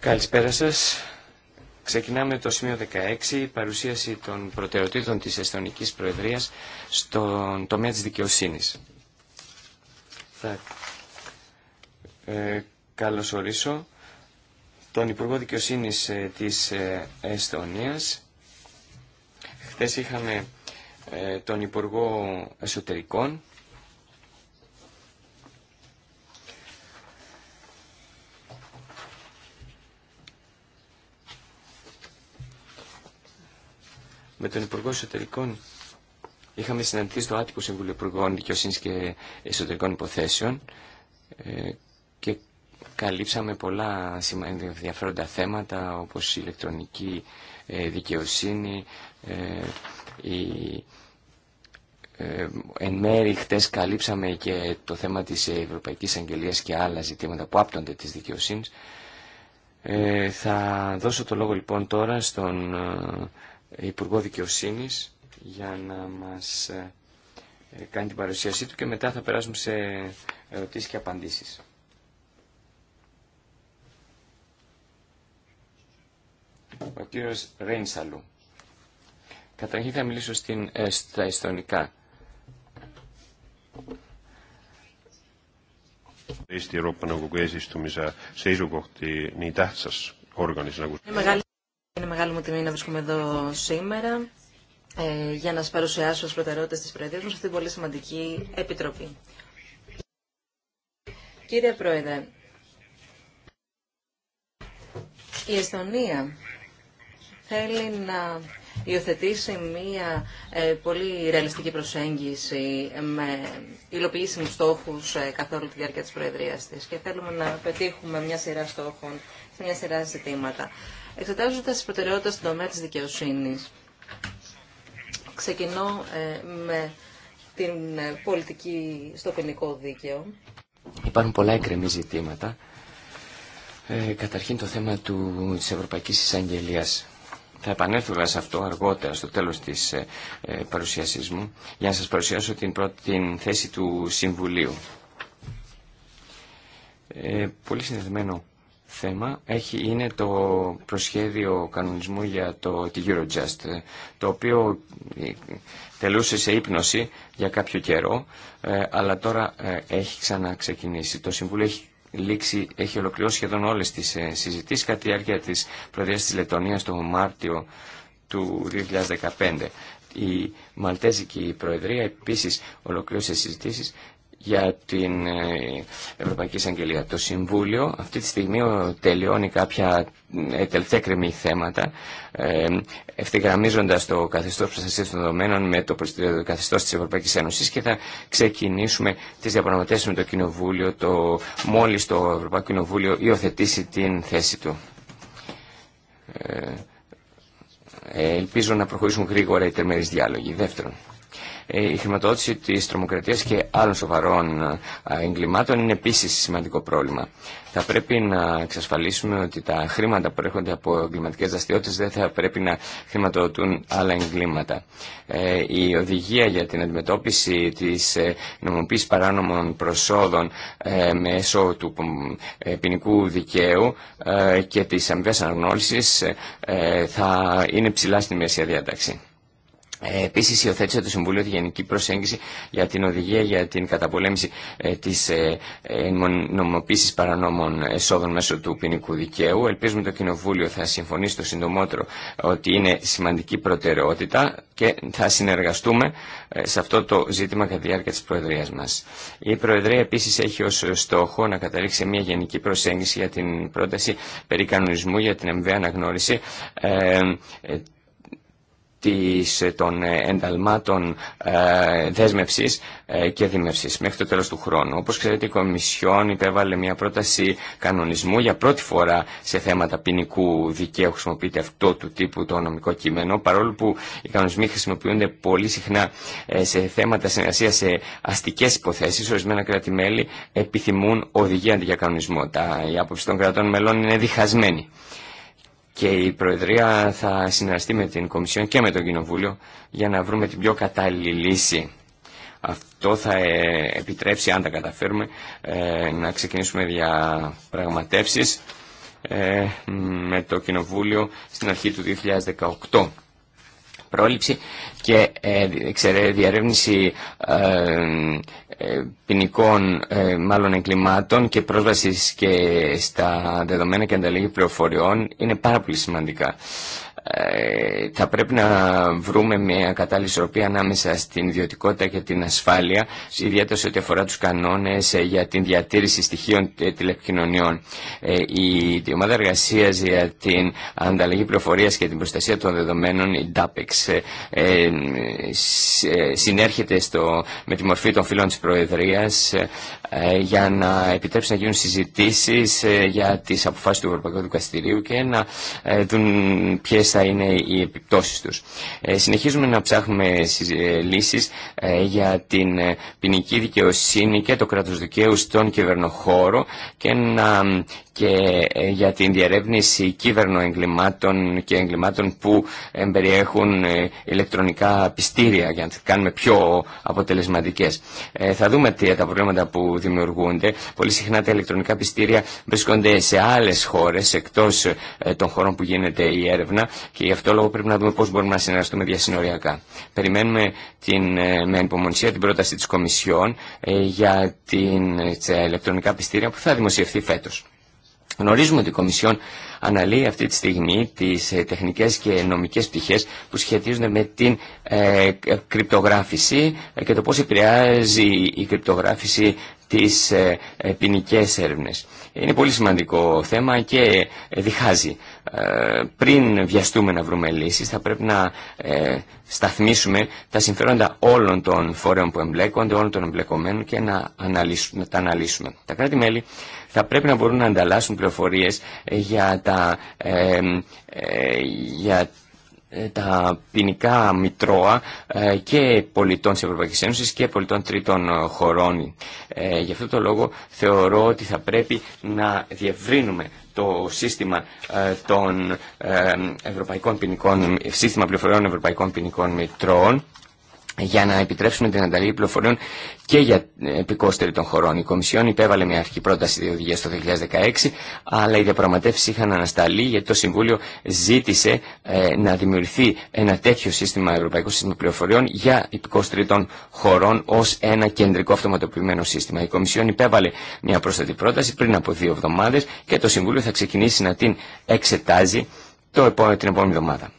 Καλησπέρα σας. Ξεκινάμε το σημείο 16, παρουσίαση των προτεραιοτήτων της Εστονικής Προεδρίας στον τομέα της δικαιοσύνης. Θα ε, καλωσορίσω τον Υπουργό Δικαιοσύνης ε, της ε, Εστονίας. Χθες είχαμε ε, τον Υπουργό Εσωτερικών με τον Υπουργό Εσωτερικών είχαμε συναντηθεί στο Άτυπο Συμβούλιο Υπουργών Δικαιοσύνη και Εσωτερικών Υποθέσεων ε, και καλύψαμε πολλά ενδιαφέροντα θέματα όπως η ηλεκτρονική ε, δικαιοσύνη, ε, η εν μέρη χτες καλύψαμε και το θέμα της Ευρωπαϊκής Αγγελίας και άλλα ζητήματα που άπτονται της δικαιοσύνης. θα δώσω το λόγο λοιπόν τώρα στον Υπουργό Δικαιοσύνη για να μας ε, ε, κάνει την παρουσίασή του και μετά θα περάσουμε σε ερωτήσεις και απαντήσεις. Ο κύριος Ρέινσαλου. Καταρχήν θα μιλήσω στην, ε, στα ιστονικά. Είναι μεγάλη μου τιμή να βρίσκομαι εδώ σήμερα ε, για να σας παρουσιάσω τις προτεραιότητες της Προεδρίας μας σε αυτήν την πολύ σημαντική επιτροπή. Κύριε Πρόεδρε, η Εστονία θέλει να υιοθετήσει μία ε, πολύ ρεαλιστική προσέγγιση με υλοποιήσιμους στόχους ε, καθ' όλη τη διάρκεια της Προεδρίας της και θέλουμε να πετύχουμε μια σειρά στόχων σε μια σειρά ζητήματα. Εξετάζοντα τι προτεραιότητε στον τομέα τη δικαιοσύνης. Ξεκινώ ε, με την ε, πολιτική στο ποινικό δίκαιο. Υπάρχουν πολλά εκκρεμή ζητήματα. Ε, καταρχήν το θέμα του, της Ευρωπαϊκής Θα επανέλθω σε αυτό αργότερα, στο τέλος της ε, ε, παρουσίασής μου, για να σας παρουσιάσω την, πρώτη, την θέση του Συμβουλίου. Ε, πολύ συνδεδεμένο θέμα έχει, είναι το προσχέδιο κανονισμού για το, τη Eurojust, το οποίο ε, τελούσε σε ύπνωση για κάποιο καιρό, ε, αλλά τώρα ε, έχει ξαναξεκινήσει. Το Συμβούλιο έχει έχει ολοκληρώσει σχεδόν όλες τις συζητήσεις κατά τη διάρκεια της Προεδρίας της Λετωνίας το Μάρτιο του 2015. Η Μαλτέζικη Προεδρία επίση ολοκλήρωσε συζητήσεις για την ε, Ευρωπαϊκή Εισαγγελία. Το Συμβούλιο αυτή τη στιγμή τελειώνει κάποια ε, τελευταία θέματα ε, ευθυγραμμίζοντας το καθεστώς προστασίας των δεδομένων με το καθεστώς της Ευρωπαϊκής Ένωσης και θα ξεκινήσουμε τις διαπραγματεύσεις με το Κοινοβούλιο το, μόλις το Ευρωπαϊκό Κοινοβούλιο υιοθετήσει την θέση του. ελπίζω να προχωρήσουν γρήγορα οι τερμερείς διάλογοι. Δεύτερον, ε, η χρηματοδότηση της τρομοκρατίας και άλλων σοβαρών ε, εγκλημάτων είναι επίση σημαντικό πρόβλημα. Θα πρέπει να εξασφαλίσουμε ότι τα χρήματα που έρχονται από εγκληματικέ δραστηριότητε δεν θα πρέπει να χρηματοδοτούν άλλα εγκλήματα. Ε, η οδηγία για την αντιμετώπιση της νομοποίηση παράνομων προσόδων μέσω του ποινικού δικαίου και της αμοιβή αναγνώρισης θα είναι ψηλά στη μέση διάταξη. Ε, Επίση, υιοθέτησε το Συμβουλίο τη Γενική Προσέγγιση για την Οδηγία για την Καταπολέμηση ε, τη ε, νομοποίηση παρανόμων εσόδων μέσω του ποινικού δικαίου. Ελπίζουμε το Κοινοβούλιο θα συμφωνήσει το συντομότερο ότι είναι σημαντική προτεραιότητα και θα συνεργαστούμε ε, σε αυτό το ζήτημα κατά τη διάρκεια τη Προεδρία μα. Η Προεδρία επίση έχει ω στόχο να καταλήξει μια γενική προσέγγιση για την πρόταση περί κανονισμού για την εμβαία αναγνώριση ε, ε, της, ε, των ε, ενταλμάτων ε, δέσμευσης ε, και δήμευσης μέχρι το τέλος του χρόνου. Όπως ξέρετε η Κομισιόν υπέβαλε μια πρόταση κανονισμού για πρώτη φορά σε θέματα ποινικού δικαίου χρησιμοποιείται αυτό του τύπου το νομικό κείμενο παρόλο που οι κανονισμοί χρησιμοποιούνται πολύ συχνά σε θέματα συνεργασία σε αστικές υποθέσεις ορισμένα κράτη-μέλη επιθυμούν οδηγία αντί για κανονισμό. Τα, η άποψη των κρατών μελών είναι διχασμένη και η Προεδρία θα συνεργαστεί με την Κομισιόν και με τον Κοινοβούλιο για να βρούμε την πιο κατάλληλη λύση. Αυτό θα ε, επιτρέψει, αν τα καταφέρουμε, ε, να ξεκινήσουμε διαπραγματεύσεις ε, με το Κοινοβούλιο στην αρχή του 2018. Πρόληψη και διαρεύνηση ε, ποινικών ε, μάλλον εγκλημάτων και πρόσβασης και στα δεδομένα και ανταλλαγή πληροφοριών είναι πάρα πολύ σημαντικά. Ε, θα πρέπει να βρούμε μια κατάλληλη ισορροπία ανάμεσα στην ιδιωτικότητα και την ασφάλεια, ιδιαίτερα σε ό,τι αφορά τους κανόνες ε, για την διατήρηση στοιχείων ε, τηλεπικοινωνιών. Η ομάδα εργασία για την ανταλλαγή πληροφορίας και την προστασία των δεδομένων, η DAPEX, συνέρχεται στο, με τη μορφή των φίλων της Προεδρίας για να επιτρέψει να γίνουν συζητήσεις για τις αποφάσεις του Ευρωπαϊκού Δικαστηρίου και να δουν ποιες θα είναι οι επιπτώσεις τους. Ε, συνεχίζουμε να ψάχνουμε ε, λύσεις ε, για την ποινική δικαιοσύνη και το κράτος δικαίου στον κυβερνοχώρο και, για την διαρεύνηση κυβερνοεγκλημάτων και εγκλημάτων που περιέχουν ηλεκτρονικά πιστήρια για να τις κάνουμε πιο αποτελεσματικές. Θα δούμε τι τα προβλήματα που δημιουργούνται. Πολύ συχνά τα ηλεκτρονικά πιστήρια βρίσκονται σε άλλες χώρες εκτός των χωρών που γίνεται η έρευνα και γι' αυτό λόγο πρέπει να δούμε πώ μπορούμε να συνεργαστούμε διασυνοριακά. Περιμένουμε την, ε, με ανυπομονησία την πρόταση της Κομισιόν ε, για την, τα ε, ηλεκτρονικά πιστήρια που θα δημοσιευθεί φέτος. Γνωρίζουμε ότι η Κομισιόν αναλύει αυτή τη στιγμή τις τεχνικές και νομικές πτυχές που σχετίζονται με την κρυπτογράφηση και το πώς επηρεάζει η κρυπτογράφηση τι ε, ποινικέ έρευνες. Είναι πολύ σημαντικό θέμα και διχάζει. Ε, πριν βιαστούμε να βρούμε λύσεις θα πρέπει να ε, σταθμίσουμε τα συμφέροντα όλων των φορέων που εμπλέκονται, όλων των εμπλεκομένων και να, τα αναλύσουμε. Τα κράτη-μέλη θα πρέπει να μπορούν να ανταλλάσσουν πληροφορίες ε, για τα, για ε, τα ποινικά μητρώα ε, και πολιτών της Ευρωπαϊκής Ένωσης και πολιτών τρίτων ε, χωρών. Γι' αυτό το λόγο θεωρώ ότι θα πρέπει να διευρύνουμε το σύστημα των ευρωπαϊκών ποινικών, σύστημα πληροφοριών ευρωπαϊκών ποινικών μητρώων για να επιτρέψουμε την ανταλλαγή πληροφοριών και για επικόστερη των χωρών. Η Κομισιόν υπέβαλε μια αρχική πρόταση διοδηγία το 2016, αλλά οι διαπραγματεύσει είχαν ανασταλεί γιατί το Συμβούλιο ζήτησε ε, να δημιουργηθεί ένα τέτοιο σύστημα, ευρωπαϊκό σύστημα πληροφοριών για επικόστερη των χωρών ω ένα κεντρικό αυτοματοποιημένο σύστημα. Η Κομισιόν υπέβαλε μια πρόσθετη πρόταση πριν από δύο εβδομάδε και το Συμβούλιο θα ξεκινήσει να την εξετάζει το την επόμενη εβδομάδα.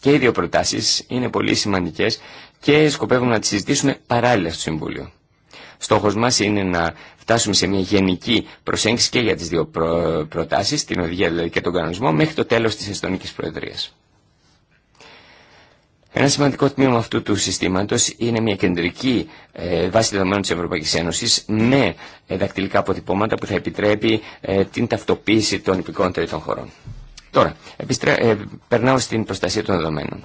Και οι δύο προτάσεις είναι πολύ σημαντικές και σκοπεύουμε να τις συζητήσουμε παράλληλα στο Συμβούλιο. Στόχος μας είναι να φτάσουμε σε μια γενική προσέγγιση και για τις δύο προ... προτάσεις, την οδηγία δηλαδή και τον κανονισμό, μέχρι το τέλος της Εστονικής Προεδρίας. Ένα σημαντικό τμήμα αυτού του συστήματος είναι μια κεντρική ε, βάση δεδομένων της Ευρωπαϊκής Ένωσης με ε, δακτυλικά αποτυπώματα που θα επιτρέπει ε, την ταυτοποίηση των υπηκών τρίτων χωρών. Τώρα, περνάω στην προστασία των δεδομένων.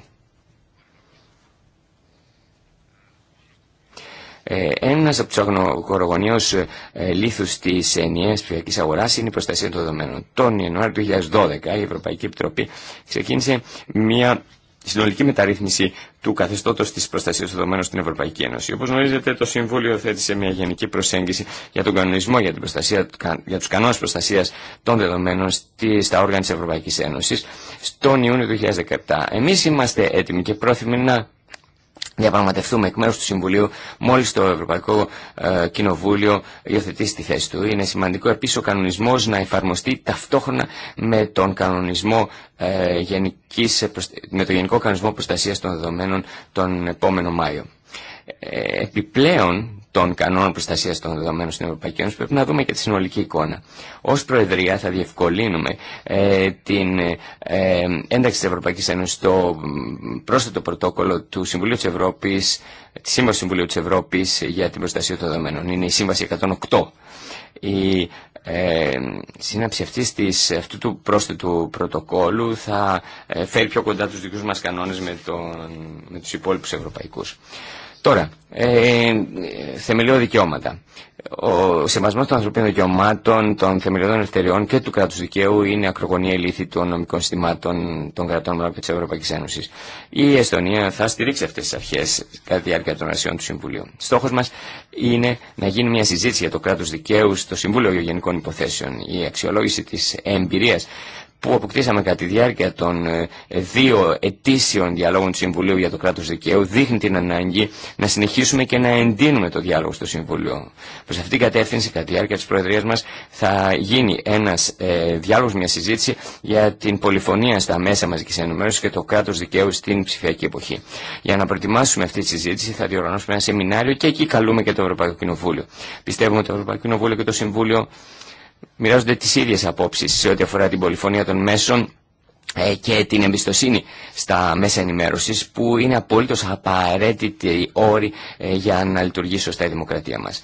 Ε, Ένα από τους ε, ε λήθου τη ενιαία ψηφιακή αγορά είναι η προστασία των δεδομένων. Τον Ιανουάριο του 2012 η Ευρωπαϊκή Επιτροπή ξεκίνησε μια συνολική μεταρρύθμιση του καθεστώτος της προστασίας των δεδομένων στην Ευρωπαϊκή Ένωση. Όπως γνωρίζετε, το Συμβούλιο θέτησε μια γενική προσέγγιση για τον κανονισμό, για, την προστασία, για τους κανόνες προστασίας των δεδομένων στα όργανα της Ευρωπαϊκής Ένωσης στον Ιούνιο του 2017. Εμείς είμαστε έτοιμοι και πρόθυμοι να διαπραγματευτούμε εκ μέρους του Συμβουλίου μόλις το Ευρωπαϊκό ε, Κοινοβούλιο υιοθετήσει τη θέση του. Είναι σημαντικό επίσης ο κανονισμός να εφαρμοστεί ταυτόχρονα με τον κανονισμό ε, γενικής, με το Γενικό Κανονισμό Προστασίας των Δεδομένων τον επόμενο Μάιο. Ε, επιπλέον των κανόνων προστασίας των δεδομένων στην Ευρωπαϊκή Ένωση πρέπει να δούμε και τη συνολική εικόνα. Ως Προεδρία θα διευκολύνουμε ε, την ε, ένταξη της Ευρωπαϊκής Ένωσης στο πρόσθετο πρωτόκολλο του Συμβουλίου της Ευρώπης, τη Σύμβαση Συμβουλίου της Ευρώπης για την προστασία των δεδομένων. Είναι η Σύμβαση 108. Η ε, σύναψη αυτής της, αυτού του πρόσθετου πρωτοκόλου θα ε, φέρει πιο κοντά τους δικούς μας κανόνες με, τον, με τους υπόλοιπους ευρωπαϊκούς. Τώρα, ε, θεμελιώδη δικαιώματα. Ο σεβασμό των ανθρωπίνων δικαιωμάτων, των θεμελιωδών ελευθεριών και του κράτους δικαίου είναι ακρογωνία ηλίθη των νομικών συστημάτων των κρατών μελών και της Ευρωπαϊκής Ένωσης. Η Εστονία θα στηρίξει αυτές τις αρχές κατά τη διάρκεια των ασιών του Συμβουλίου. Στόχος μας είναι να γίνει μια συζήτηση για το κράτος δικαίου στο Συμβούλιο Γενικών Υποθέσεων. Η αξιολόγηση της εμπειρίας που αποκτήσαμε κατά τη διάρκεια των ε, δύο ετήσιων διαλόγων του Συμβουλίου για το κράτος δικαίου δείχνει την ανάγκη να συνεχίσουμε και να εντείνουμε το διάλογο στο Συμβουλίο. Προς αυτήν την κατεύθυνση κατά τη διάρκεια της Προεδρίας μας θα γίνει ένας ε, διάλογος, μια συζήτηση για την πολυφωνία στα μέσα μαζικής ενημέρωσης και το κράτος δικαίου στην ψηφιακή εποχή. Για να προετοιμάσουμε αυτή τη συζήτηση θα διοργανώσουμε ένα σεμινάριο και εκεί καλούμε και το Ευρωπαϊκό Κοινοβούλιο. Πιστεύουμε ότι το Ευρωπαϊκό Κοινοβούλιο και το Συμβούλιο μοιράζονται τις ίδιες απόψεις σε ό,τι αφορά την πολυφωνία των μέσων ε, και την εμπιστοσύνη στα μέσα ενημέρωσης που είναι απολύτως απαραίτητοι όροι ε, για να λειτουργήσει σωστά η δημοκρατία μας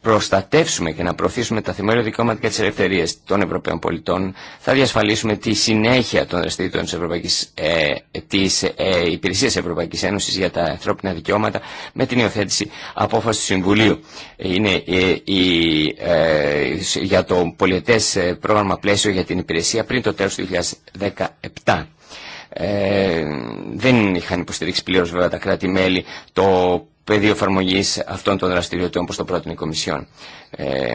προστατεύσουμε και να προωθήσουμε τα θεμέλια δικαιώματα και τι ελευθερίε των Ευρωπαίων πολιτών, θα διασφαλίσουμε τη συνέχεια των δραστηριοτήτων τη ε, ε Ευρωπαϊκής Ένωσης για τα ανθρώπινα δικαιώματα με την υιοθέτηση απόφαση του Συμβουλίου. Είναι ε, ε για το πολιτέ ε, πρόγραμμα πλαίσιο για την υπηρεσία πριν το τέλο του 2017. δεν είχαν υποστηρίξει πλήρω βέβαια τα κράτη-μέλη το πεδίο εφαρμογή αυτών των δραστηριοτήτων προς το πρότυπο η Κομισιόν. Ε,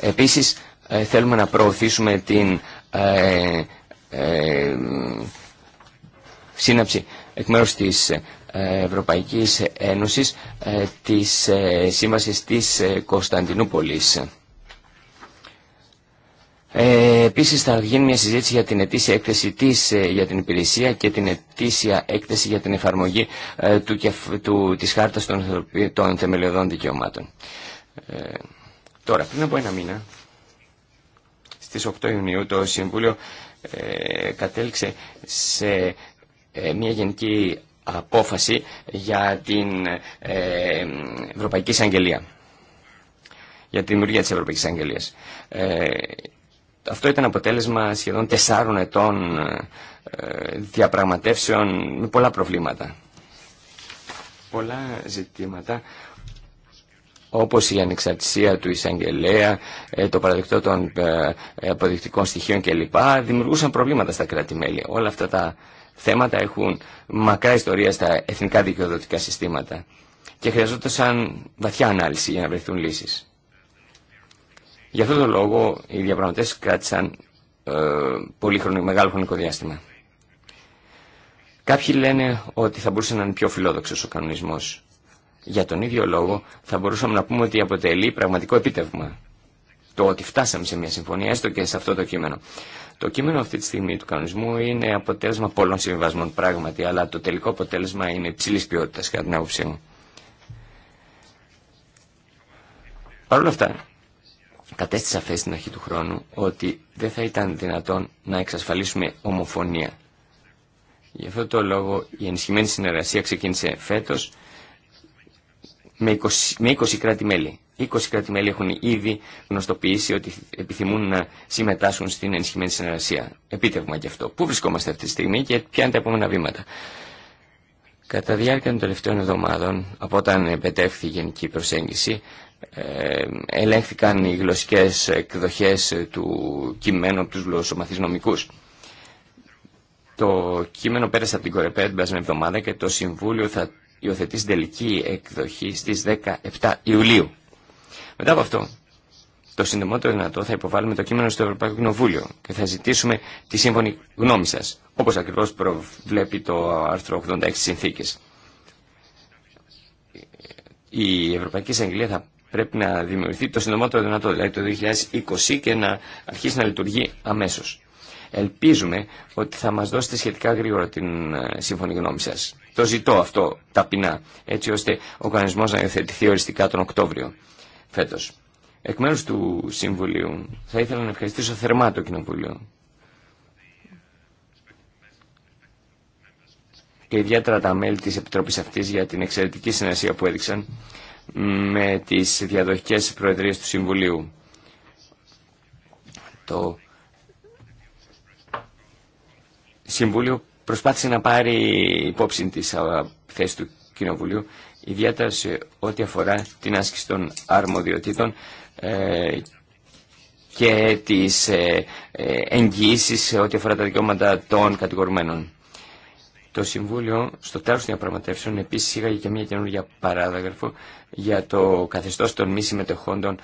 επίσης, ε, θέλουμε να προωθήσουμε την ε, ε, σύναψη εκ μέρους της Ευρωπαϊκής Ένωσης ε, της ε, Σύμβασης της Κωνσταντινούπολης. Ε, επίσης θα γίνει μια συζήτηση για την ετήσια έκθεση της, ε, για την υπηρεσία και την ετήσια έκθεση για την εφαρμογή ε, του, του, της χάρτας των, θεμελιωδών δικαιωμάτων. Ε, τώρα, πριν από ένα μήνα, στις 8 Ιουνίου, το Συμβούλιο ε, κατέληξε σε μια γενική απόφαση για την Ευρωπαϊκή Εισαγγελία για τη δημιουργία της Ευρωπαϊκής Αγγελίας. Αυτό ήταν αποτέλεσμα σχεδόν τεσσάρων ετών ε, διαπραγματεύσεων με πολλά προβλήματα. Πολλά ζητήματα όπως η ανεξαρτησία του εισαγγελέα, ε, το παραδεκτό των ε, αποδεικτικών στοιχείων κλπ. δημιουργούσαν προβλήματα στα κράτη-μέλη. Όλα αυτά τα θέματα έχουν μακρά ιστορία στα εθνικά δικαιοδοτικά συστήματα και χρειαζόταν βαθιά ανάλυση για να βρεθούν λύσεις. Για αυτόν τον λόγο οι διαπραγματεύσει κράτησαν ε, πολύ μεγάλο χρονικό διάστημα. Κάποιοι λένε ότι θα μπορούσε να είναι πιο φιλόδοξο ο κανονισμό. Για τον ίδιο λόγο θα μπορούσαμε να πούμε ότι αποτελεί πραγματικό επίτευγμα το ότι φτάσαμε σε μια συμφωνία, έστω και σε αυτό το κείμενο. Το κείμενο αυτή τη στιγμή του κανονισμού είναι αποτέλεσμα πολλών συμβιβασμών πράγματι, αλλά το τελικό αποτέλεσμα είναι υψηλή ποιότητα κατά την άποψή μου. Παρ' όλα αυτά, κατέστησα σαφές στην αρχή του χρόνου ότι δεν θα ήταν δυνατόν να εξασφαλίσουμε ομοφωνία. Γι' αυτό το λόγο η ενισχυμένη συνεργασία ξεκίνησε φέτος με 20, με 20 κράτη-μέλη. 20 κράτη-μέλη έχουν ήδη γνωστοποιήσει ότι επιθυμούν να συμμετάσχουν στην ενισχυμένη συνεργασία. Επίτευγμα και αυτό. Πού βρισκόμαστε αυτή τη στιγμή και ποια είναι τα επόμενα βήματα. Κατά διάρκεια των τελευταίων εβδομάδων, από όταν επετεύχθη η γενική προσέγγιση, ε, ελέγχθηκαν οι γλωσσικές εκδοχές του κειμένου από τους γλωσσομαθείς νομικούς. Το κείμενο πέρασε από την Κορεπέ την περασμένη εβδομάδα και το Συμβούλιο θα υιοθετήσει τελική εκδοχή στις 17 Ιουλίου. Μετά από αυτό, το συντομότερο δυνατό θα υποβάλουμε το κείμενο στο Ευρωπαϊκό Κοινοβούλιο και θα ζητήσουμε τη σύμφωνη γνώμη σα, όπω ακριβώ προβλέπει το άρθρο 86 τη Συνθήκη. Η Ευρωπαϊκή Εισαγγελία θα πρέπει να δημιουργηθεί το συντομότερο δυνατό, δηλαδή το 2020 και να αρχίσει να λειτουργεί αμέσω. Ελπίζουμε ότι θα μα δώσετε σχετικά γρήγορα την ε, σύμφωνη γνώμη σα. Το ζητώ αυτό ταπεινά, έτσι ώστε ο οργανισμός να υιοθετηθεί οριστικά τον Οκτώβριο φέτος. Εκ μέρους του Συμβουλίου θα ήθελα να ευχαριστήσω θερμά το Κοινοβούλιο και ιδιαίτερα τα μέλη της Επιτροπής αυτής για την εξαιρετική συνεργασία που έδειξαν με τις διαδοχικές προεδρίες του Συμβουλίου. Το Συμβούλιο προσπάθησε να πάρει υπόψη της θέσης του Κοινοβουλίου, ιδιαίτερα σε ό,τι αφορά την άσκηση των αρμοδιοτήτων ε, και τις ε, ε, σε ό,τι αφορά τα δικαιώματα των κατηγορουμένων. Το Συμβούλιο στο τέλος των διαπραγματεύσεων επίσης είχε και μια καινούργια παράγραφο για το καθεστώς των μη συμμετεχόντων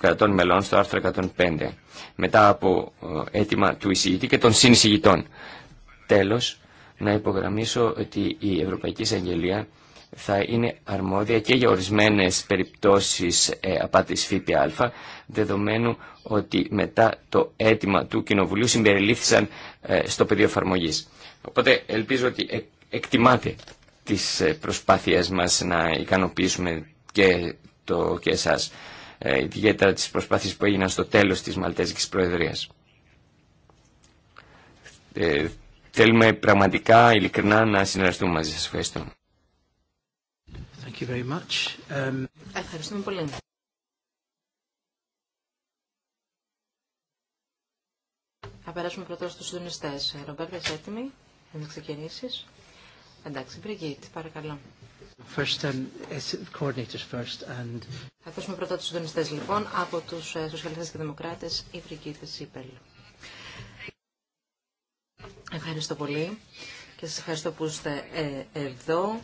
κρατών μελών στο άρθρο 105 μετά από αίτημα του εισηγητή και των συνεισηγητών. Τέλος, να υπογραμμίσω ότι η Ευρωπαϊκή Εισαγγελία θα είναι αρμόδια και για ορισμένες περιπτώσεις ε, απάτης ΦΠΑ, δεδομένου ότι μετά το αίτημα του Κοινοβουλίου συμπεριλήφθησαν ε, στο πεδίο εφαρμογή. Οπότε ελπίζω ότι εκτιμάτε τις ε, προσπάθειές μας να ικανοποιήσουμε και, το, και εσάς, ε, ιδιαίτερα τις προσπάθειες που έγιναν στο τέλος της Μαλτέζικης Προεδρίας. Ε, θέλουμε πραγματικά, ειλικρινά, να συνεργαστούμε μαζί σας. Ευχαριστώ. Um, Ευχαριστούμε πολύ. Θα περάσουμε πρώτα στους συντονιστές. Ρομπέρτα, είσαι έτοιμη να ξεκινήσεις. Εντάξει, Μπριγκίτ, παρακαλώ. First, um, coordinators first and... Θα ακούσουμε πρώτα τους συντονιστές λοιπόν από τους ε, Σοσιαλιστές και Δημοκράτες, η Μπριγκίτ Σίπελ. Ευχαριστώ πολύ και σας ευχαριστώ που είστε ε, εδώ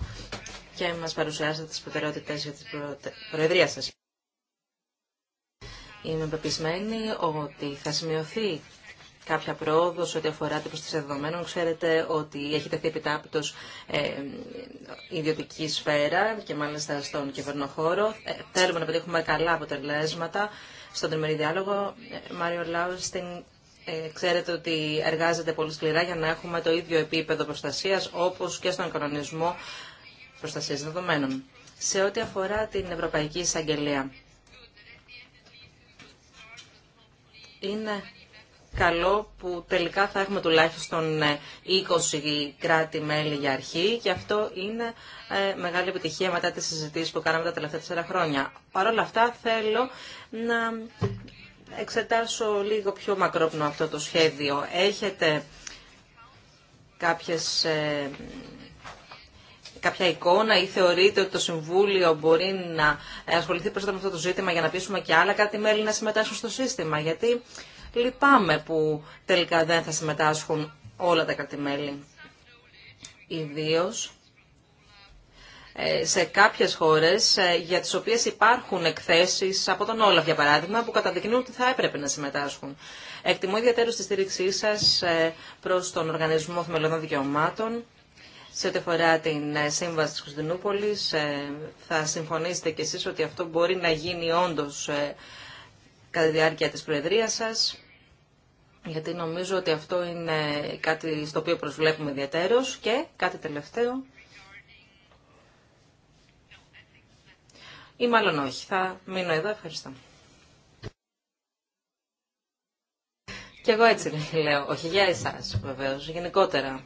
και μα παρουσιάσετε τι προτεραιότητε για την προεδρία σα. Είμαι πεπισμένη ότι θα σημειωθεί κάποια πρόοδο ό,τι αφορά την προστασία δεδομένων. Ξέρετε ότι έχει τεθεί επιτάπητο ε, ιδιωτική σφαίρα και μάλιστα στον κυβερνοχώρο. Ε, θέλουμε να πετύχουμε καλά αποτελέσματα στον τριμερή διάλογο. Ε, Μάριο Λάουστιν, ε, ξέρετε ότι εργάζεται πολύ σκληρά για να έχουμε το ίδιο επίπεδο προστασία όπω και στον κανονισμό Προστασία δεδομένων. Σε ό,τι αφορά την Ευρωπαϊκή Εισαγγελία, είναι καλό που τελικά θα έχουμε τουλάχιστον 20 ε, κράτη-μέλη για αρχή και αυτό είναι ε, μεγάλη επιτυχία μετά τις συζητήσεις που κάναμε τα τελευταία τέσσερα χρόνια. Παρ' όλα αυτά θέλω να εξετάσω λίγο πιο μακρόπνο αυτό το σχέδιο. Έχετε κάποιες ε, κάποια εικόνα ή θεωρείτε ότι το Συμβούλιο μπορεί να ασχοληθεί περισσότερο με αυτό το ζήτημα για να πείσουμε και άλλα κάτι μέλη να συμμετάσχουν στο σύστημα. Γιατί λυπάμαι που τελικά δεν θα συμμετάσχουν όλα τα μέλη. Ιδίω ε, σε κάποιες χώρες ε, για τις οποίες υπάρχουν εκθέσεις από τον Όλαφ, για παράδειγμα, που καταδεικνύουν ότι θα έπρεπε να συμμετάσχουν. Εκτιμώ ιδιαίτερως τη στήριξή σας ε, προς τον Οργανισμό Θεμελιωδών Δικαιωμάτων σε ό,τι αφορά την ε, σύμβαση της Κωνσταντινούπολης, ε, θα συμφωνήσετε κι εσείς ότι αυτό μπορεί να γίνει όντως ε, κατά τη διάρκεια της Προεδρίας σας, γιατί νομίζω ότι αυτό είναι κάτι στο οποίο προσβλέπουμε ιδιαίτερως και κάτι τελευταίο. Ή μάλλον όχι. Θα μείνω εδώ. Ευχαριστώ. Και εγώ έτσι λέω. Όχι για εσάς βεβαίως, γενικότερα.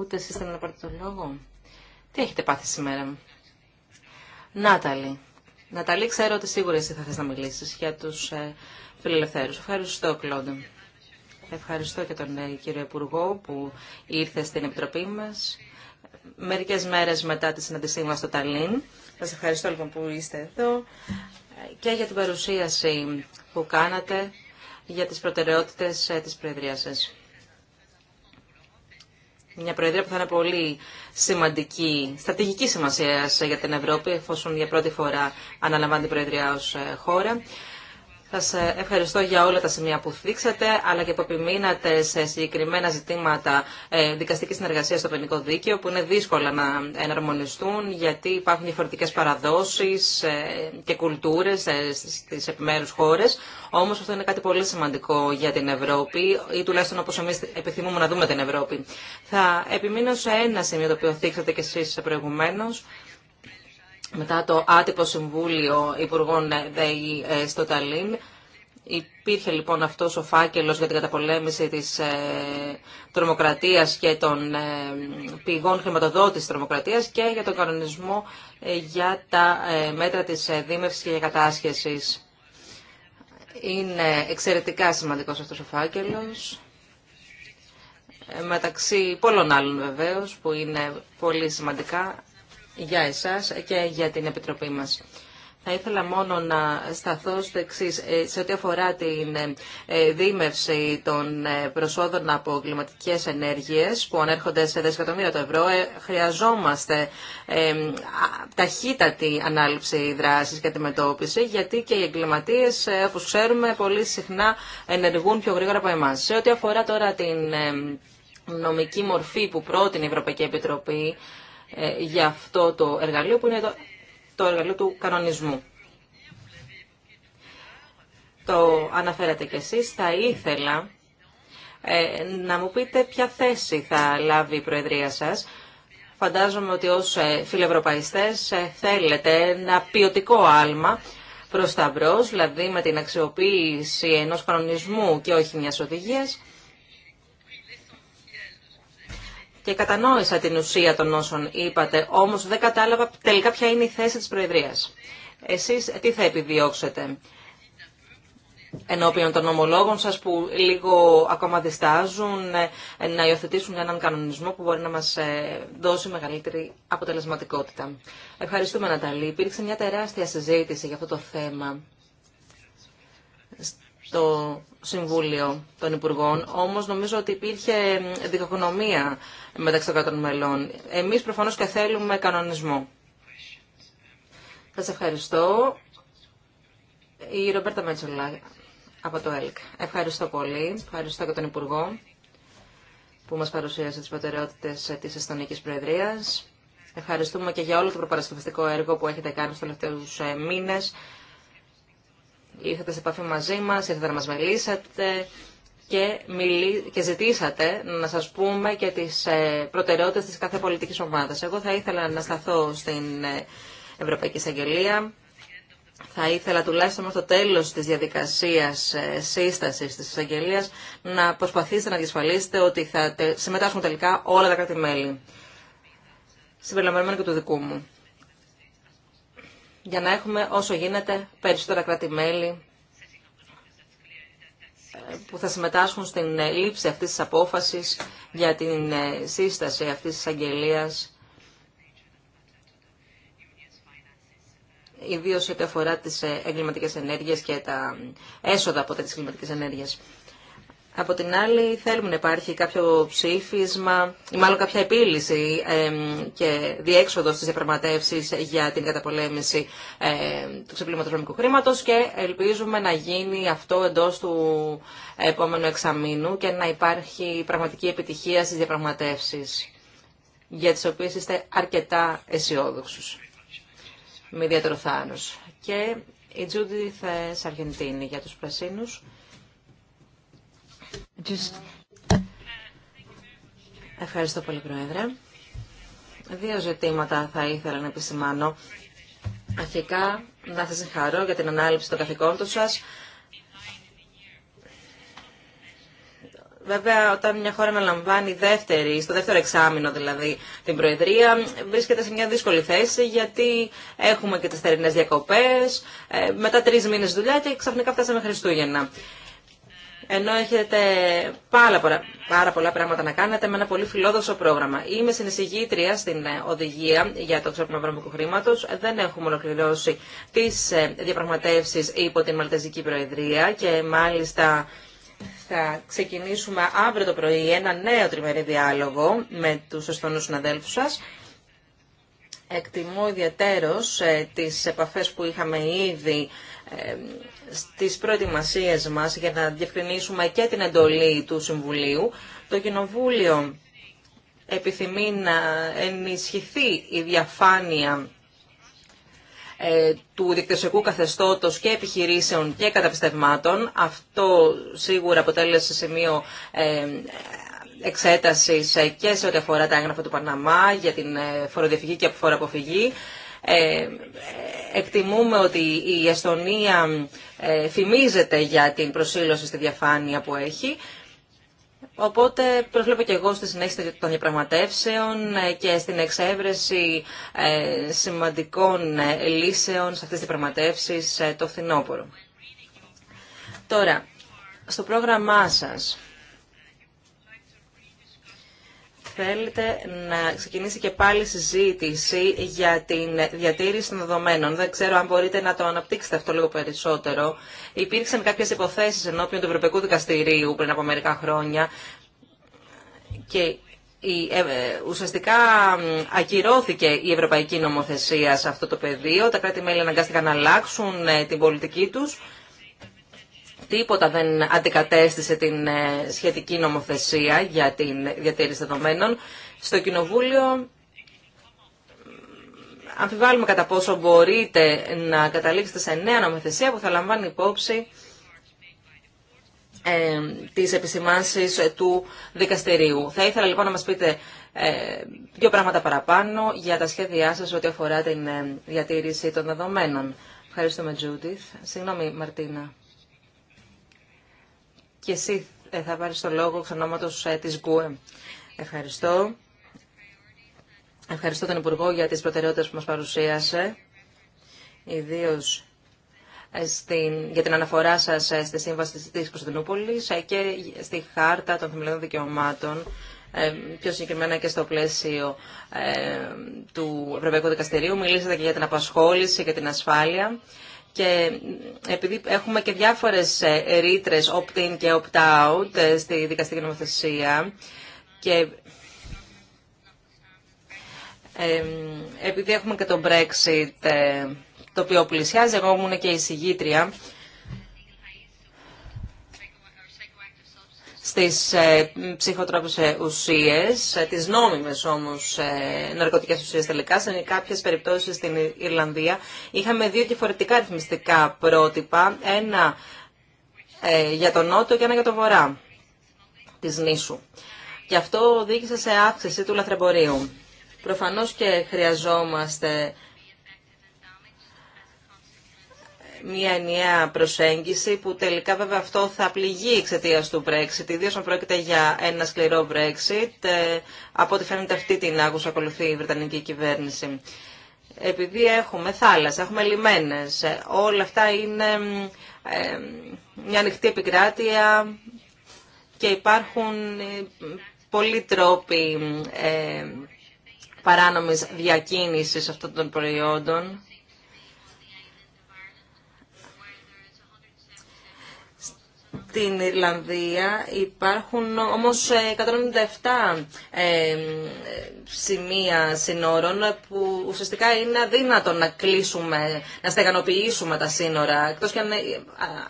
Ούτε εσείς θέλετε να πάρετε το λόγο. Τι έχετε πάθει σήμερα. Νάταλη. Ναταλή, ξέρω ότι σίγουρα εσύ θα θες να μιλήσεις για τους ε, φιλελευθέρους. Ευχαριστώ, Κλόντε. Ευχαριστώ και τον ε, κύριο Υπουργό που ήρθε στην Επιτροπή μας μερικές μέρες μετά τη συναντησή μας στο Ταλίν. Σας ευχαριστώ λοιπόν που είστε εδώ και για την παρουσίαση που κάνατε για τις προτεραιότητες ε, της Προεδρίας σας μια προεδρία που θα είναι πολύ σημαντική, στρατηγική σημασία για την Ευρώπη, εφόσον για πρώτη φορά αναλαμβάνει την προεδρία ως ε, χώρα. Σας ε, ευχαριστώ για όλα τα σημεία που θίξατε, αλλά και που επιμείνατε σε συγκεκριμένα ζητήματα ε, δικαστικής συνεργασία στο ποινικό δίκαιο, που είναι δύσκολα να εναρμονιστούν, γιατί υπάρχουν διαφορετικές παραδόσεις ε, και κουλτούρες στι επιμέρους χώρες. Όμως αυτό είναι κάτι πολύ σημαντικό για την Ευρώπη, ή τουλάχιστον όπω εμεί επιθυμούμε να δούμε την Ευρώπη. Θα επιμείνω σε ένα σημείο το οποίο θίξατε και εσεί προηγουμένω μετά το άτυπο Συμβούλιο Υπουργών ΔΕΗ ε, στο Ταλίν. Υπήρχε λοιπόν αυτός ο φάκελος για την καταπολέμηση της ε, τρομοκρατίας και των ε, πηγών χρηματοδότησης τρομοκρατίας και για τον κανονισμό ε, για τα μέτρα της δίμευσης και κατάσχεσης. Είναι εξαιρετικά σημαντικός αυτός ο φάκελος, μεταξύ πολλών άλλων βεβαίως που είναι πολύ σημαντικά για εσάς και για την Επιτροπή μας. Θα ήθελα μόνο να σταθώ στο εξή. Ε, σε ό,τι αφορά την ε, ε, δίμευση των προσόδων από κλιματικέ ενέργειε που ανέρχονται σε δισεκατομμύρια το ευρώ, χρειαζόμαστε ταχύτατη ανάληψη δράση και αντιμετώπιση, γιατί και οι εγκληματίε, όπω ξέρουμε, πολύ συχνά ενεργούν πιο γρήγορα από εμά. Σε ό,τι αφορά τώρα την νομική μορφή που πρότεινε η Ευρωπαϊκή Επιτροπή, ε, για αυτό το εργαλείο που είναι το, το εργαλείο του κανονισμού. Το αναφέρατε κι εσείς. Θα ήθελα ε, να μου πείτε ποια θέση θα λάβει η Προεδρία σας. Φαντάζομαι ότι ως ε, φιλευρωπαϊστές θέλετε ένα ποιοτικό άλμα προς τα μπρος, δηλαδή με την αξιοποίηση ενός κανονισμού και όχι μιας οδηγίας. και κατανόησα την ουσία των όσων είπατε, όμως δεν κατάλαβα τελικά ποια είναι η θέση της Προεδρίας. Εσείς τι θα επιδιώξετε ενώπιον των ομολόγων σας που λίγο ακόμα διστάζουν ε, να υιοθετήσουν έναν κανονισμό που μπορεί να μας ε, δώσει μεγαλύτερη αποτελεσματικότητα. Ευχαριστούμε Ναταλή. Υπήρξε μια τεράστια συζήτηση για αυτό το θέμα το Συμβούλιο των Υπουργών, όμως νομίζω ότι υπήρχε δικογνωμία μεταξύ των κρατών μελών. Εμείς προφανώς και θέλουμε κανονισμό. Σας ευχαριστώ. Η Ρομπέρτα Μέτσολα από το ΕΛΚ. Ευχαριστώ πολύ. Ευχαριστώ και τον Υπουργό που μας παρουσίασε τις προτεραιότητες της Εστονικής Προεδρίας. Ευχαριστούμε και για όλο το προπαρασκευαστικό έργο που έχετε κάνει στους τελευταίους ε, μήνες ήρθατε σε επαφή μαζί μας, ήρθατε να μας μιλήσατε και, μιλή... ζητήσατε να σας πούμε και τις ε, προτεραιότητες της κάθε πολιτικής ομάδας. Εγώ θα ήθελα να σταθώ στην ε, Ευρωπαϊκή Εισαγγελία. Θα ήθελα τουλάχιστον στο το τέλος της διαδικασίας ε, σύστασης της εισαγγελίας να προσπαθήσετε να διασφαλίσετε ότι θα συμμετάσχουν τελικά όλα τα κράτη-μέλη, συμπεριλαμβανομένου και του δικού μου για να έχουμε όσο γίνεται περισσότερα κράτη-μέλη ε, που θα συμμετάσχουν στην ε, λήψη αυτής της απόφασης για την ε, σύσταση αυτής της αγγελίας, ιδίως ό,τι αφορά τις εγκληματικές ενέργειες και τα έσοδα από τις εγκληματικές ενέργειες. Από την άλλη θέλουμε να υπάρχει κάποιο ψήφισμα ή μάλλον κάποια επίλυση και διέξοδο στις διαπραγματεύσεις για την καταπολέμηση του ξεπλήματος νομικού χρήματος και ελπίζουμε να γίνει αυτό εντός του επόμενου εξαμήνου και να υπάρχει πραγματική επιτυχία στις διαπραγματεύσεις για τις οποίες είστε αρκετά αισιόδοξου με ιδιαίτερο Και η Τζούντιθ Σαργεντίνη για τους Πρασίνους. Just... Ευχαριστώ πολύ, Πρόεδρε. Δύο ζητήματα θα ήθελα να επισημάνω. Αρχικά, να σας συγχαρώ για την ανάληψη των καθηκόντων σας. Βέβαια, όταν μια χώρα αναλαμβάνει δεύτερη, στο δεύτερο εξάμεινο δηλαδή την Προεδρία, βρίσκεται σε μια δύσκολη θέση γιατί έχουμε και τις θερινές διακοπές, ε, μετά τρεις μήνες δουλειά και ξαφνικά φτάσαμε Χριστούγεννα ενώ έχετε πάρα πολλά, πάρα πολλά πράγματα να κάνετε με ένα πολύ φιλόδοξο πρόγραμμα. Είμαι συνεισηγήτρια στην ε, οδηγία για το ξέπλυμα βρωμικού χρήματο. Δεν έχουμε ολοκληρώσει τι ε, διαπραγματεύσει υπό την Μαλτεζική Προεδρία και μάλιστα θα ξεκινήσουμε αύριο το πρωί ένα νέο τριμερή διάλογο με τους αισθονού συναδέλφους σας. Εκτιμώ ιδιαίτερως ε, τις επαφές που είχαμε ήδη στις προετοιμασίες μας για να διευκρινίσουμε και την εντολή του Συμβουλίου, το Κοινοβούλιο επιθυμεί να ενισχυθεί η διαφάνεια ε, του δικτυωσιακού καθεστώτος και επιχειρήσεων και καταπιστευμάτων. Αυτό σίγουρα αποτέλεσε σημείο ε, εξέτασης ε, και σε ό,τι αφορά τα έγγραφα του Παναμά για την φοροδιαφυγή και φοροαποφυγή εκτιμούμε ότι η Εστονία ε, φημίζεται για την προσήλωση στη διαφάνεια που έχει. Οπότε προσβλέπω και εγώ στη συνέχεια των διαπραγματεύσεων ε, και στην εξέβρεση ε, σημαντικών λύσεων σε αυτές τις διαπραγματεύσεις το φθινόπωρο. Τώρα, στο πρόγραμμά σας θέλετε να ξεκινήσει και πάλι συζήτηση για την διατήρηση των δεδομένων. Δεν ξέρω αν μπορείτε να το αναπτύξετε αυτό λίγο περισσότερο. Υπήρξαν κάποιες υποθέσει ενώπιον του Ευρωπαϊκού Δικαστηρίου πριν από μερικά χρόνια και ε, ε, ουσιαστικά ακυρώθηκε η ευρωπαϊκή νομοθεσία σε αυτό το πεδίο. Τα κράτη-μέλη αναγκάστηκαν να αλλάξουν ε, την πολιτική τους τίποτα δεν αντικατέστησε την ε, σχετική νομοθεσία για την διατήρηση δεδομένων. Στο Κοινοβούλιο αμφιβάλλουμε κατά πόσο μπορείτε να καταλήξετε σε νέα νομοθεσία που θα λαμβάνει υπόψη ε, τις επισημάνσεις του δικαστηρίου. Θα ήθελα λοιπόν να μας πείτε ε, δύο πράγματα παραπάνω για τα σχέδιά σας ό,τι αφορά την ε, διατήρηση των δεδομένων. Ευχαριστούμε, Τζούντιθ. Συγγνώμη, Μαρτίνα και εσύ ε, θα πάρεις το λόγο εξ ονόματος ε, της ΓΚΟΕ. Ευχαριστώ. Ευχαριστώ τον Υπουργό για τις προτεραιότητες που μας παρουσίασε, ιδίως ε, για την αναφορά σας στη Σύμβαση της Κωνσταντινούπολης και στη Χάρτα των Θεμελιωδών Δικαιωμάτων, πιο συγκεκριμένα και στο πλαίσιο του Ευρωπαϊκού Δικαστηρίου. Μιλήσατε και για την απασχόληση και την ασφάλεια. Και επειδή έχουμε και διάφορες ε, ρήτρε opt-in και opt-out ε, στη δικαστική νομοθεσία και επειδή έχουμε και το Brexit ε, το οποίο πλησιάζει, εγώ ήμουν και η συγγήτρια στις ε, ψυχοτρόπες ε, ουσίες, ε, τις νόμιμες όμως ναρκωτικές ουσίες τελικά. Σε κάποιες περιπτώσεις στην Ιρλανδία είχαμε δύο διαφορετικά ρυθμιστικά πρότυπα, ένα για τον νότο και ένα για τον βορρά της νήσου. Και αυτό οδήγησε σε αύξηση του λαθρεμπορίου. Προφανώς και χρειαζόμαστε μια ενιαία προσέγγιση που τελικά βέβαια αυτό θα πληγεί εξαιτία του Brexit, ιδίω αν πρόκειται για ένα σκληρό Brexit, ε, από ό,τι φαίνεται αυτή την άγουσα ακολουθεί η Βρετανική κυβέρνηση. Επειδή έχουμε θάλασσα, έχουμε λιμένες, ε, όλα αυτά είναι ε, μια ανοιχτή επικράτεια και υπάρχουν πολλοί τρόποι παράνομης διακίνησης αυτών των προϊόντων την Ιρλανδία υπάρχουν όμως 197 ε, ε, σημεία συνόρων που ουσιαστικά είναι αδύνατο να κλείσουμε, να στεγανοποιήσουμε τα σύνορα εκτός και αν ε,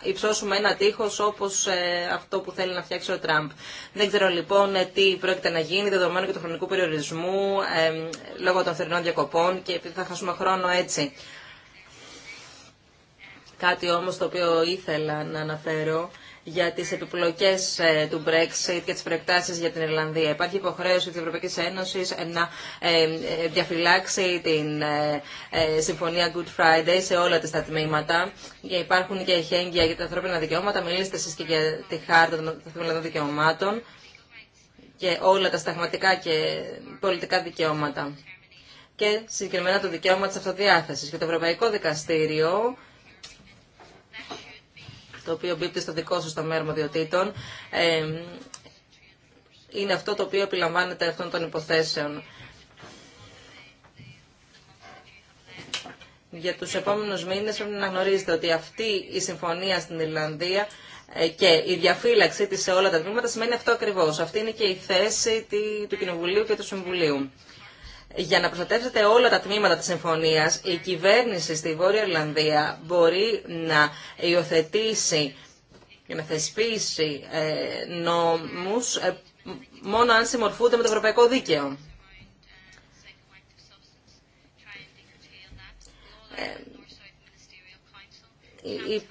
υψώσουμε ένα τείχος όπως αυτό που θέλει να φτιάξει ο Τραμπ. Δεν ξέρω λοιπόν τι πρόκειται να γίνει δεδομένου και του χρονικού περιορισμού λόγω των θερινών διακοπών και επειδή θα χάσουμε χρόνο έτσι. Κάτι όμως το οποίο ήθελα να αναφέρω για τις επιπλοκές ε, του Brexit και τις προεκτάσεις για την Ιρλανδία. Υπάρχει υποχρέωση της Ευρωπαϊκής Ένωσης ε, να ε, διαφυλάξει την Συμφωνία Good Friday σε όλα τα τμήματα. Υπάρχουν και εχέγγυα για τα ανθρώπινα δικαιώματα. Μιλήστε εσείς και για τη χάρτα των ανθρώπινων δικαιωμάτων και όλα τα σταγματικά και πολιτικά δικαιώματα και συγκεκριμένα το δικαίωμα της αυτοδιάθεσης. Και το Ευρωπαϊκό Δικαστήριο το οποίο μπίπτει στο δικό σας τομέα αρμοδιοτήτων, είναι αυτό το οποίο επιλαμβάνεται αυτών των υποθέσεων. Για τους επόμενους μήνες πρέπει να γνωρίζετε ότι αυτή η συμφωνία στην Ιρλανδία ε, και η διαφύλαξη της σε όλα τα τμήματα σημαίνει αυτό ακριβώς. Αυτή είναι και η θέση του Κοινοβουλίου και του Συμβουλίου. Για να προστατεύσετε όλα τα τμήματα της συμφωνίας, η κυβέρνηση στη Βόρεια Ιρλανδία μπορεί να υιοθετήσει και να θεσπίσει ε, νόμους ε, μόνο αν συμμορφούνται με το ευρωπαϊκό δίκαιο. Ε,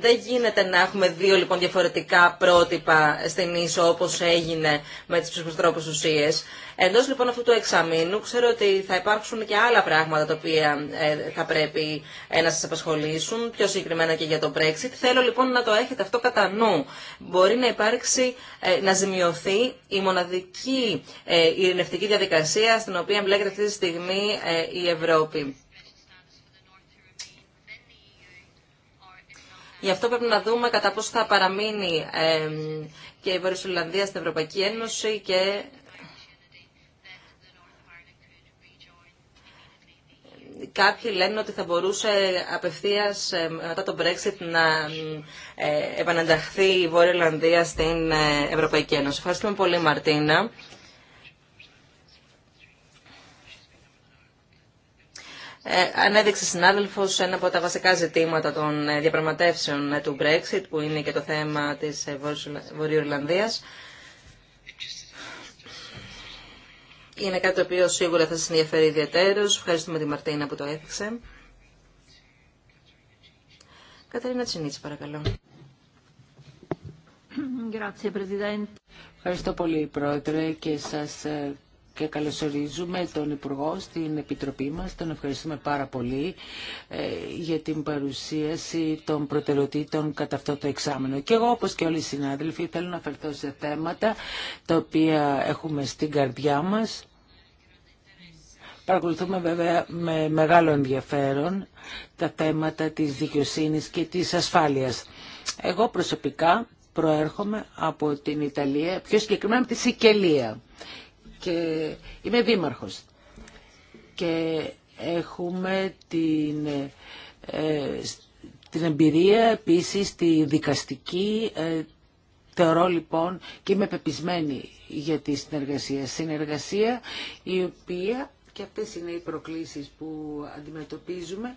δεν γίνεται να έχουμε δύο λοιπόν διαφορετικά πρότυπα στην ίσο όπως έγινε με τις ψυχοτρόπους ουσίες. Εντός λοιπόν αυτού του εξαμήνου ξέρω ότι θα υπάρξουν και άλλα πράγματα τα οποία ε, θα πρέπει ε, να σας απασχολήσουν, πιο συγκεκριμένα και για το Brexit. Θέλω λοιπόν να το έχετε αυτό κατά νου. Μπορεί να υπάρξει, ε, να ζημιωθεί η μοναδική ειρηνευτική διαδικασία στην οποία εμπλέκεται αυτή τη στιγμή η Ευρώπη. Γι' αυτό πρέπει να δούμε κατά πώς θα παραμείνει και η Βόρεια Ολλανδία στην Ευρωπαϊκή Ένωση και Κάποιοι λένε ότι θα μπορούσε απευθείας μετά το Brexit να ε, επανενταχθεί η Βόρεια Ολλανδία στην ε, Ευρωπαϊκή Ένωση. Ευχαριστούμε πολύ Μαρτίνα. Ε, ανέδειξε συνάδελφο ένα από τα βασικά ζητήματα των ε, διαπραγματεύσεων ε, του Brexit, που είναι και το θέμα της Βορειοϊρλανδίας. Είναι κάτι το οποίο σίγουρα θα σα ενδιαφέρει ιδιαίτερω. Ευχαριστούμε τη Μαρτίνα που το έδειξε. Κατερίνα Τσινίτση, παρακαλώ. Ευχαριστώ πολύ, Πρόεδρε, και σας και καλωσορίζουμε τον Υπουργό στην Επιτροπή μας. Τον ευχαριστούμε πάρα πολύ ε, για την παρουσίαση των προτεραιοτήτων κατά αυτό το εξάμενο. Και εγώ, όπως και όλοι οι συνάδελφοι, θέλω να αφαιρθώ σε θέματα τα οποία έχουμε στην καρδιά μας. Παρακολουθούμε βέβαια με μεγάλο ενδιαφέρον τα θέματα της δικαιοσύνης και της ασφάλειας. Εγώ προσωπικά προέρχομαι από την Ιταλία, πιο συγκεκριμένα από τη Σικελία και είμαι δήμαρχος και έχουμε την, ε, την εμπειρία επίσης τη δικαστική ε, Θεωρώ λοιπόν και είμαι πεπισμένη για τη συνεργασία. Συνεργασία η οποία και αυτές είναι οι προκλήσεις που αντιμετωπίζουμε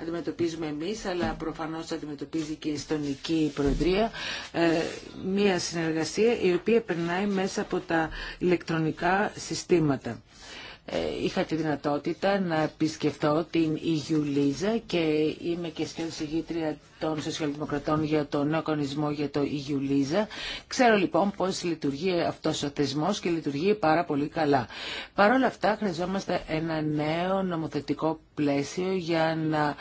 αντιμετωπίζουμε εμείς, αλλά προφανώς αντιμετωπίζει και η Ιστονική Προεδρία, ε, μία συνεργασία η οποία περνάει μέσα από τα ηλεκτρονικά συστήματα. Ε, είχα τη δυνατότητα να επισκεφτώ την EU και είμαι και σχεδόν συγγήτρια των Σοσιαλδημοκρατών για τον νέο για το EU Ξέρω λοιπόν πώς λειτουργεί αυτός ο θεσμός και λειτουργεί πάρα πολύ καλά. Παρ' όλα αυτά χρειαζόμαστε ένα νέο νομοθετικό πλαίσιο για να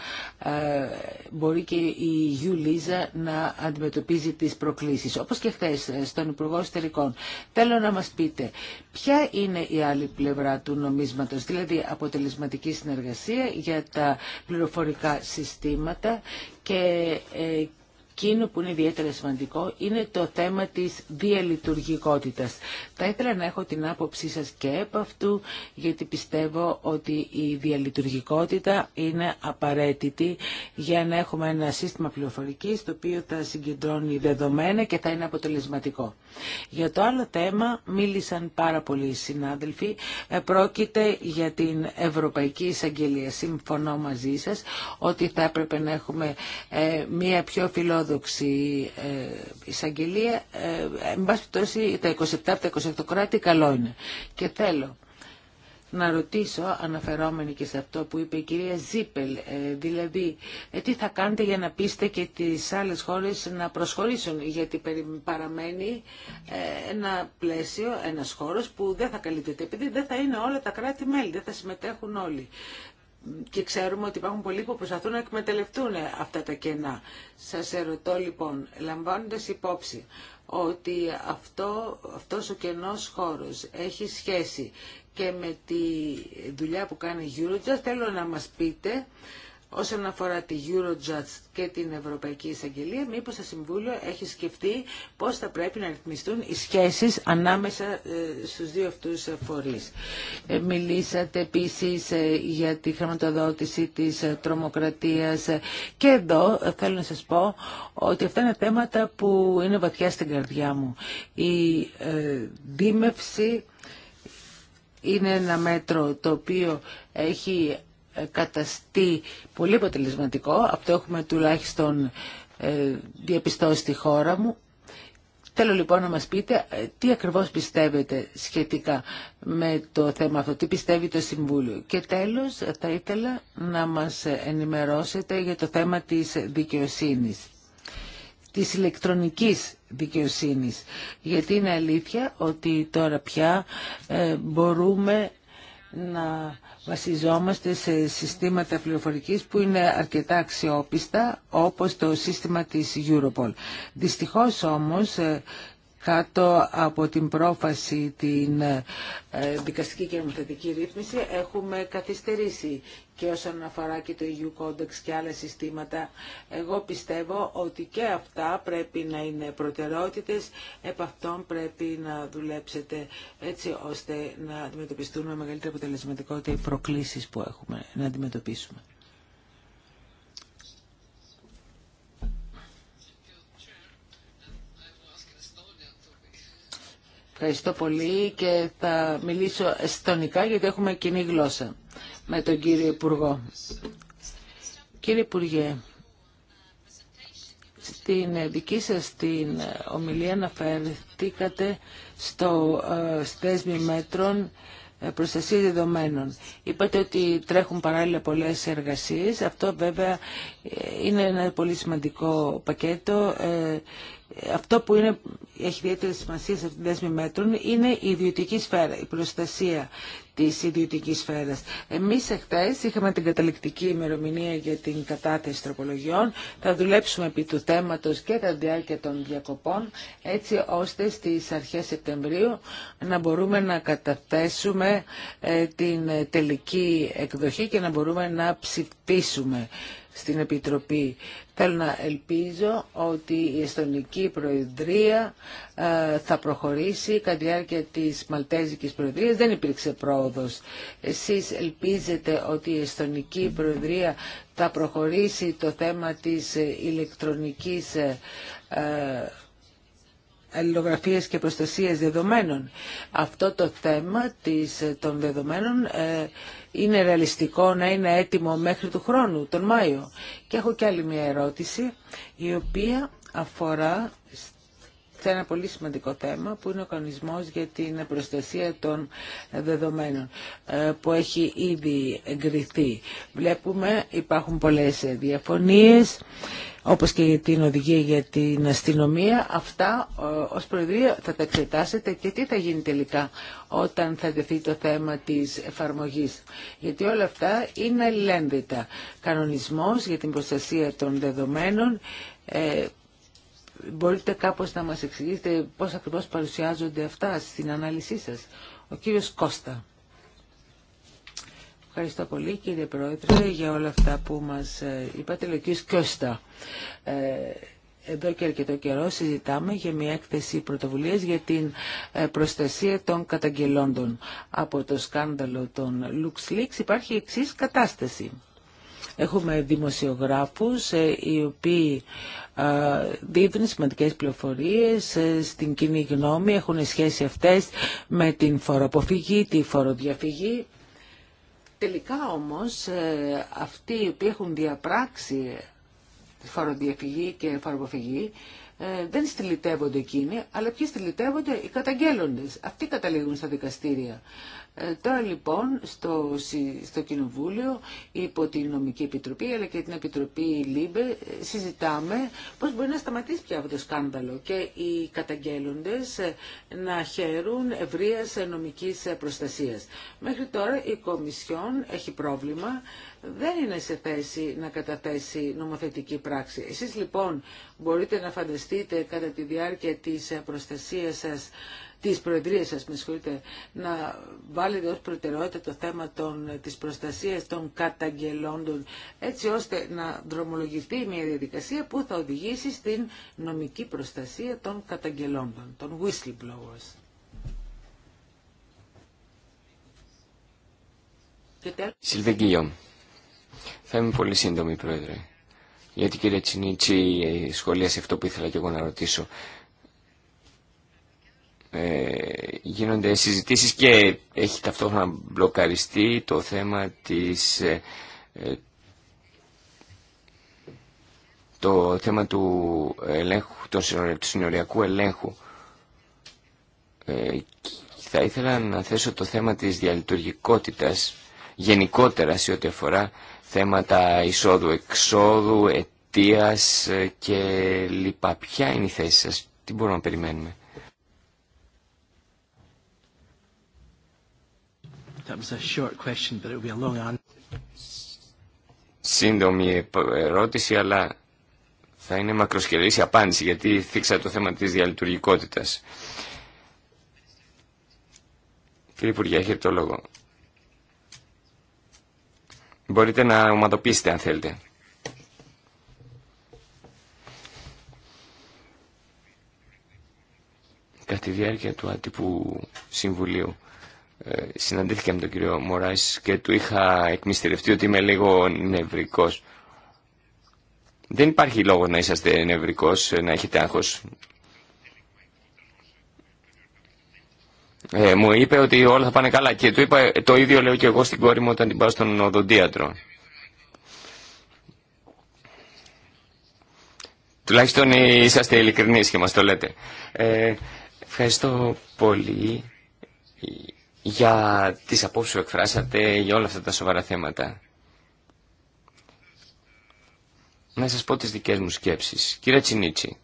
ε, μπορεί και η EU να αντιμετωπίζει τις προκλήσεις. Όπως και χθε, ε, στον Υπουργό Εστερικών. Θέλω να μας πείτε ποια είναι η άλλη πλευρά του νομοθετικού νομίσματος, δηλαδή αποτελεσματική συνεργασία για τα πληροφορικά συστήματα και ε, εκείνο που είναι ιδιαίτερα σημαντικό είναι το θέμα της διαλειτουργικότητας. Θα ήθελα να έχω την άποψή σας και από αυτού, γιατί πιστεύω ότι η διαλειτουργικότητα είναι απαραίτητη για να έχουμε ένα σύστημα πληροφορική το οποίο θα συγκεντρώνει δεδομένα και θα είναι αποτελεσματικό. Για το άλλο θέμα μίλησαν πάρα πολλοί συνάδελφοι. Ε, πρόκειται για την Ευρωπαϊκή Εισαγγελία. Συμφωνώ μαζί σας ότι θα έπρεπε να έχουμε ε, μια πιο φιλοδοξία ε, εισαγγελία. Ε, εν πάση πτώση, τα 27 από τα 28 κράτη καλό είναι. Και θέλω να ρωτήσω, αναφερόμενοι και σε αυτό που είπε η κυρία Ζίπελ, ε, δηλαδή ε, τι θα κάνετε για να πείστε και τις άλλες χώρες να προσχωρήσουν, γιατί παραμένει ένα πλαίσιο, ένας χώρος που δεν θα καλύπτεται, επειδή δεν θα είναι όλα τα κράτη-μέλη, δεν θα συμμετέχουν όλοι και ξέρουμε ότι υπάρχουν πολλοί που προσπαθούν να εκμεταλλευτούν αυτά τα κενά. Σας ερωτώ λοιπόν, λαμβάνοντας υπόψη ότι αυτό, αυτός ο κενός χώρος έχει σχέση και με τη δουλειά που κάνει η Eurojust, θέλω να μας πείτε Όσον αφορά τη Eurojust και την Ευρωπαϊκή Εισαγγελία, μήπως το Συμβούλιο έχει σκεφτεί πώς θα πρέπει να ρυθμιστούν οι σχέσεις ανάμεσα ε, στους δύο αυτούς φορείς. Ε, μιλήσατε επίσης ε, για τη χρηματοδότηση της τρομοκρατίας και εδώ θέλω να σας πω ότι αυτά είναι θέματα που είναι βαθιά στην καρδιά μου. Η δίμευση είναι ένα μέτρο το οποίο έχει καταστεί πολύ αποτελεσματικό, αυτό έχουμε τουλάχιστον ε, διαπιστώσει στη χώρα μου. Θέλω λοιπόν να μας πείτε ε, τι ακριβώς πιστεύετε σχετικά με το θέμα αυτό, τι πιστεύει το Συμβούλιο. Και τέλος θα ήθελα να μας ενημερώσετε για το θέμα της δικαιοσύνης, της ηλεκτρονικής δικαιοσύνης. Γιατί είναι αλήθεια ότι τώρα πια ε, μπορούμε να βασιζόμαστε σε συστήματα πληροφορικής που είναι αρκετά αξιόπιστα όπως το σύστημα της Europol. Δυστυχώς όμως ε, κάτω από την πρόφαση την ε, δικαστική και νομοθετική ρύθμιση έχουμε καθυστερήσει και όσον αφορά και το EU Codex και άλλα συστήματα. Εγώ πιστεύω ότι και αυτά πρέπει να είναι προτεραιότητες, επ' αυτών πρέπει να δουλέψετε έτσι ώστε να αντιμετωπιστούν με μεγαλύτερη αποτελεσματικότητα οι προκλήσεις που έχουμε να αντιμετωπίσουμε. Ευχαριστώ πολύ και θα μιλήσω εστονικά γιατί έχουμε κοινή γλώσσα με τον κύριο Υπουργό. Κύριε Υπουργέ, στην δική σας την ομιλία αναφερθήκατε στο ε, στέσμι μέτρων ε, προστασία δεδομένων. Είπατε ότι τρέχουν παράλληλα πολλές εργασίες. Αυτό βέβαια ε, είναι ένα πολύ σημαντικό πακέτο. Ε, αυτό που είναι, έχει ιδιαίτερη σημασία σε αυτήν την δέσμη μέτρων είναι η ιδιωτική σφαίρα, η προστασία της ιδιωτικής σφαίρας. Εμείς εχθές είχαμε την καταληκτική ημερομηνία για την κατάθεση τροπολογιών. Θα δουλέψουμε επί του θέματος και τα διάρκεια των διακοπών, έτσι ώστε στις αρχές Σεπτεμβρίου να μπορούμε να καταθέσουμε ε, την τελική εκδοχή και να μπορούμε να ψηφίσουμε στην Επιτροπή. Θέλω να ελπίζω ότι η Εστονική Προεδρία ε, θα προχωρήσει κατά τη διάρκεια της Μαλτέζικης Προεδρίας. Δεν υπήρξε πρόοδος. Εσείς ελπίζετε ότι η Εστονική Προεδρία θα προχωρήσει το θέμα της ηλεκτρονικής ε, ε, αλληλογραφίας και προστασίας δεδομένων. Αυτό το θέμα της, των δεδομένων ε, είναι ρεαλιστικό να είναι έτοιμο μέχρι του χρόνου, τον Μάιο. Και έχω και άλλη μια ερώτηση, η οποία αφορά σε ένα πολύ σημαντικό θέμα που είναι ο κανονισμός για την προστασία των δεδομένων ε, που έχει ήδη εγκριθεί. Βλέπουμε υπάρχουν πολλές διαφωνίες όπως και για την οδηγία για την αστυνομία. Αυτά ε, ως Προεδρία θα τα εξετάσετε και τι θα γίνει τελικά όταν θα δεθεί το θέμα της εφαρμογής. Γιατί όλα αυτά είναι αλληλένδετα. Κανονισμός για την προστασία των δεδομένων ε, μπορείτε κάπως να μας εξηγήσετε πώς ακριβώς παρουσιάζονται αυτά στην ανάλυση σας. Ο κύριος Κώστα. Ευχαριστώ πολύ κύριε Πρόεδρε για όλα αυτά που μας ε, είπατε. Ο κύριος Κώστα. Ε, εδώ και αρκετό καιρό συζητάμε για μια έκθεση πρωτοβουλίας για την ε, προστασία των καταγγελόντων. Από το σκάνδαλο των LuxLeaks υπάρχει εξής κατάσταση. Έχουμε δημοσιογράφους ε, οι οποίοι δίδουν σημαντικές πληροφορίες ε, στην κοινή γνώμη, έχουν σχέση αυτές με την φοροποφυγή, τη φοροδιαφυγή. Τελικά όμως ε, αυτοί οι οποίοι έχουν διαπράξει τη φοροδιαφυγή και φοροποφυγή δεν στυλιτεύονται εκείνοι, αλλά ποιοι στυλιτεύονται οι καταγγέλλοντες. Αυτοί καταλήγουν στα δικαστήρια. Ε, τώρα λοιπόν στο, στο Κοινοβούλιο υπό την Νομική Επιτροπή αλλά και την Επιτροπή ΛΥΜΠΕ ε, συζητάμε πώς μπορεί να σταματήσει πια αυτό το σκάνδαλο και οι καταγγέλλοντες ε, να χαίρουν ευρεία νομικής προστασίας. Μέχρι τώρα η Κομισιόν έχει πρόβλημα δεν είναι σε θέση να καταθέσει νομοθετική πράξη. Εσείς λοιπόν μπορείτε να φανταστείτε κατά τη διάρκεια της προστασίας σας της Προεδρίας σας, με συγχωρείτε, να βάλετε ως προτεραιότητα το θέμα των, της προστασίας των καταγγελόντων, έτσι ώστε να δρομολογηθεί μια διαδικασία που θα οδηγήσει στην νομική προστασία των καταγγελόντων, των whistleblowers. Σιλβεγγύο, θα είμαι πολύ σύντομη, Πρόεδρε. Γιατί κύριε Τσινίτσι σχολίασε αυτό που ήθελα και εγώ να ρωτήσω. Ε, γίνονται συζητήσεις και έχει ταυτόχρονα μπλοκαριστεί το θέμα της ε, ε, το θέμα του ελέγχου, του συνοριακού ελέγχου. θα ήθελα να θέσω το θέμα της διαλειτουργικότητας γενικότερα σε ό,τι αφορά θέματα εισόδου-εξόδου, αιτίας και λοιπά. Ποια είναι η θέση σας, τι μπορούμε να περιμένουμε. That a short question, but be a long Σύντομη ερώτηση, αλλά θα είναι μακροσκελής η απάντηση, γιατί θίξα το θέμα της διαλειτουργικότητας. Κύριε Υπουργέ, έχετε το λόγο. Μπορείτε να ομαδοποιήσετε αν θέλετε. Κατά τη διάρκεια του άτυπου συμβουλίου συναντήθηκα με τον κύριο Μωράης και του είχα εκμυστηρευτεί ότι είμαι λίγο νευρικός. Δεν υπάρχει λόγο να είσαστε νευρικός, να έχετε άγχος. Ε, μου είπε ότι όλα θα πάνε καλά και του είπα το ίδιο λέω και εγώ στην κόρη μου όταν την πάω στον οδοντίατρο. Τουλάχιστον είσαστε ειλικρινείς και μας το λέτε. Ε, ευχαριστώ πολύ για τις απόψεις που εκφράσατε για όλα αυτά τα σοβαρά θέματα. Να σας πω τις δικές μου σκέψεις. Κύριε Τσινίτσι,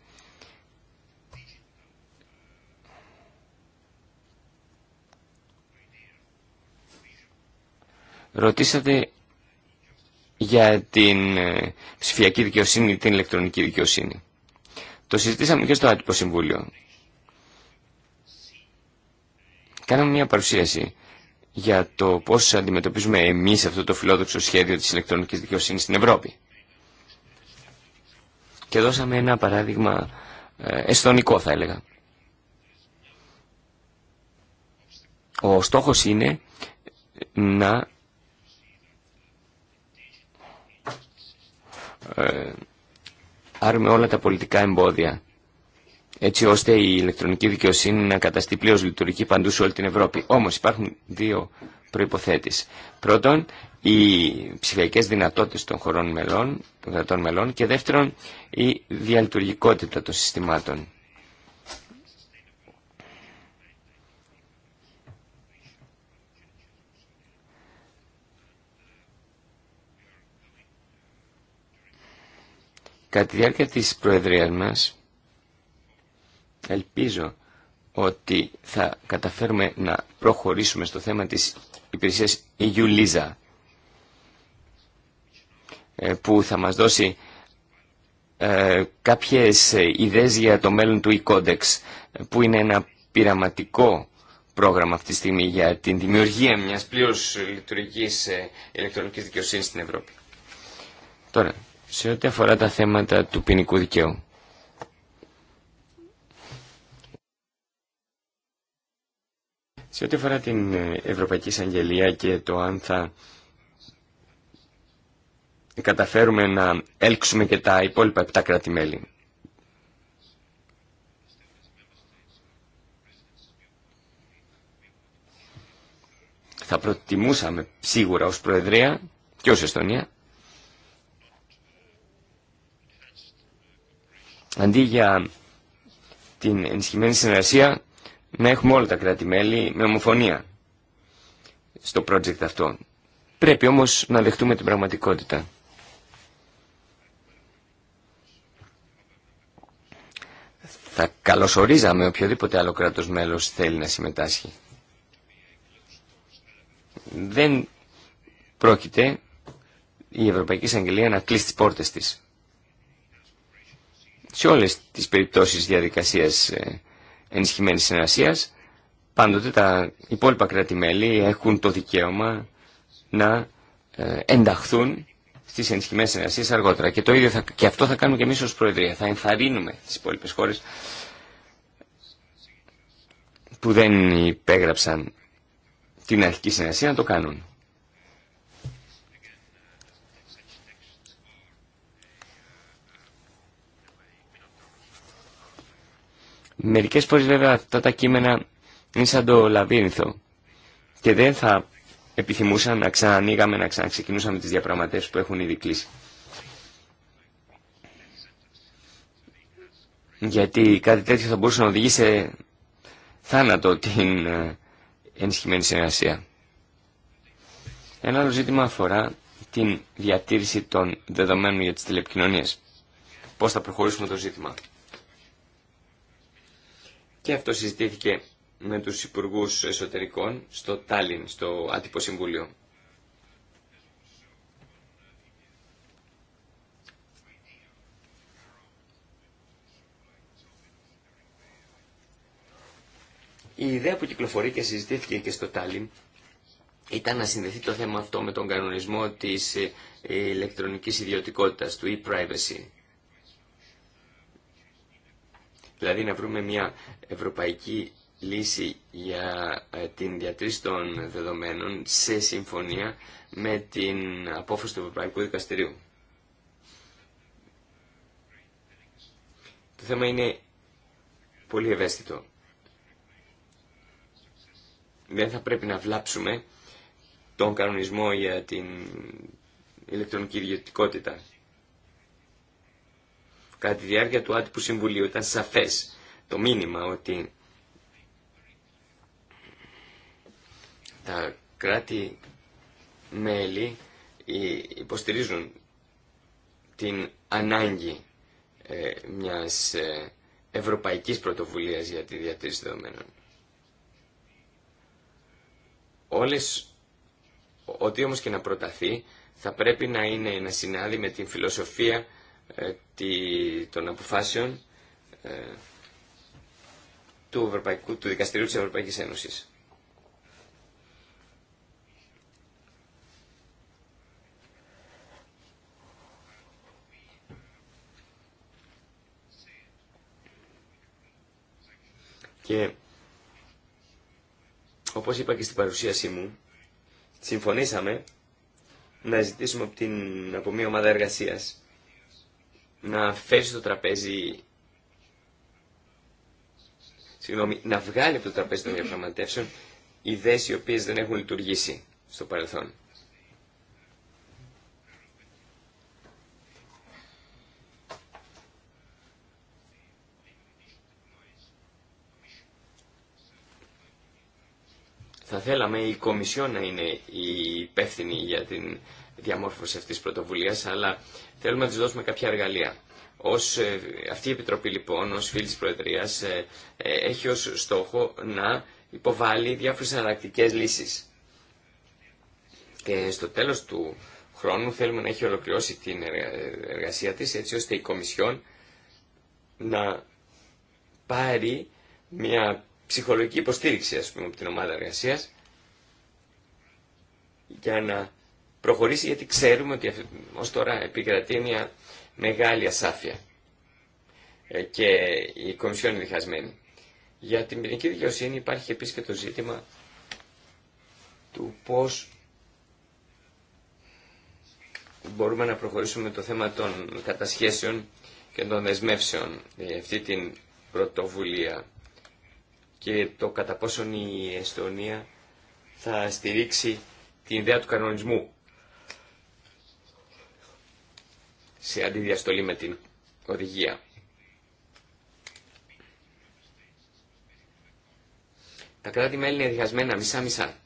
ρωτήσατε για την ε, ψηφιακή δικαιοσύνη, την ηλεκτρονική δικαιοσύνη. Το συζητήσαμε και στο Άτυπο Συμβούλιο. Κάναμε μια παρουσίαση για το πώ αντιμετωπίζουμε εμείς αυτό το φιλόδοξο σχέδιο της ηλεκτρονικής δικαιοσύνης στην Ευρώπη. Και δώσαμε ένα παράδειγμα ε, εσθονικό θα έλεγα. Ο στόχος είναι να ε, άρουμε όλα τα πολιτικά εμπόδια έτσι ώστε η ηλεκτρονική δικαιοσύνη να καταστεί πλήρως λειτουργική παντού σε όλη την Ευρώπη. Όμως υπάρχουν δύο προϋποθέτης. Πρώτον, οι ψηφιακέ δυνατότητες των χωρών μελών, των κρατών μελών και δεύτερον, η διαλειτουργικότητα των συστημάτων. Κατά τη διάρκεια της Προεδρίας μας, Ελπίζω ότι θα καταφέρουμε να προχωρήσουμε στο θέμα της υπηρεσίας EU-LISA ε, που θα μας δώσει ε, κάποιες ιδέες για το μέλλον του e-Codex που είναι ένα πειραματικό πρόγραμμα αυτή τη στιγμή για την δημιουργία μιας πλήρως λειτουργικής ε, ηλεκτρονικής δικαιοσύνης στην Ευρώπη. Τώρα, σε ό,τι αφορά τα θέματα του ποινικού δικαίου. Σε ό,τι αφορά την Ευρωπαϊκή Εισαγγελία και το αν θα καταφέρουμε να έλξουμε και τα υπόλοιπα επτά κράτη-μέλη. Θα προτιμούσαμε σίγουρα ως Προεδρία και ως Εστονία αντί για την ενισχυμένη συνεργασία να έχουμε όλα τα κράτη-μέλη με ομοφωνία στο project αυτό. Πρέπει όμως να δεχτούμε την πραγματικότητα. Θα καλωσορίζαμε οποιοδήποτε άλλο κράτος μέλος θέλει να συμμετάσχει. Δεν πρόκειται η Ευρωπαϊκή Αγγελία να κλείσει τις πόρτες της. Σε όλες τις περιπτώσεις διαδικασίας ε, ενισχυμένης συνεργασία, πάντοτε τα υπόλοιπα κράτη-μέλη έχουν το δικαίωμα να ε, ενταχθούν στις ενισχυμένε συνεργασίε αργότερα. Και, το ίδιο θα, και αυτό θα κάνουμε και εμείς ως Προεδρία. Θα ενθαρρύνουμε τις υπόλοιπε χώρε που δεν υπέγραψαν την αρχική συνεργασία να το κάνουν. Μερικές φορές βέβαια αυτά τα κείμενα είναι σαν το λαβύρινθο και δεν θα επιθυμούσαν να ξανανοίγαμε, να ξαναξεκινούσαμε τις διαπραγματεύσεις που έχουν ήδη κλείσει. Γιατί κάτι τέτοιο θα μπορούσε να οδηγήσει θάνατο την ε, ενισχυμένη συνεργασία. Ένα άλλο ζήτημα αφορά την διατήρηση των δεδομένων για τις τηλεπικοινωνίες. Πώς θα προχωρήσουμε το ζήτημα. Και αυτό συζητήθηκε με τους Υπουργούς Εσωτερικών στο Τάλιν, στο Άτυπο Συμβούλιο. Η ιδέα που κυκλοφορεί και συζητήθηκε και στο Τάλιν ήταν να συνδεθεί το θέμα αυτό με τον κανονισμό της ε, ηλεκτρονικής ιδιωτικότητας, του e-privacy. Δηλαδή να βρούμε μια ευρωπαϊκή λύση για ε, την διατήρηση των δεδομένων σε συμφωνία με την απόφαση του Ευρωπαϊκού Δικαστηρίου. Το θέμα είναι πολύ ευαίσθητο. Δεν θα πρέπει να βλάψουμε τον κανονισμό για την ηλεκτρονική ιδιωτικότητα κατά τη διάρκεια του άτυπου συμβουλίου. Ήταν σαφές το μήνυμα ότι τα κράτη-μέλη ε, υποστηρίζουν την ανάγκη ε, μιας ε, ευρωπαϊκής πρωτοβουλίας για τη διατήρηση δεδομένων. Όλες, ό,τι όμως και να προταθεί, θα πρέπει να είναι να συνάδει με την φιλοσοφία ε, των αποφάσεων ε, του, Ευρωπαϊκού, του Δικαστηρίου της Ευρωπαϊκής Ένωσης. Και όπως είπα και στην παρουσίασή μου, συμφωνήσαμε να ζητήσουμε από, την, από μια ομάδα εργασίας να φέρει στο τραπέζι συγγνώμη, να βγάλει από το τραπέζι των διαπραγματεύσεων ιδέε οι οποίες δεν έχουν λειτουργήσει στο παρελθόν. Θα θέλαμε η Κομισιόν να είναι η υπεύθυνη για την διαμόρφωση αυτής της πρωτοβουλίας, αλλά θέλουμε να του δώσουμε κάποια εργαλεία. Ως, ε, αυτή η Επιτροπή λοιπόν, ως φίλη της Προεδρίας, ε, ε, έχει ως στόχο να υποβάλει διάφορες αναλλακτικές λύσεις. Και στο τέλος του χρόνου θέλουμε να έχει ολοκληρώσει την εργασία της, έτσι ώστε η Κομισιόν να πάρει μια ψυχολογική υποστήριξη, ας πούμε, από την ομάδα εργασίας, για να προχωρήσει γιατί ξέρουμε ότι ως τώρα επικρατεί μια μεγάλη ασάφεια ε, και η Κομισιόν είναι Για την ποινική δικαιοσύνη υπάρχει επίσης και το ζήτημα του πώς μπορούμε να προχωρήσουμε το θέμα των κατασχέσεων και των δεσμεύσεων για ε, αυτή την πρωτοβουλία και το κατά πόσον η Εστονία θα στηρίξει την ιδέα του κανονισμού σε αντιδιαστολή με την οδηγία. Τα κράτη-μέλη είναι διχασμένα μισά-μισά.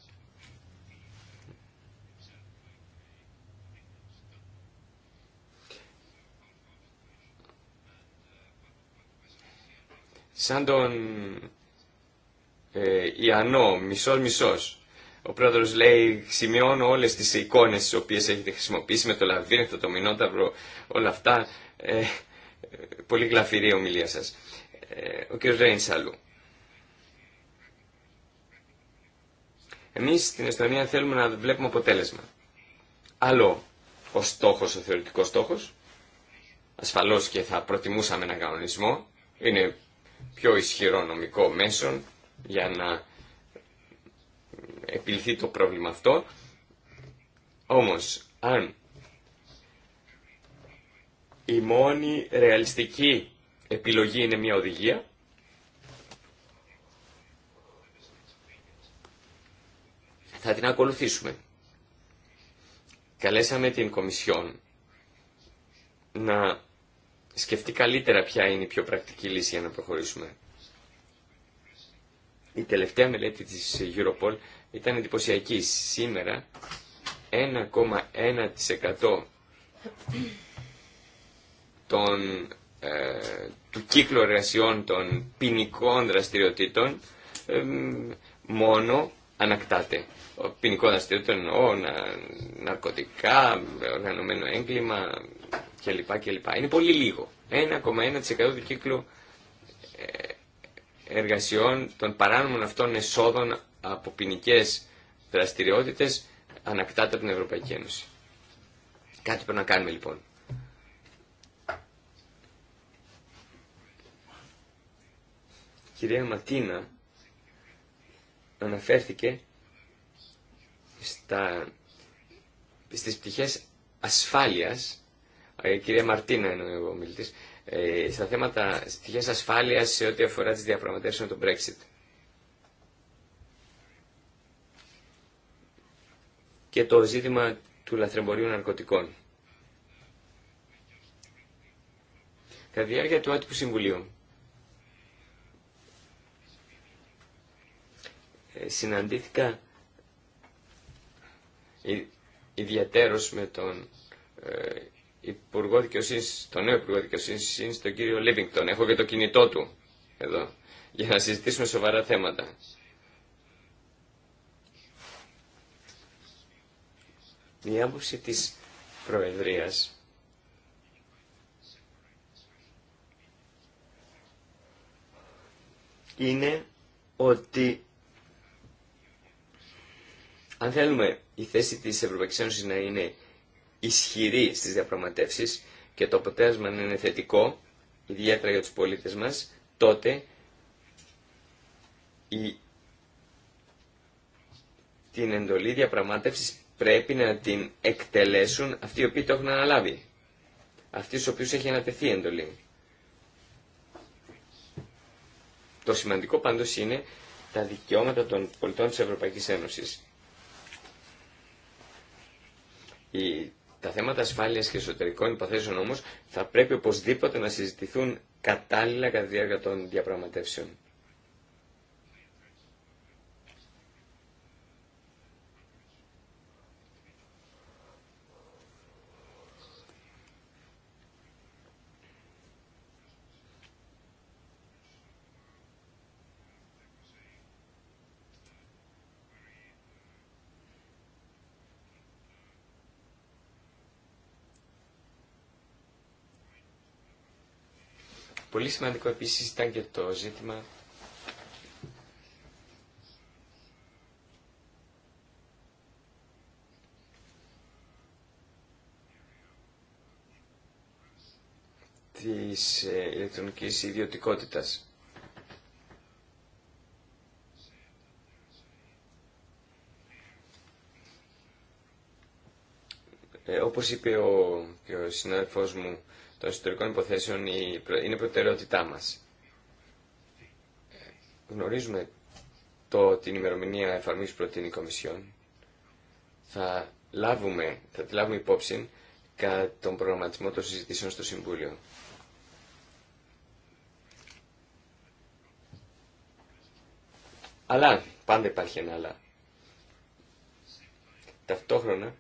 Σαν τον ε, Ιαννό, μισός-μισός. Ο πρόεδρος λέει, σημειώνω όλες τις εικόνες τις οποίες έχετε χρησιμοποιήσει με το λαβύρινθο, το μηνόταυρο, όλα αυτά. Ε, πολύ γλαφυρή η ομιλία σας. Ε, ο κ. Ρέινσαλου. Εμείς στην Εστονία θέλουμε να βλέπουμε αποτέλεσμα. Άλλο ο στόχος, ο θεωρητικός στόχος. Ασφαλώς και θα προτιμούσαμε έναν κανονισμό. Είναι πιο ισχυρό νομικό μέσον για να επιληθεί το πρόβλημα αυτό. Όμως, αν η μόνη ρεαλιστική επιλογή είναι μια οδηγία, θα την ακολουθήσουμε. Καλέσαμε την Κομισιόν να σκεφτεί καλύτερα ποια είναι η πιο πρακτική λύση για να προχωρήσουμε. Η τελευταία μελέτη της Europol ήταν εντυπωσιακή. Σήμερα 1,1% ε, του κύκλου εργασιών των ποινικών δραστηριοτήτων ε, μόνο ανακτάται. Ο ποινικό δραστηριότητα εννοώ να, ναρκωτικά, οργανωμένο έγκλημα κλπ. Είναι πολύ λίγο. 1,1% του κύκλου ε, εργασιών, των παράνομων αυτών εσόδων από ποινικέ δραστηριότητε ανακτάται από την Ευρωπαϊκή Ένωση. Κάτι πρέπει να κάνουμε λοιπόν. Η κυρία Ματίνα αναφέρθηκε στα, στις πτυχές ασφάλειας, η ε, κυρία Μαρτίνα είναι ο μιλητής, ε, στα θέματα στοιχεία ασφάλειας σε ό,τι αφορά τι διαπραγματεύσει με τον Brexit. Και το ζήτημα του λαθρεμπορίου ναρκωτικών. Κατά τη διάρκεια του άτυπου συμβουλίου ε, συναντήθηκα ιδιαίτερος με τον ε, υπουργό δικαιοσύνη, το νέο υπουργό είναι στον κύριο Λίβινγκτον. Έχω και το κινητό του εδώ, για να συζητήσουμε σοβαρά θέματα. Η άποψη τη προεδρία είναι ότι αν θέλουμε η θέση της Ευρωπαϊκής Ένωσης να είναι ισχυρή στις διαπραγματεύσεις και το αποτέλεσμα να είναι θετικό, ιδιαίτερα για τους πολίτες μας, τότε η... την εντολή διαπραγμάτευσης πρέπει να την εκτελέσουν αυτοί οι οποίοι το έχουν αναλάβει. Αυτοί στους οποίους έχει ανατεθεί η εντολή. Το σημαντικό πάντως είναι τα δικαιώματα των πολιτών της Ευρωπαϊκής Ένωσης. Η τα θέματα ασφάλεια και εσωτερικών υποθέσεων όμως θα πρέπει οπωσδήποτε να συζητηθούν κατάλληλα κατά τη διάρκεια των διαπραγματεύσεων. Πολύ σημαντικό επίσης ήταν και το ζήτημα της ε, ηλεκτρονικής ιδιωτικότητας. Ε, όπως είπε ο, και ο συνάδελφός μου των ιστορικών υποθέσεων είναι προτεραιότητά μας. Γνωρίζουμε το, την ημερομηνία εφαρμογής προτείνει η Κομισιόν. Θα λάβουμε, θα τη λάβουμε υπόψη κατά τον προγραμματισμό των συζητήσεων στο Συμβούλιο. Αλλά, πάντα υπάρχει ένα αλλά. Ταυτόχρονα,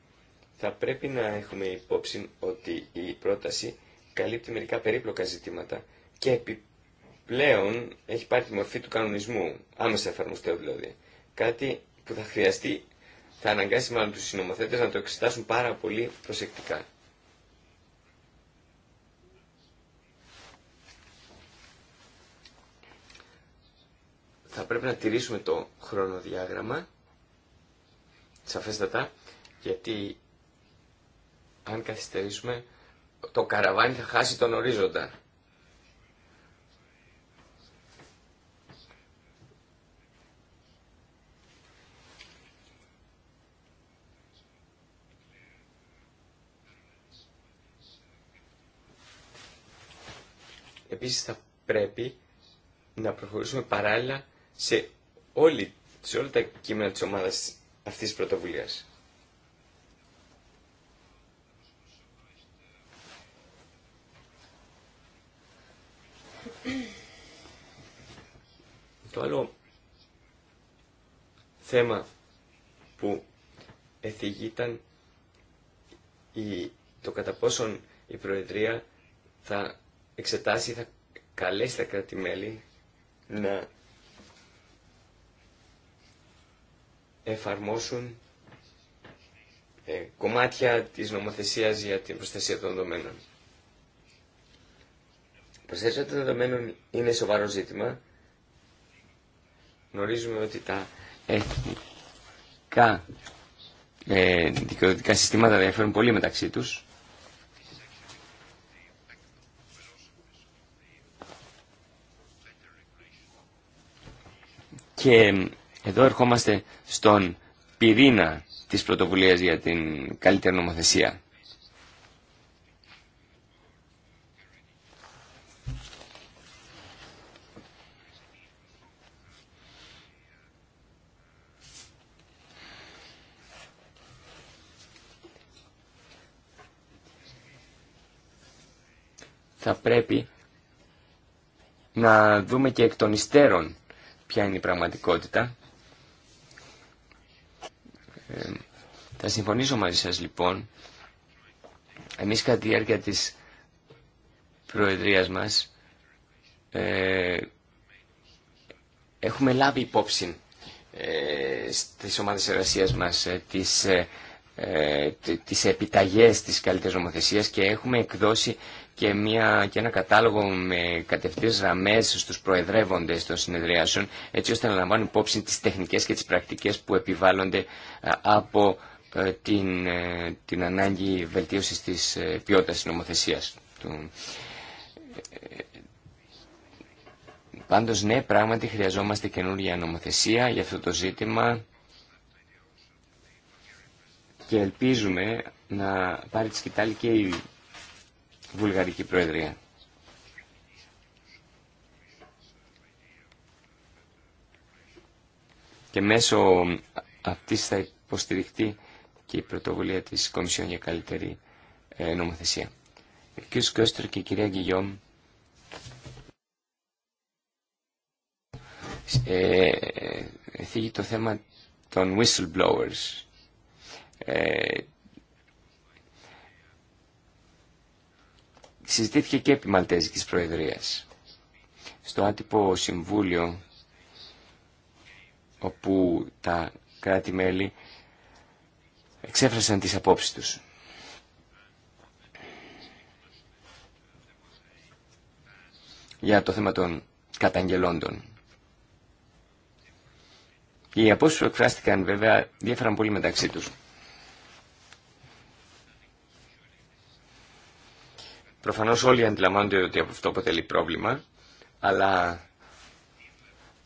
θα πρέπει να έχουμε υπόψη ότι η πρόταση καλύπτει μερικά περίπλοκα ζητήματα και επιπλέον έχει πάρει τη μορφή του κανονισμού, άμεσα εφαρμοστέο δηλαδή. Κάτι που θα χρειαστεί, θα αναγκάσει μάλλον τους συνομοθέτες να το εξετάσουν πάρα πολύ προσεκτικά. Θα πρέπει να τηρήσουμε το χρονοδιάγραμμα, σαφέστατα, γιατί αν καθυστερήσουμε το καραβάνι θα χάσει τον ορίζοντα. Επίσης θα πρέπει να προχωρήσουμε παράλληλα σε, όλη, σε όλα τα κείμενα της ομάδας αυτής της πρωτοβουλίας. θέμα που εθιγήταν η, το κατά πόσον η Προεδρία θα εξετάσει, θα καλέσει τα κράτη-μέλη να εφαρμόσουν ε, κομμάτια της νομοθεσίας για την προστασία των δεδομένων. Η προστασία των δεδομένων είναι σοβαρό ζήτημα. Γνωρίζουμε ότι τα εθνικά ε, συστήματα διαφέρουν πολύ μεταξύ τους. Και εδώ ερχόμαστε στον πυρήνα της πρωτοβουλίας για την καλύτερη νομοθεσία. θα πρέπει να δούμε και εκ των υστέρων ποια είναι η πραγματικότητα. Ε, θα συμφωνήσω μαζί σας λοιπόν. Εμείς κατά τη διάρκεια της Προεδρίας μας ε, έχουμε λάβει υπόψη ε, στις ομάδες εργασίας μας ε, τις, ε, ε τις επιταγές της καλύτερης νομοθεσίας και έχουμε εκδώσει και, μια, και ένα κατάλογο με κατευθύνσεις γραμμέ στους προεδρεύοντες των συνεδριάσεων έτσι ώστε να λαμβάνουν υπόψη τις τεχνικές και τις πρακτικές που επιβάλλονται ε, από ε, την, ε, την ανάγκη βελτίωσης της ποιότητας της νομοθεσίας. Πάντως ναι, πράγματι χρειαζόμαστε καινούργια νομοθεσία για αυτό το ζήτημα και ελπίζουμε να πάρει τη σκητάλη και η Βουλγαρική Προεδρία. Και μέσω αυτή θα υποστηριχτεί και η πρωτοβουλία της Κομισιόν για καλύτερη ε, νομοθεσία. Ο ε, κ. Κώστρο και η κυρία Γκυγιόμ ε, θίγει το θέμα των whistleblowers, συζητήθηκε και επί Μαλτέζικης Προεδρίας. Στο άτυπο συμβούλιο, όπου τα κράτη-μέλη εξέφρασαν τις απόψεις τους. για το θέμα των καταγγελόντων. Οι απόψεις που εκφράστηκαν βέβαια διέφεραν πολύ μεταξύ τους. Προφανώς όλοι αντιλαμβάνονται ότι αυτό αποτελεί πρόβλημα, αλλά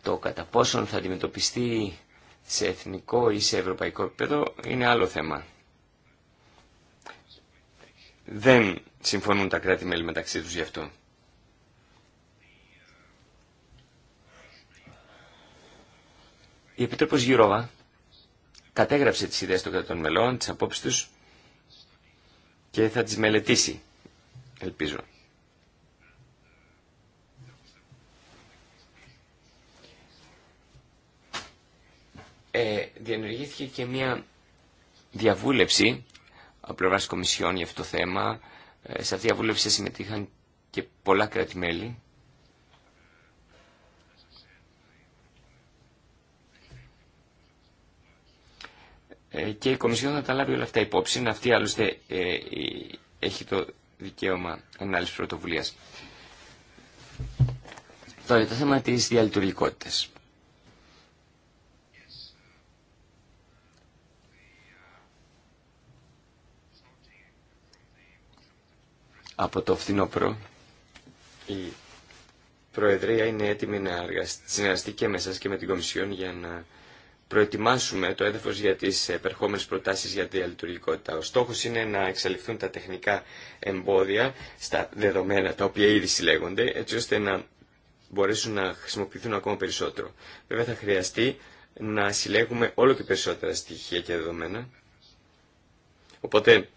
το κατά πόσον θα αντιμετωπιστεί σε εθνικό ή σε ευρωπαϊκό επίπεδο είναι άλλο θέμα. Δεν συμφωνούν τα κράτη-μέλη μεταξύ τους γι' αυτό. Η Επιτρόπος Γιουρόβα κατέγραψε τις ιδέες των κρατών μελών, τις απόψεις τους και θα τις μελετήσει. Ελπίζω. Ε, και μια διαβούλευση από πλευράς κομισιών για αυτό το θέμα. Ε, σε αυτή τη διαβούλευση συμμετείχαν και πολλά κράτη-μέλη. Ε, και η Κομισιόν θα τα λάβει όλα αυτά υπόψη. Αυτή άλλωστε ε, έχει το δικαίωμα ανάλυση πρωτοβουλία. Τώρα το θέμα τη διαλειτουργικότητα. Από το φθινόπωρο η Προεδρία είναι έτοιμη να συνεργαστεί και με εσάς και με την Κομισιόν για να προετοιμάσουμε το έδαφο για τι επερχόμενε προτάσεις για τη διαλειτουργικότητα. Ο στόχος είναι να εξαλειφθούν τα τεχνικά εμπόδια στα δεδομένα, τα οποία ήδη συλλέγονται, έτσι ώστε να μπορέσουν να χρησιμοποιηθούν ακόμα περισσότερο. Βέβαια θα χρειαστεί να συλλέγουμε όλο και περισσότερα στοιχεία και δεδομένα. Οπότε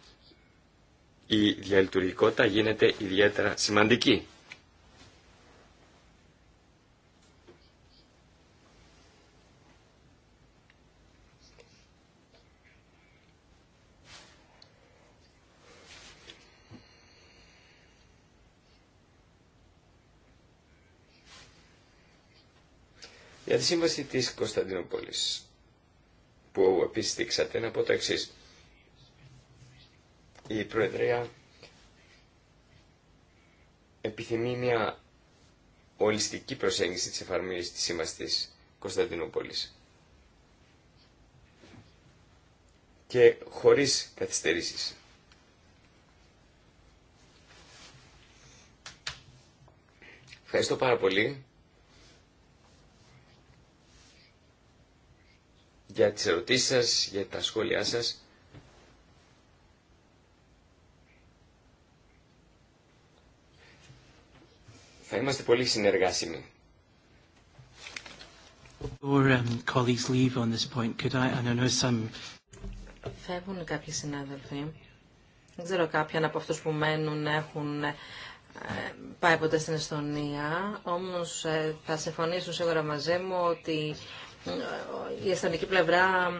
η διαλειτουργικότητα γίνεται ιδιαίτερα σημαντική. Για τη σύμβαση της Κωνσταντινούπολης, που επίσης να πω το εξή. Η Προεδρία επιθυμεί μια ολιστική προσέγγιση της εφαρμογής της σύμβασης της Κωνσταντινούπολης. Και χωρίς καθυστερήσεις. Ευχαριστώ πάρα πολύ. για τις ερωτήσεις σας, για τα σχόλιά σας. Θα είμαστε πολύ συνεργάσιμοι. Φεύγουν κάποιοι συνάδελφοι. Δεν ξέρω κάποιον από αυτούς που μένουν έχουν ε, πάει ποτέ στην Εστονία, όμως ε, θα συμφωνήσουν σίγουρα μαζί μου ότι η αστυνομική πλευρά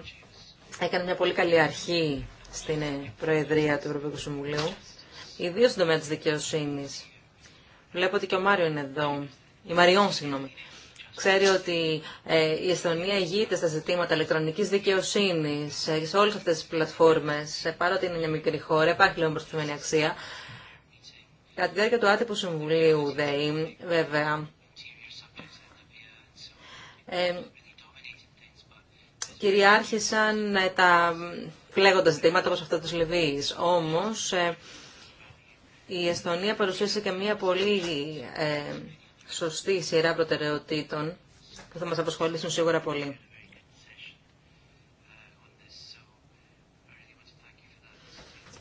έκανε μια πολύ καλή αρχή στην Προεδρία του Ευρωπαϊκού Συμβουλίου, ιδίω στον τομέα τη δικαιοσύνη. Βλέπω ότι και ο Μάριο είναι εδώ. Η Μαριόν, συγγνώμη. Ξέρει ότι ε, η Εσθονία ηγείται στα ζητήματα ηλεκτρονικής δικαιοσύνης ε, σε όλες αυτές τις πλατφόρμες, ε, παρότι είναι μια μικρή χώρα, υπάρχει λίγο προστιμένη αξία. Κατά τη διάρκεια του άτυπου συμβουλίου, ΔΕΗ, βέβαια, ε, κυριάρχησαν τα πλέγοντα ζητήματα όπως αυτά της Λιβύης. Όμως ε, η Εστονία παρουσίασε και μια πολύ ε, σωστή σειρά προτεραιοτήτων που θα μας απασχολήσουν σίγουρα πολύ.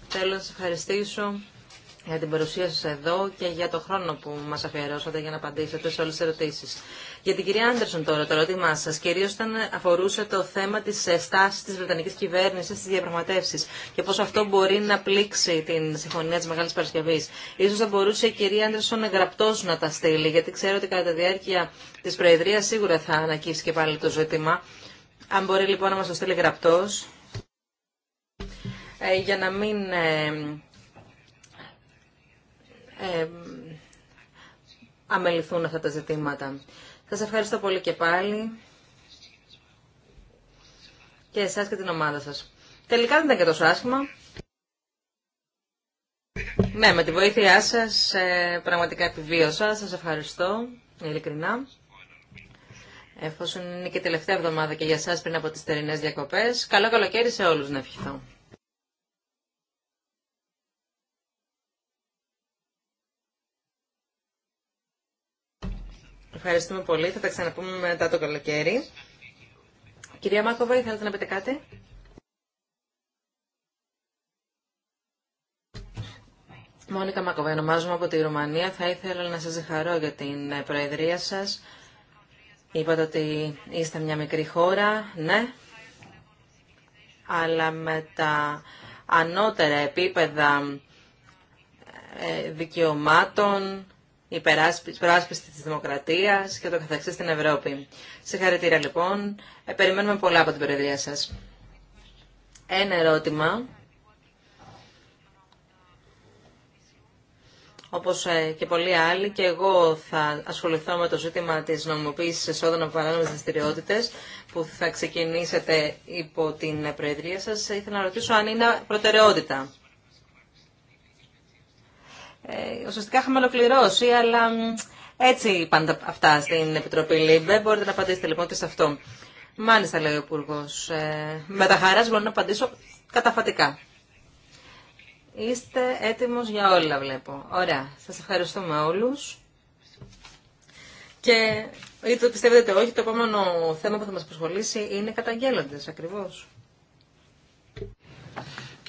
Θέλω να σας ευχαριστήσω για την παρουσία σας εδώ και για το χρόνο που μας αφιερώσατε για να απαντήσετε σε όλες τις ερωτήσεις. Για την κυρία Άντερσον τώρα, το ερώτημά σας κυρίως ήταν, αφορούσε το θέμα της ε, στάσης της Βρετανικής κυβέρνησης στις διαπραγματεύσεις και πώς αυτό μπορεί να πλήξει την συμφωνία της Μεγάλης Παρασκευής. Ίσως θα μπορούσε η κυρία Άντερσον γραπτός να τα στείλει, γιατί ξέρω ότι κατά τη διάρκεια της Προεδρίας σίγουρα θα ανακύψει και πάλι το ζήτημα. Αν μπορεί λοιπόν να μας το στείλει γραπτός, ε, για να μην ε, αμεληθούν αυτά τα ζητήματα. Σας ευχαριστώ πολύ και πάλι και εσάς και την ομάδα σας. Τελικά δεν ήταν και τόσο άσχημα. Ναι, με τη βοήθειά σας ε, πραγματικά επιβίωσα. Σας ευχαριστώ, ειλικρινά. Εφόσον είναι και τελευταία εβδομάδα και για σας πριν από τις τερινές διακοπές, καλό καλοκαίρι σε όλους να ευχηθώ. Ευχαριστούμε πολύ. Θα τα ξαναπούμε μετά το καλοκαίρι. Κυρία Μάκοβα, θέλετε να πείτε κάτι. Μόνικα Μάκοβα, ονομάζομαι από τη Ρουμανία. Θα ήθελα να σας χαρώ για την προεδρία σας. Είπατε ότι είστε μια μικρή χώρα, ναι, αλλά με τα ανώτερα επίπεδα ε, δικαιωμάτων η της δημοκρατίας και το καθεξής στην Ευρώπη. Συγχαρητήρια λοιπόν. Ε, περιμένουμε πολλά από την Προεδρία σας. Ένα ερώτημα. Όπως ε, και πολλοί άλλοι, και εγώ θα ασχοληθώ με το ζήτημα της νομιμοποίησης εσόδων από παράνομες δραστηριότητε που θα ξεκινήσετε υπό την Προεδρία σας. Ε, ήθελα να ρωτήσω αν είναι προτεραιότητα. Ε, ουσιαστικά είχαμε ολοκληρώσει, αλλά έτσι πάντα αυτά στην Επιτροπή Λίμπε. Μπορείτε να απαντήσετε λοιπόν και σε αυτό. Μάλιστα, λέει ο Υπουργό. Ε, με τα χαρά μπορώ να απαντήσω καταφατικά. Είστε έτοιμος για όλα, βλέπω. Ωραία. Σας ευχαριστούμε όλους. Και είτε το πιστεύετε είτε όχι, το επόμενο θέμα που θα μας προσχολήσει είναι καταγγέλλοντες, ακριβώς.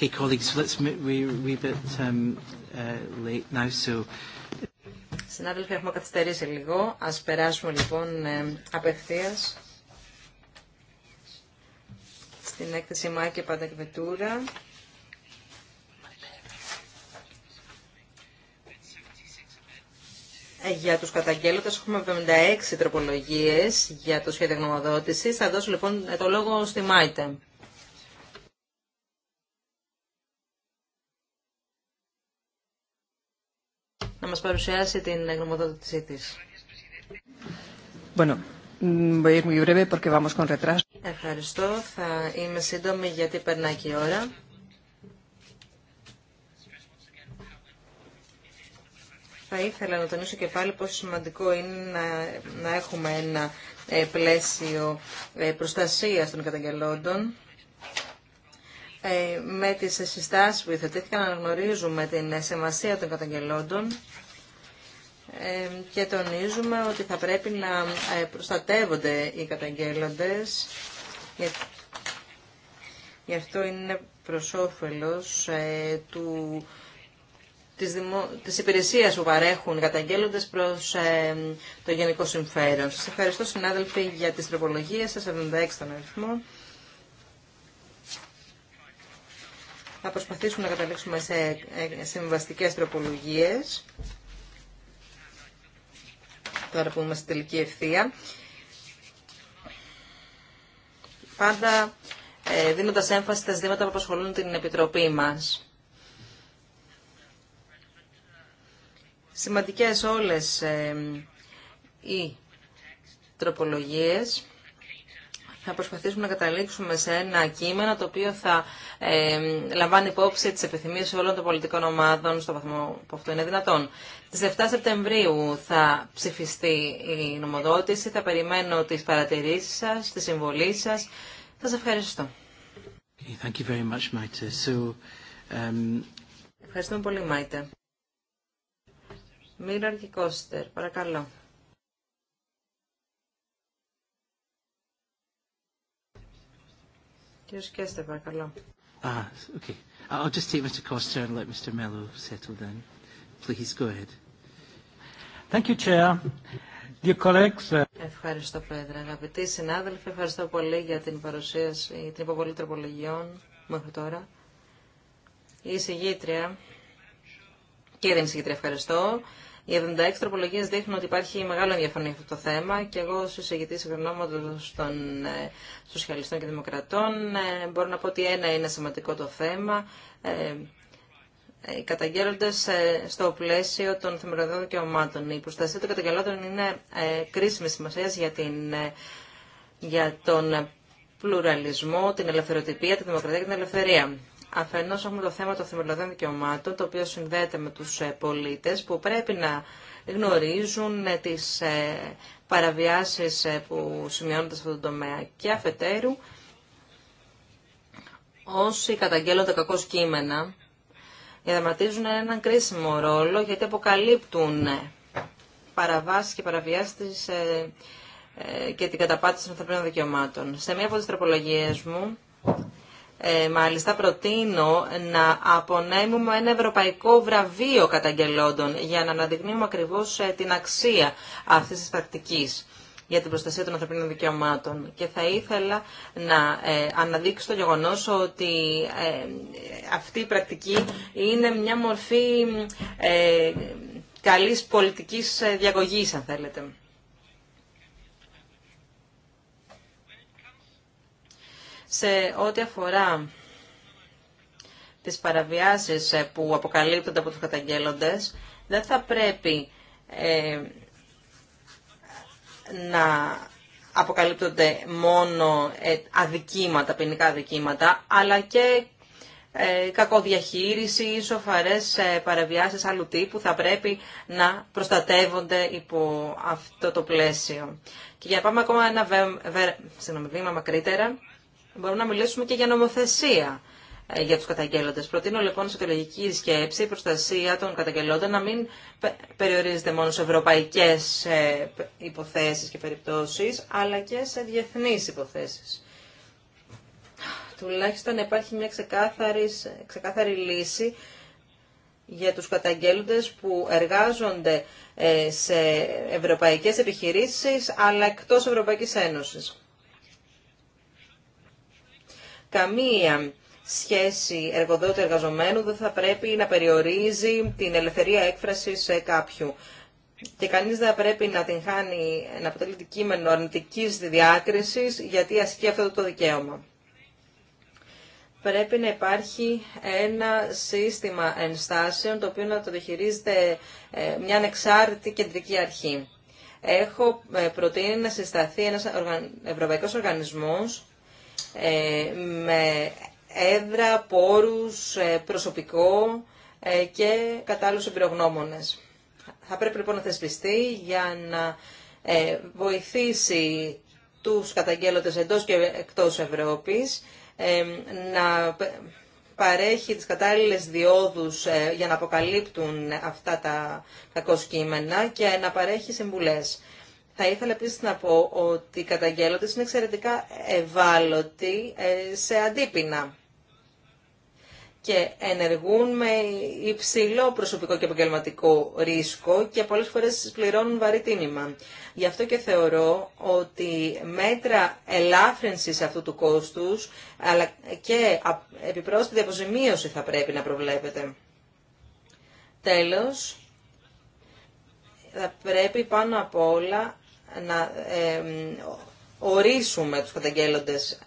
Okay, colleagues, let's um, uh, late now, so... Συνάδελφοι, έχουμε καθυστερήσει λίγο. α περάσουμε λοιπόν ε, απευθείας στην έκθεση Μάκη Παντακβετούρα. Ε, για τους καταγγέλλοντες έχουμε 76 τροπολογίες για το σχέδιο γνωμοδότησης. Θα δώσω λοιπόν ε, το λόγο στη Μάιτε. μας παρουσιάσει την γνωμοδότησή της. Bueno, mm, voy a ir muy breve porque vamos con retraso. Ευχαριστώ. Θα είμαι σύντομη γιατί περνάει και η ώρα. Θα ήθελα να τονίσω και πάλι πόσο σημαντικό είναι να, έχουμε ένα ε, πλαίσιο ε, προστασίας των καταγγελόντων. Ε, με τις συστάσεις που υιοθετήθηκαν γνωρίζουμε την σημασία των καταγγελόντων και τονίζουμε ότι θα πρέπει να ε, προστατεύονται οι καταγγέλλοντες. Γι' αυτό είναι προς όφελος ε, του, της, υπηρεσίας που παρέχουν οι καταγγέλλοντες προς ε, το γενικό συμφέρον. Σας ευχαριστώ συνάδελφοι για τις τροπολογίες σας, 76 τον αριθμό. Θα προσπαθήσουμε να καταλήξουμε σε συμβαστικές τροπολογίες τώρα που είμαστε τελική ευθεία. Πάντα ε, δίνοντας έμφαση στα ζητήματα που απασχολούν την Επιτροπή μας. Σημαντικές όλες ε, οι τροπολογίες θα προσπαθήσουμε να καταλήξουμε σε ένα κείμενο το οποίο θα λαμβάνει υπόψη τις επιθυμίες όλων των πολιτικών ομάδων στο βαθμό που αυτό είναι δυνατόν. Τη 7 Σεπτεμβρίου θα ψηφιστεί η νομοδότηση, θα περιμένω τι παρατηρήσει σα, τη συμβολή σα. Θα σας ευχαριστώ. Um, Ευχαριστούμε πολύ, Μάιτε. Μίραρ και Κώστερ, παρακαλώ. Κύριος Σκέστερ, παρακαλώ. Ah, I'll just take Mr. and let Mr. Mello settle Please go ahead. Thank you, Chair. Dear colleagues. Uh, ευχαριστώ, Πρόεδρε. Αγαπητοί συνάδελφοι, ευχαριστώ πολύ για την παρουσίαση, την υποβολή τροπολογιών μέχρι τώρα. Η εισηγήτρια, κύριε την ευχαριστώ οι 76 τροπολογίε δείχνουν ότι υπάρχει μεγάλο ενδιαφέρον για αυτό το θέμα και εγώ, ω εισηγητή συγχρονόματο των ε, Σοσιαλιστών και Δημοκρατών, ε, μπορώ να πω ότι ένα είναι σημαντικό το θέμα. Ε, Καταγγέλλοντα στο πλαίσιο των θεμελιωδών δικαιωμάτων. Η προστασία των καταγγελόντων είναι κρίσιμη σημασία για, για τον πλουραλισμό, την ελευθεροτυπία, τη δημοκρατία και την ελευθερία. Αφενό έχουμε το θέμα των θεμελιωδών δικαιωμάτων, το οποίο συνδέεται με τους ε, πολίτε, που πρέπει να γνωρίζουν ε, τις ε, παραβιάσεις που σημειώνονται σε αυτό το τομέα. Και αφετέρου, όσοι καταγγέλλονται κακό κείμενα, διαδραματίζουν έναν κρίσιμο ρόλο γιατί αποκαλύπτουν παραβάσεις και παραβιάσεις και την καταπάτηση των ανθρωπίνων δικαιωμάτων. Σε μία από τι τροπολογίε μου, ε, μάλιστα προτείνω να απονέμουμε ένα ευρωπαϊκό βραβείο καταγγελόντων για να αναδεικνύουμε ακριβώς ε, την αξία αυτής της πρακτικής για την προστασία των ανθρωπίνων δικαιωμάτων. Και θα ήθελα να ε, αναδείξω το γεγονός ότι αυτή η πρακτική είναι μια μορφή καλής πολιτικής διαγωγής αν θέλετε. σε ό,τι αφορά τις παραβιάσεις ε, που αποκαλύπτονται από τους καταγγέλλοντες, δεν θα πρέπει ε, να αποκαλύπτονται μόνο ε, αδικήματα, ποινικά αδικήματα, αλλά και ε, κακοδιαχείριση, σοφαρές ε, παραβιάσεις άλλου τύπου θα πρέπει να προστατεύονται υπό αυτό το πλαίσιο. Και για να πάμε ακόμα ένα βε, βήμα μακρύτερα, Μπορούμε να μιλήσουμε και για νομοθεσία ε, για τους καταγγέλλοντες. Προτείνω λοιπόν σε τελεγική σκέψη η προστασία των καταγγελόντων να μην περιορίζεται μόνο σε ευρωπαϊκές ε, υποθέσεις και περιπτώσεις, αλλά και σε διεθνείς υποθέσεις. Τουλάχιστον υπάρχει μια ξεκάθαρη, ξεκάθαρη λύση για τους καταγγέλλοντες που εργάζονται ε, σε ευρωπαϊκές επιχειρήσεις, αλλά εκτός Ευρωπαϊκής Ένωσης καμία σχέση εργοδότη-εργαζομένου δεν θα πρέπει να περιορίζει την ελευθερία έκφρασης κάποιου. Και κανείς δεν θα πρέπει να την χάνει, να αποτελεί κείμενο αρνητική διάκριση γιατί ασκεί αυτό το δικαίωμα. Πρέπει να υπάρχει ένα σύστημα ενστάσεων το οποίο να το διαχειρίζεται ε, μια ανεξάρτητη κεντρική αρχή. Έχω ε, προτείνει να συσταθεί ένας ευρωπαϊκός οργανισμός ε, με έδρα, πόρους, ε, προσωπικό ε, και κατάλληλους εμπειρογνώμονες. Θα πρέπει λοιπόν να θεσπιστεί για να βοηθήσει τους καταγγέλλοντες εντός και εκτός Ευρώπης να παρέχει τις κατάλληλες διόδους για να αποκαλύπτουν αυτά τα κακοσκήμενα και να παρέχει συμβουλές. Θα ήθελα επίση να πω ότι οι είναι εξαιρετικά ευάλωτοι ε, σε αντίπεινα και ενεργούν με υψηλό προσωπικό και επαγγελματικό ρίσκο και πολλές φορές πληρώνουν βαρύ τίμημα. Γι' αυτό και θεωρώ ότι μέτρα ελάφρυνσης αυτού του κόστους αλλά και επιπρόσθετη αποζημίωση θα πρέπει να προβλέπετε. Τέλος, θα πρέπει πάνω απ' όλα να ορίσουμε τους καταγγέλλοντες.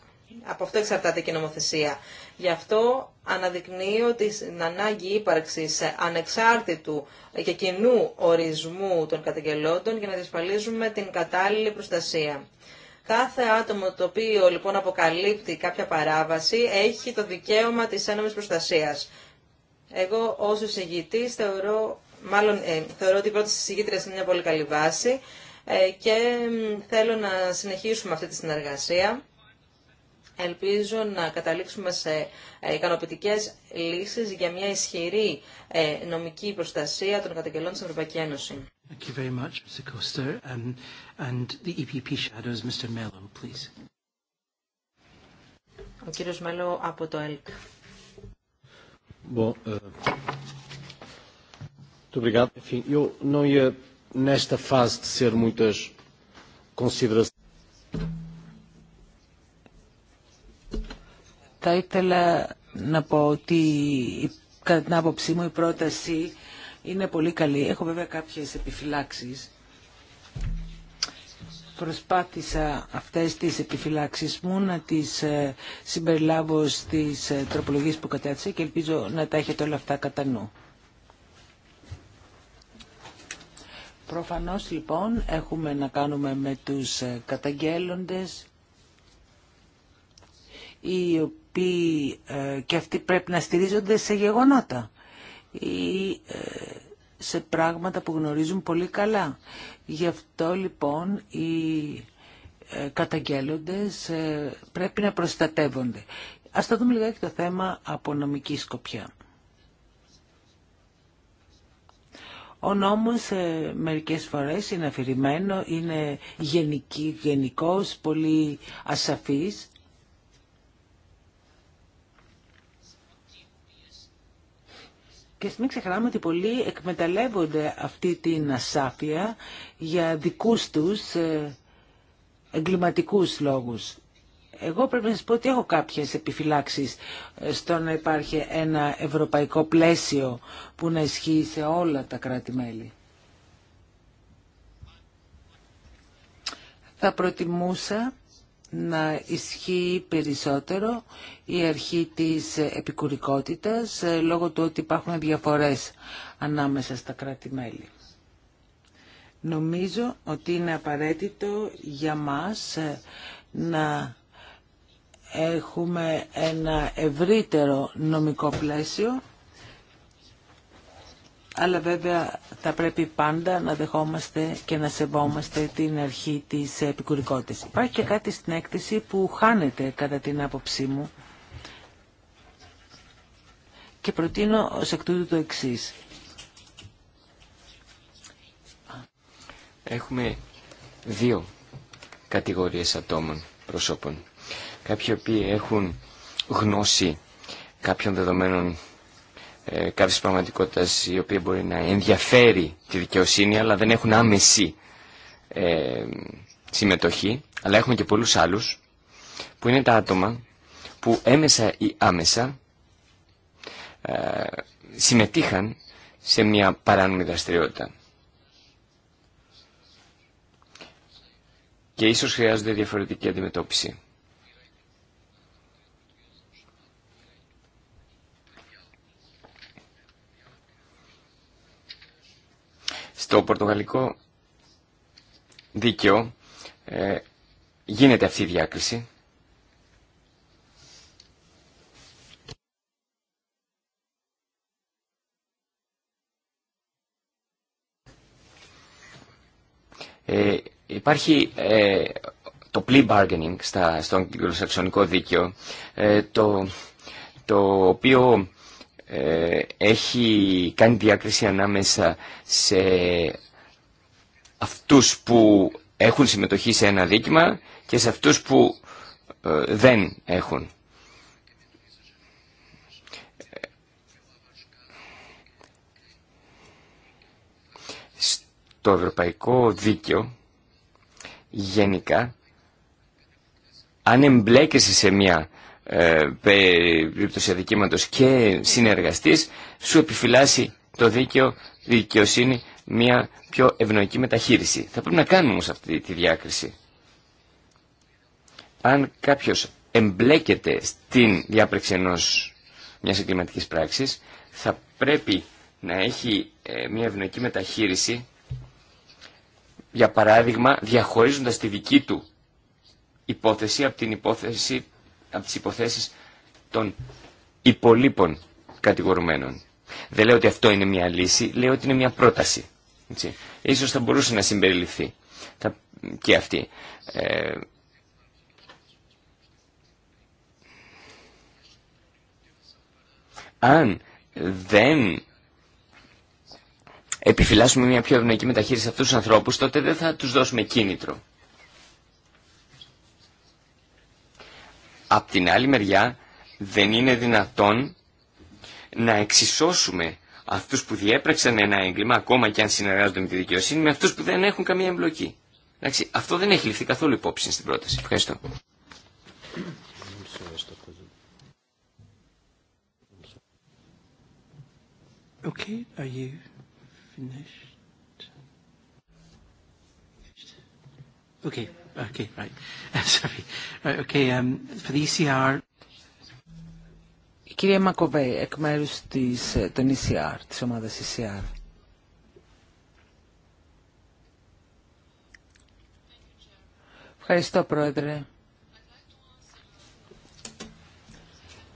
Από αυτό εξαρτάται και η νομοθεσία. Γι' αυτό αναδεικνύω την ανάγκη ύπαρξης ανεξάρτητου και κοινού ορισμού των καταγγελόντων για να διασφαλίζουμε την κατάλληλη προστασία. Κάθε άτομο το οποίο λοιπόν αποκαλύπτει κάποια παράβαση έχει το δικαίωμα της ένομης προστασίας. Εγώ ως εισηγητής θεωρώ, μάλλον ε, θεωρώ ότι η πρώτη εισηγήτρια είναι μια πολύ καλή βάση. Ε, και θέλω να συνεχίσουμε αυτή τη συνεργασία. Ελπίζω να καταλήξουμε σε ε, ικανοποιητικές λύσεις για μια ισχυρή ε, νομική προστασία των καταγγελών της Ευρωπαϊκής Ένωσης. Thank you very much, Mr. Coster. Um, and the EPP shadows, Mr. Mello, please. Ο κύριος Μέλο από το ΕΛΚ. Bom, uh, muito obrigado. Enfim, eu não ia nesta fase de ser muitas considerações. Θα ήθελα να πω ότι κατά την άποψή μου η πρόταση είναι πολύ καλή. Έχω βέβαια κάποιες επιφυλάξεις. Προσπάθησα αυτές τις επιφυλάξεις μου να τις ε, συμπεριλάβω στις ε, τροπολογίες που κατέθεσα και ελπίζω να τα έχετε όλα αυτά κατά νου. Προφανώς λοιπόν έχουμε να κάνουμε με τους ε, καταγγέλλοντες οι οποίοι ε, και αυτοί πρέπει να στηρίζονται σε γεγονότα ή ε, σε πράγματα που γνωρίζουν πολύ καλά. Γι' αυτό λοιπόν οι καταγγέλλοντες πρέπει να προστατεύονται. Ας το δούμε λιγάκι το θέμα από νομική σκοπιά. Ο νόμος ε, μερικές φορές είναι αφηρημένο, είναι γενική, γενικός, πολύ ασαφής. Και μην ξεχνάμε ότι πολλοί εκμεταλλεύονται αυτή την ασάφεια για δικούς τους ε, εγκληματικούς λόγους. Εγώ πρέπει να σας πω ότι έχω κάποιες επιφυλάξεις ε, στο να υπάρχει ένα ευρωπαϊκό πλαίσιο που να ισχύει σε όλα τα κράτη-μέλη. Θα προτιμούσα να ισχύει περισσότερο η αρχή της επικουρικότητας ε, λόγω του ότι υπάρχουν διαφορές ανάμεσα στα κράτη-μέλη. Νομίζω ότι είναι απαραίτητο για μας ε, να έχουμε ένα ευρύτερο νομικό πλαίσιο αλλά βέβαια θα πρέπει πάντα να δεχόμαστε και να σεβόμαστε την αρχή της επικουρικότητας. Υπάρχει και κάτι στην έκθεση που χάνεται κατά την άποψή μου και προτείνω ως εκ τούτου το εξής. Έχουμε δύο κατηγορίες ατόμων, προσώπων κάποιοι οποίοι έχουν γνώση κάποιων δεδομένων ε, κάποιες πραγματικότητες η οποία μπορεί να ενδιαφέρει τη δικαιοσύνη αλλά δεν έχουν άμεση ε, συμμετοχή αλλά έχουμε και πολλούς άλλους που είναι τα άτομα που έμεσα ή άμεσα ε, συμμετείχαν σε μια παράνομη δραστηριότητα. Και ίσως χρειάζονται διαφορετική αντιμετώπιση. Στο πορτογαλικό δίκαιο ε, γίνεται αυτή η διάκριση. Ε, υπάρχει ε, το plea bargaining στα, στο αγγλοσαξονικό δίκαιο, ε, το οποίο ε, έχει κάνει διάκριση ανάμεσα σε αυτούς που έχουν συμμετοχή σε ένα δίκημα και σε αυτούς που ε, δεν έχουν. Στο ευρωπαϊκό δίκαιο γενικά αν εμπλέκεσαι σε μια ε, περίπτωση αδικήματο και συνεργαστής σου επιφυλάσσει το δίκαιο, η δικαιοσύνη μια πιο ευνοϊκή μεταχείριση. Θα πρέπει να κάνουμε όμω αυτή τη διάκριση. Αν κάποιος εμπλέκεται στην διάπρεξη ενό μιας εγκληματική πράξης, θα πρέπει να έχει ε, μια ευνοϊκή μεταχείριση, για παράδειγμα διαχωρίζοντας τη δική του υπόθεση από την υπόθεση από τις υποθέσεις των υπολείπων κατηγορουμένων. Δεν λέω ότι αυτό είναι μια λύση, λέω ότι είναι μια πρόταση. Έτσι. Ίσως θα μπορούσε να συμπεριληφθεί και αυτή. Ε, αν δεν επιφυλάσσουμε μια πιο ευνοϊκή μεταχείριση σε αυτούς τους ανθρώπους, τότε δεν θα τους δώσουμε κίνητρο. Απ' την άλλη μεριά δεν είναι δυνατόν να εξισώσουμε αυτούς που διέπραξαν ένα έγκλημα, ακόμα και αν συνεργάζονται με τη δικαιοσύνη, με αυτούς που δεν έχουν καμία εμπλοκή. Εντάξει, αυτό δεν έχει ληφθεί καθόλου υπόψη στην πρόταση. Ευχαριστώ. Okay, are you finished? Okay. Okay, right. Um, e Η κυρία εκ μέρους της, ε, των ECR, της ομάδας ECR. Ευχαριστώ, Πρόεδρε.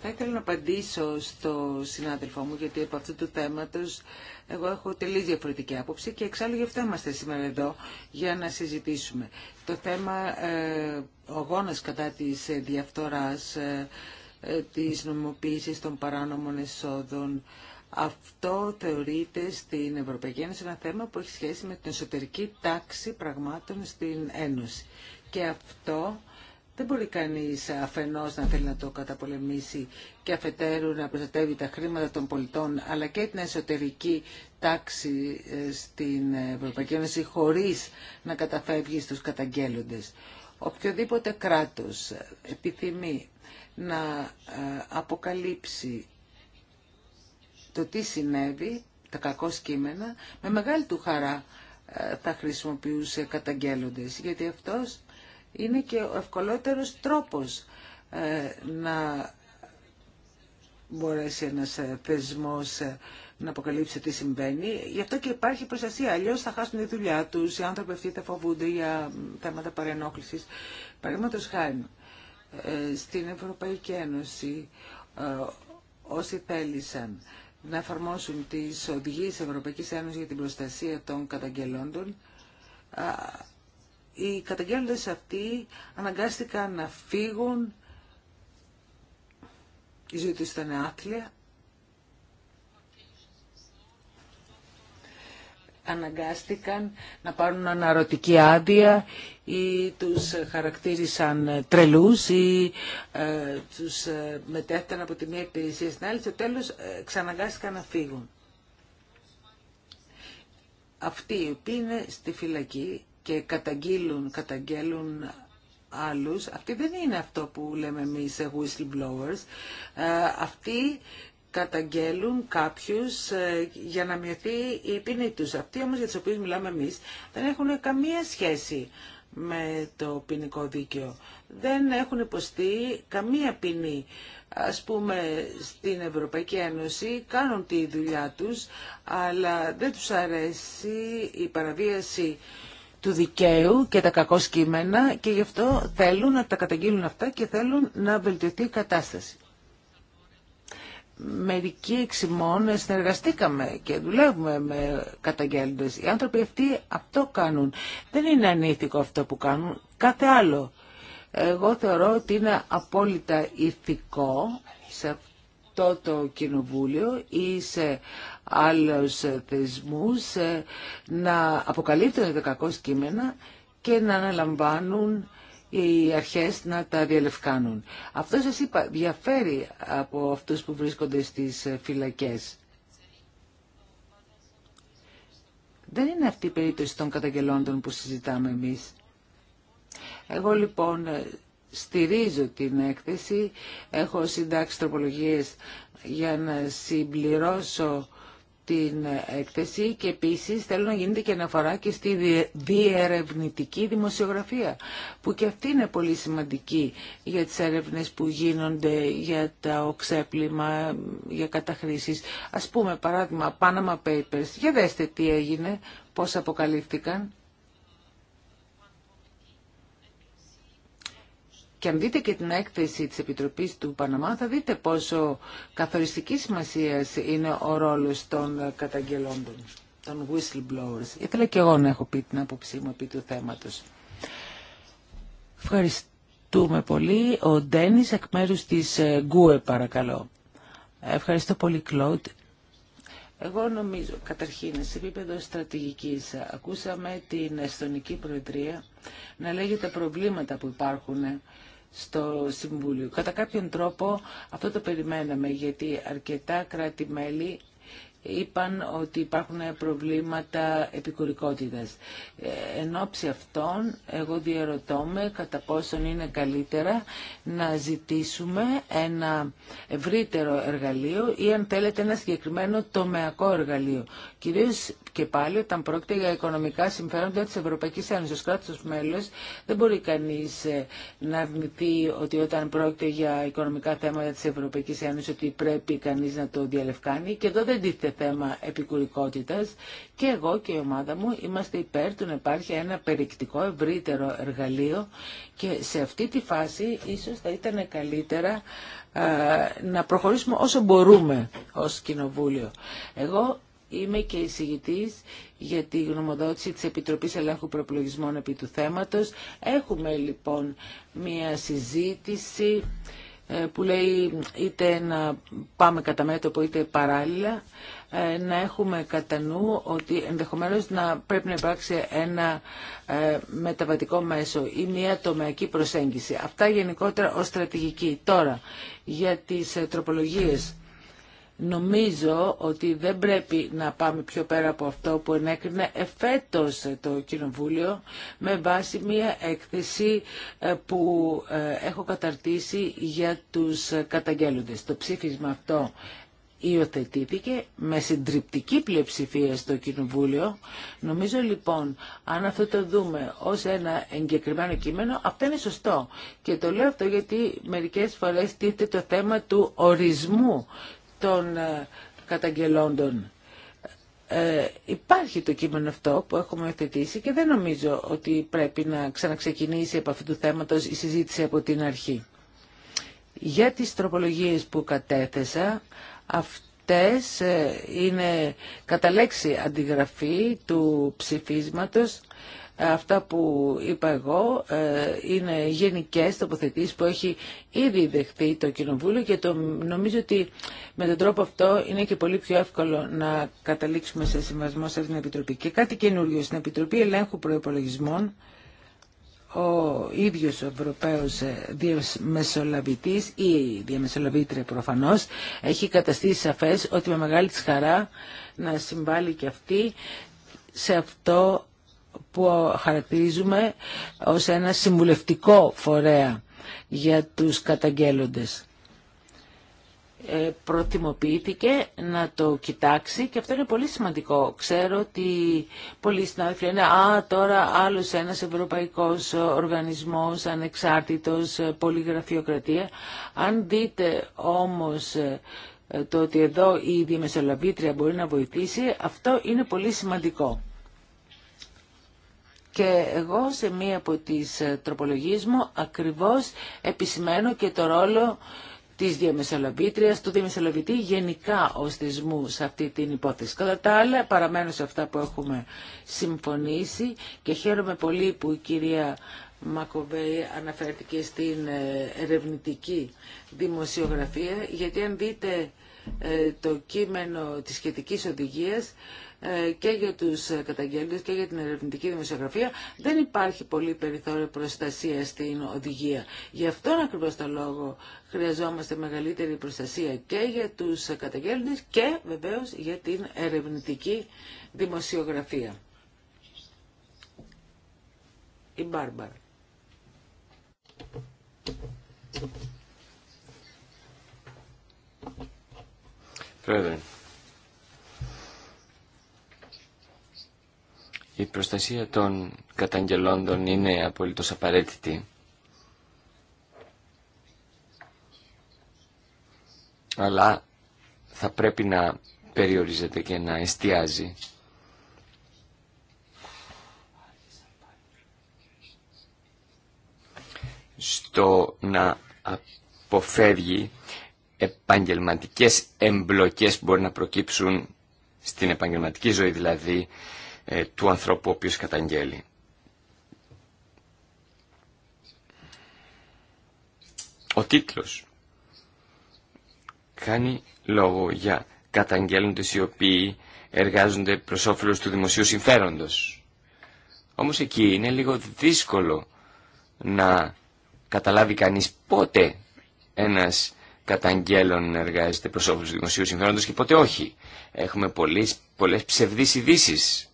Θα ήθελα να απαντήσω στο συνάδελφό μου, γιατί από αυτού του θέματος εγώ έχω τελείως διαφορετική άποψη και εξάλλου γι' αυτό είμαστε σήμερα εδώ για να συζητήσουμε. Το θέμα, ε, ο αγώνας κατά της ε, διαφθοράς, ε, ε, της νομιμοποίησης των παράνομων εσόδων, αυτό θεωρείται στην Ευρωπαϊκή Ένωση ένα θέμα που έχει σχέση με την εσωτερική τάξη πραγμάτων στην Ένωση. Και αυτό δεν μπορεί κανείς αφενός να θέλει να το καταπολεμήσει και αφετέρου να προστατεύει τα χρήματα των πολιτών αλλά και την εσωτερική τάξη ε, στην Ευρωπαϊκή Ένωση χωρίς να καταφεύγει στους καταγγέλλοντες. Οποιοδήποτε κράτος επιθυμεί να ε, αποκαλύψει το τι συνέβη, τα κακό σκήμενα, με μεγάλη του χαρά ε, θα χρησιμοποιούσε καταγγέλλοντες, γιατί αυτός είναι και ο ευκολότερος τρόπος ε, να μπορέσει ένας ε, θεσμός ε, να αποκαλύψει τι συμβαίνει. Γι' αυτό και υπάρχει προστασία. Αλλιώ θα χάσουν τη δουλειά του. Οι άνθρωποι αυτοί θα φοβούνται για θέματα παρενόχληση. Παραδείγματο χάρη, στην Ευρωπαϊκή Ένωση, όσοι θέλησαν να εφαρμόσουν τι οδηγίε Ευρωπαϊκή Ένωση για την προστασία των καταγγελόντων, οι καταγγέλλοντες αυτοί αναγκάστηκαν να φύγουν, η ζωή τους ήταν άθλια, αναγκάστηκαν να πάρουν αναρωτική άδεια ή τους χαρακτήρισαν τρελούς ή ε, τους ε, από τη μία υπηρεσία στην άλλη. Στο τέλος ε, ξαναγκάστηκαν να φύγουν. Αυτοί οι οποίοι είναι στη φυλακή και καταγγείλουν, καταγγέλουν άλλους, αυτοί δεν είναι αυτό που λέμε εμείς ε, whistleblowers. Ε, αυτοί καταγγέλουν κάποιους ε, για να μειωθεί η ποινή τους. Αυτοί όμως για τους οποίους μιλάμε εμείς δεν έχουν καμία σχέση με το ποινικό δίκαιο. Δεν έχουν υποστεί καμία ποινή. Ας πούμε στην Ευρωπαϊκή Ένωση κάνουν τη δουλειά τους, αλλά δεν τους αρέσει η παραβίαση του δικαίου και τα κακό σκήμενα και γι' αυτό θέλουν να τα καταγγείλουν αυτά και θέλουν να βελτιωθεί η κατάσταση. Μερικοί εξημών συνεργαστήκαμε και δουλεύουμε με καταγγέλντες. Οι άνθρωποι αυτοί αυτό κάνουν. Δεν είναι ανήθικο αυτό που κάνουν. Κάθε άλλο. Εγώ θεωρώ ότι είναι απόλυτα ηθικό σε αυτό αυτό το κοινοβούλιο ή σε άλλους θεσμούς ε, να αποκαλύπτουν κακό κείμενα και να αναλαμβάνουν οι αρχές να τα διαλευκάνουν. Αυτό σας είπα διαφέρει από αυτούς που βρίσκονται στις φυλακές. Δεν είναι αυτή η περίπτωση των καταγγελόντων που συζητάμε εμείς. Εγώ λοιπόν στηρίζω την έκθεση. Έχω συντάξει τροπολογίες για να συμπληρώσω την έκθεση και επίσης θέλω να γίνεται και αναφορά και στη διερευνητική δημοσιογραφία που και αυτή είναι πολύ σημαντική για τις έρευνες που γίνονται για τα οξέπλημα, για καταχρήσεις. Ας πούμε παράδειγμα Panama Papers, για δέστε τι έγινε, πώς αποκαλύφθηκαν. Και αν δείτε και την έκθεση της Επιτροπής του Παναμά θα δείτε πόσο καθοριστική σημασία είναι ο ρόλος των καταγγελόντων, των whistleblowers. Ήθελα και εγώ να έχω πει την άποψή μου επί του θέματος. Ευχαριστούμε πολύ. Ο Ντένις εκ μέρους της ε, Γκούε παρακαλώ. Ευχαριστώ πολύ Κλόντ. Εγώ νομίζω, καταρχήν, σε επίπεδο στρατηγικής, ακούσαμε την Εστονική Προεδρία να λέγει προβλήματα που υπάρχουν ε, στο Συμβούλιο. Κατά κάποιον τρόπο αυτό το περιμέναμε γιατί αρκετά κράτη-μέλη είπαν ότι υπάρχουν προβλήματα επικουρικότητας. Ε, εν ώψη αυτών, εγώ διαρωτώ με κατά πόσον είναι καλύτερα να ζητήσουμε ένα ευρύτερο εργαλείο ή αν θέλετε ένα συγκεκριμένο τομεακό εργαλείο. Κυρίω και πάλι όταν πρόκειται για οικονομικά συμφέροντα τη Ευρωπαϊκή Ένωση, ω κράτο μέλο, δεν μπορεί κανεί ε, να αρνηθεί ότι όταν πρόκειται για οικονομικά θέματα τη Ευρωπαϊκή Ένωση, ότι πρέπει κανεί να το διαλευκάνει και εδώ δεν τίθεται θέμα επικουρικότητα. και εγώ και η ομάδα μου είμαστε υπέρ του να υπάρχει ένα περιεκτικό ευρύτερο εργαλείο και σε αυτή τη φάση ίσω θα ήταν καλύτερα ε, να προχωρήσουμε όσο μπορούμε ω κοινοβούλιο. Εγώ Είμαι και εισηγητή για τη γνωμοδότηση της Επιτροπής Ελέγχου Προπλογισμών επί του θέματος. Έχουμε λοιπόν μια συζήτηση ε, που λέει είτε να πάμε κατά μέτωπο είτε παράλληλα ε, να έχουμε κατά νου ότι ενδεχομένως να πρέπει να υπάρξει ένα ε, μεταβατικό μέσο ή μια τομεακή προσέγγιση. Αυτά γενικότερα ως στρατηγική. Τώρα για τις τροπολογίες Νομίζω ότι δεν πρέπει να πάμε πιο πέρα από αυτό που ενέκρινε εφέτος το Κοινοβούλιο με βάση μια έκθεση ε, που ε, έχω καταρτήσει για τους καταγγέλλοντες. Το ψήφισμα αυτό υιοθετήθηκε με συντριπτική πλειοψηφία στο Κοινοβούλιο. Νομίζω λοιπόν, αν αυτό το δούμε ως ένα εγκεκριμένο κείμενο, αυτό είναι σωστό. Και το λέω αυτό γιατί μερικές φορές τίθεται το θέμα του ορισμού των ε, καταγγελόντων. Ε, υπάρχει το κείμενο αυτό που έχουμε θετήσει και δεν νομίζω ότι πρέπει να ξαναξεκινήσει από αυτού του θέματος η συζήτηση από την αρχή. Για τις τροπολογίες που κατέθεσα, αυτές ε, είναι κατά λέξη αντιγραφή του ψηφίσματος. Αυτά που είπα εγώ ε, είναι γενικές τοποθετήσεις που έχει ήδη δεχτεί το Κοινοβούλιο και το, νομίζω ότι με τον τρόπο αυτό είναι και πολύ πιο εύκολο να καταλήξουμε σε συμβασμό σε αυτήν την Επιτροπή. Και κάτι καινούριο στην Επιτροπή Ελέγχου Προϋπολογισμών ο ίδιος ο Ευρωπαίος ε, διαμεσολαβητής ή διαμεσολαβήτρια προφανώς έχει καταστήσει σαφές ότι με μεγάλη της χαρά να συμβάλλει και αυτή σε αυτό που χαρακτηρίζουμε ως ένα συμβουλευτικό φορέα για τους καταγγέλλοντες. Ε, προτιμοποιήθηκε να το κοιτάξει και αυτό είναι πολύ σημαντικό. Ξέρω ότι πολλοί συνάδελφοι λένε «Α, τώρα άλλος ένας ευρωπαϊκός οργανισμός, ανεξάρτητος, πολυγραφειοκρατία». Αν δείτε όμως ε, το ότι εδώ η διαμεσολαβήτρια μπορεί να βοηθήσει, αυτό είναι πολύ σημαντικό. Και εγώ σε μία από τις ε, τροπολογίες μου ακριβώς επισημαίνω και το ρόλο της διαμεσολαβήτριας, του διαμεσολαβητή γενικά ως θεσμού σε αυτή την υπόθεση. Κατά τα άλλα παραμένω σε αυτά που έχουμε συμφωνήσει και χαίρομαι πολύ που η κυρία Μακοβέη αναφέρθηκε στην ε, ερευνητική δημοσιογραφία γιατί αν δείτε ε, το κείμενο της σχετικής οδηγίας ε, και για του ε, καταγγέλντες και για την ερευνητική δημοσιογραφία δεν υπάρχει πολύ περιθώριο προστασία στην οδηγία. Γι' αυτόν ακριβώ το λόγο χρειαζόμαστε μεγαλύτερη προστασία και για τους ε, καταγγέλντες και βεβαίως για την ερευνητική δημοσιογραφία. Η Μπάρμπαρα. Πρόεδρε, Η προστασία των καταγγελόντων είναι απολύτως απαραίτητη. Αλλά θα πρέπει να περιορίζεται και να εστιάζει στο να αποφεύγει επαγγελματικές εμπλοκές που μπορεί να προκύψουν στην επαγγελματική ζωή δηλαδή ε, του ανθρώπου ο οποίος καταγγέλει. Ο τίτλος κάνει λόγο για καταγγέλλοντες οι οποίοι εργάζονται προς όφελος του δημοσίου συμφέροντος. Όμως εκεί είναι λίγο δύσκολο να καταλάβει κανείς πότε ένας καταγγέλων εργάζεται προς όφελος του δημοσίου συμφέροντος και πότε όχι. Έχουμε πολλές, πολλές ψευδείς ειδήσει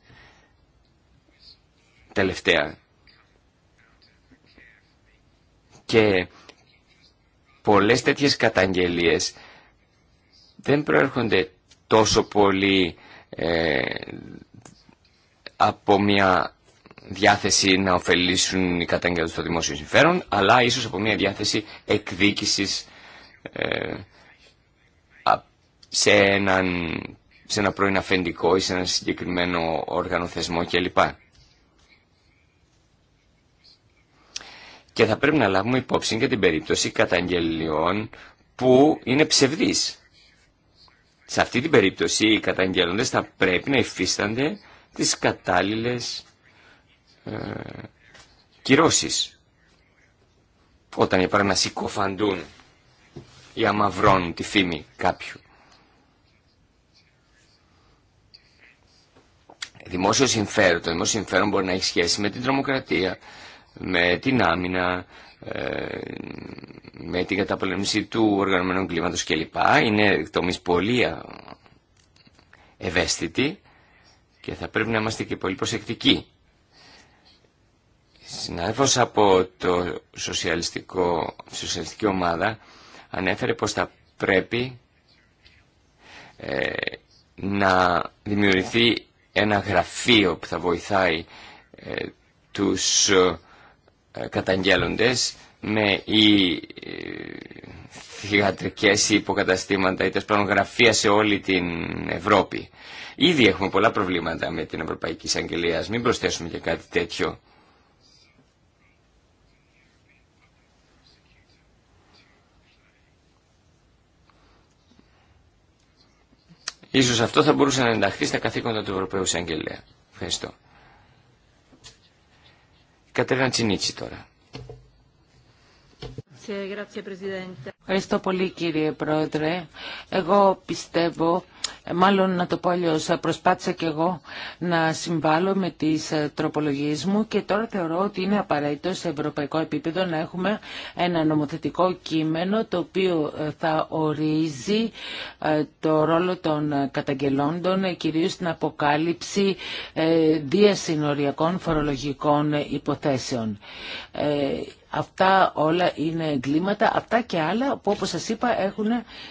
τελευταία. Και πολλές τέτοιες καταγγελίες δεν προέρχονται τόσο πολύ ε, από μια διάθεση να ωφελήσουν οι καταγγελίες των δημόσιο συμφέρον, αλλά ίσως από μια διάθεση εκδίκησης ε, σε, έναν, σε ένα πρώην αφεντικό ή σε ένα συγκεκριμένο όργανο θεσμό κλπ. Και θα πρέπει να λάβουμε υπόψη και την περίπτωση καταγγελιών που είναι ψευδείς. Σε αυτή την περίπτωση οι καταγγελόντες θα πρέπει να υφίστανται τις κατάλληλες ε, κυρώσεις. Όταν για παράδειγμα συκοφαντούν ή αμαυρώνουν τη φήμη κάποιου. Δημόσιο συμφέρον. Το δημόσιο συμφέρον μπορεί να έχει σχέση με την τρομοκρατία, με την άμυνα, ε, με την καταπολέμηση του οργανωμένου κλίματος κλπ. Είναι τομείς πολύ ευαίσθητοι και θα πρέπει να είμαστε και πολύ προσεκτικοί. Συνάδελφος από το σοσιαλιστικό, σοσιαλιστική ομάδα ανέφερε πως θα πρέπει ε, να δημιουργηθεί ένα γραφείο που θα βοηθάει ε, τους ε, καταγγέλλοντες με ή ε, θηγατρικές ή υποκαταστήματα ή τεσπρανογραφία σε όλη την Ευρώπη. Ήδη έχουμε πολλά προβλήματα με την Ευρωπαϊκή Εισαγγελία. Μην προσθέσουμε και κάτι τέτοιο. Ίσως αυτό θα μπορούσε να ενταχθεί στα καθήκοντα του Ευρωπαίου Εισαγγελέα. Ευχαριστώ. Κατερίνα Τσινίτσι τώρα. Ευχαριστώ πολύ κύριε Πρόεδρε. Εγώ πιστεύω μάλλον να το πω αλλιώς, προσπάθησα και εγώ να συμβάλλω με τις ε, τροπολογίες μου και τώρα θεωρώ ότι είναι απαραίτητο σε ευρωπαϊκό επίπεδο να έχουμε ένα νομοθετικό κείμενο το οποίο ε, θα ορίζει ε, το ρόλο των καταγγελόντων κυρίως στην αποκάλυψη διασυνοριακών φορολογικών υποθέσεων. Αυτά όλα είναι εγκλήματα, αυτά και άλλα που όπως σας είπα έχουν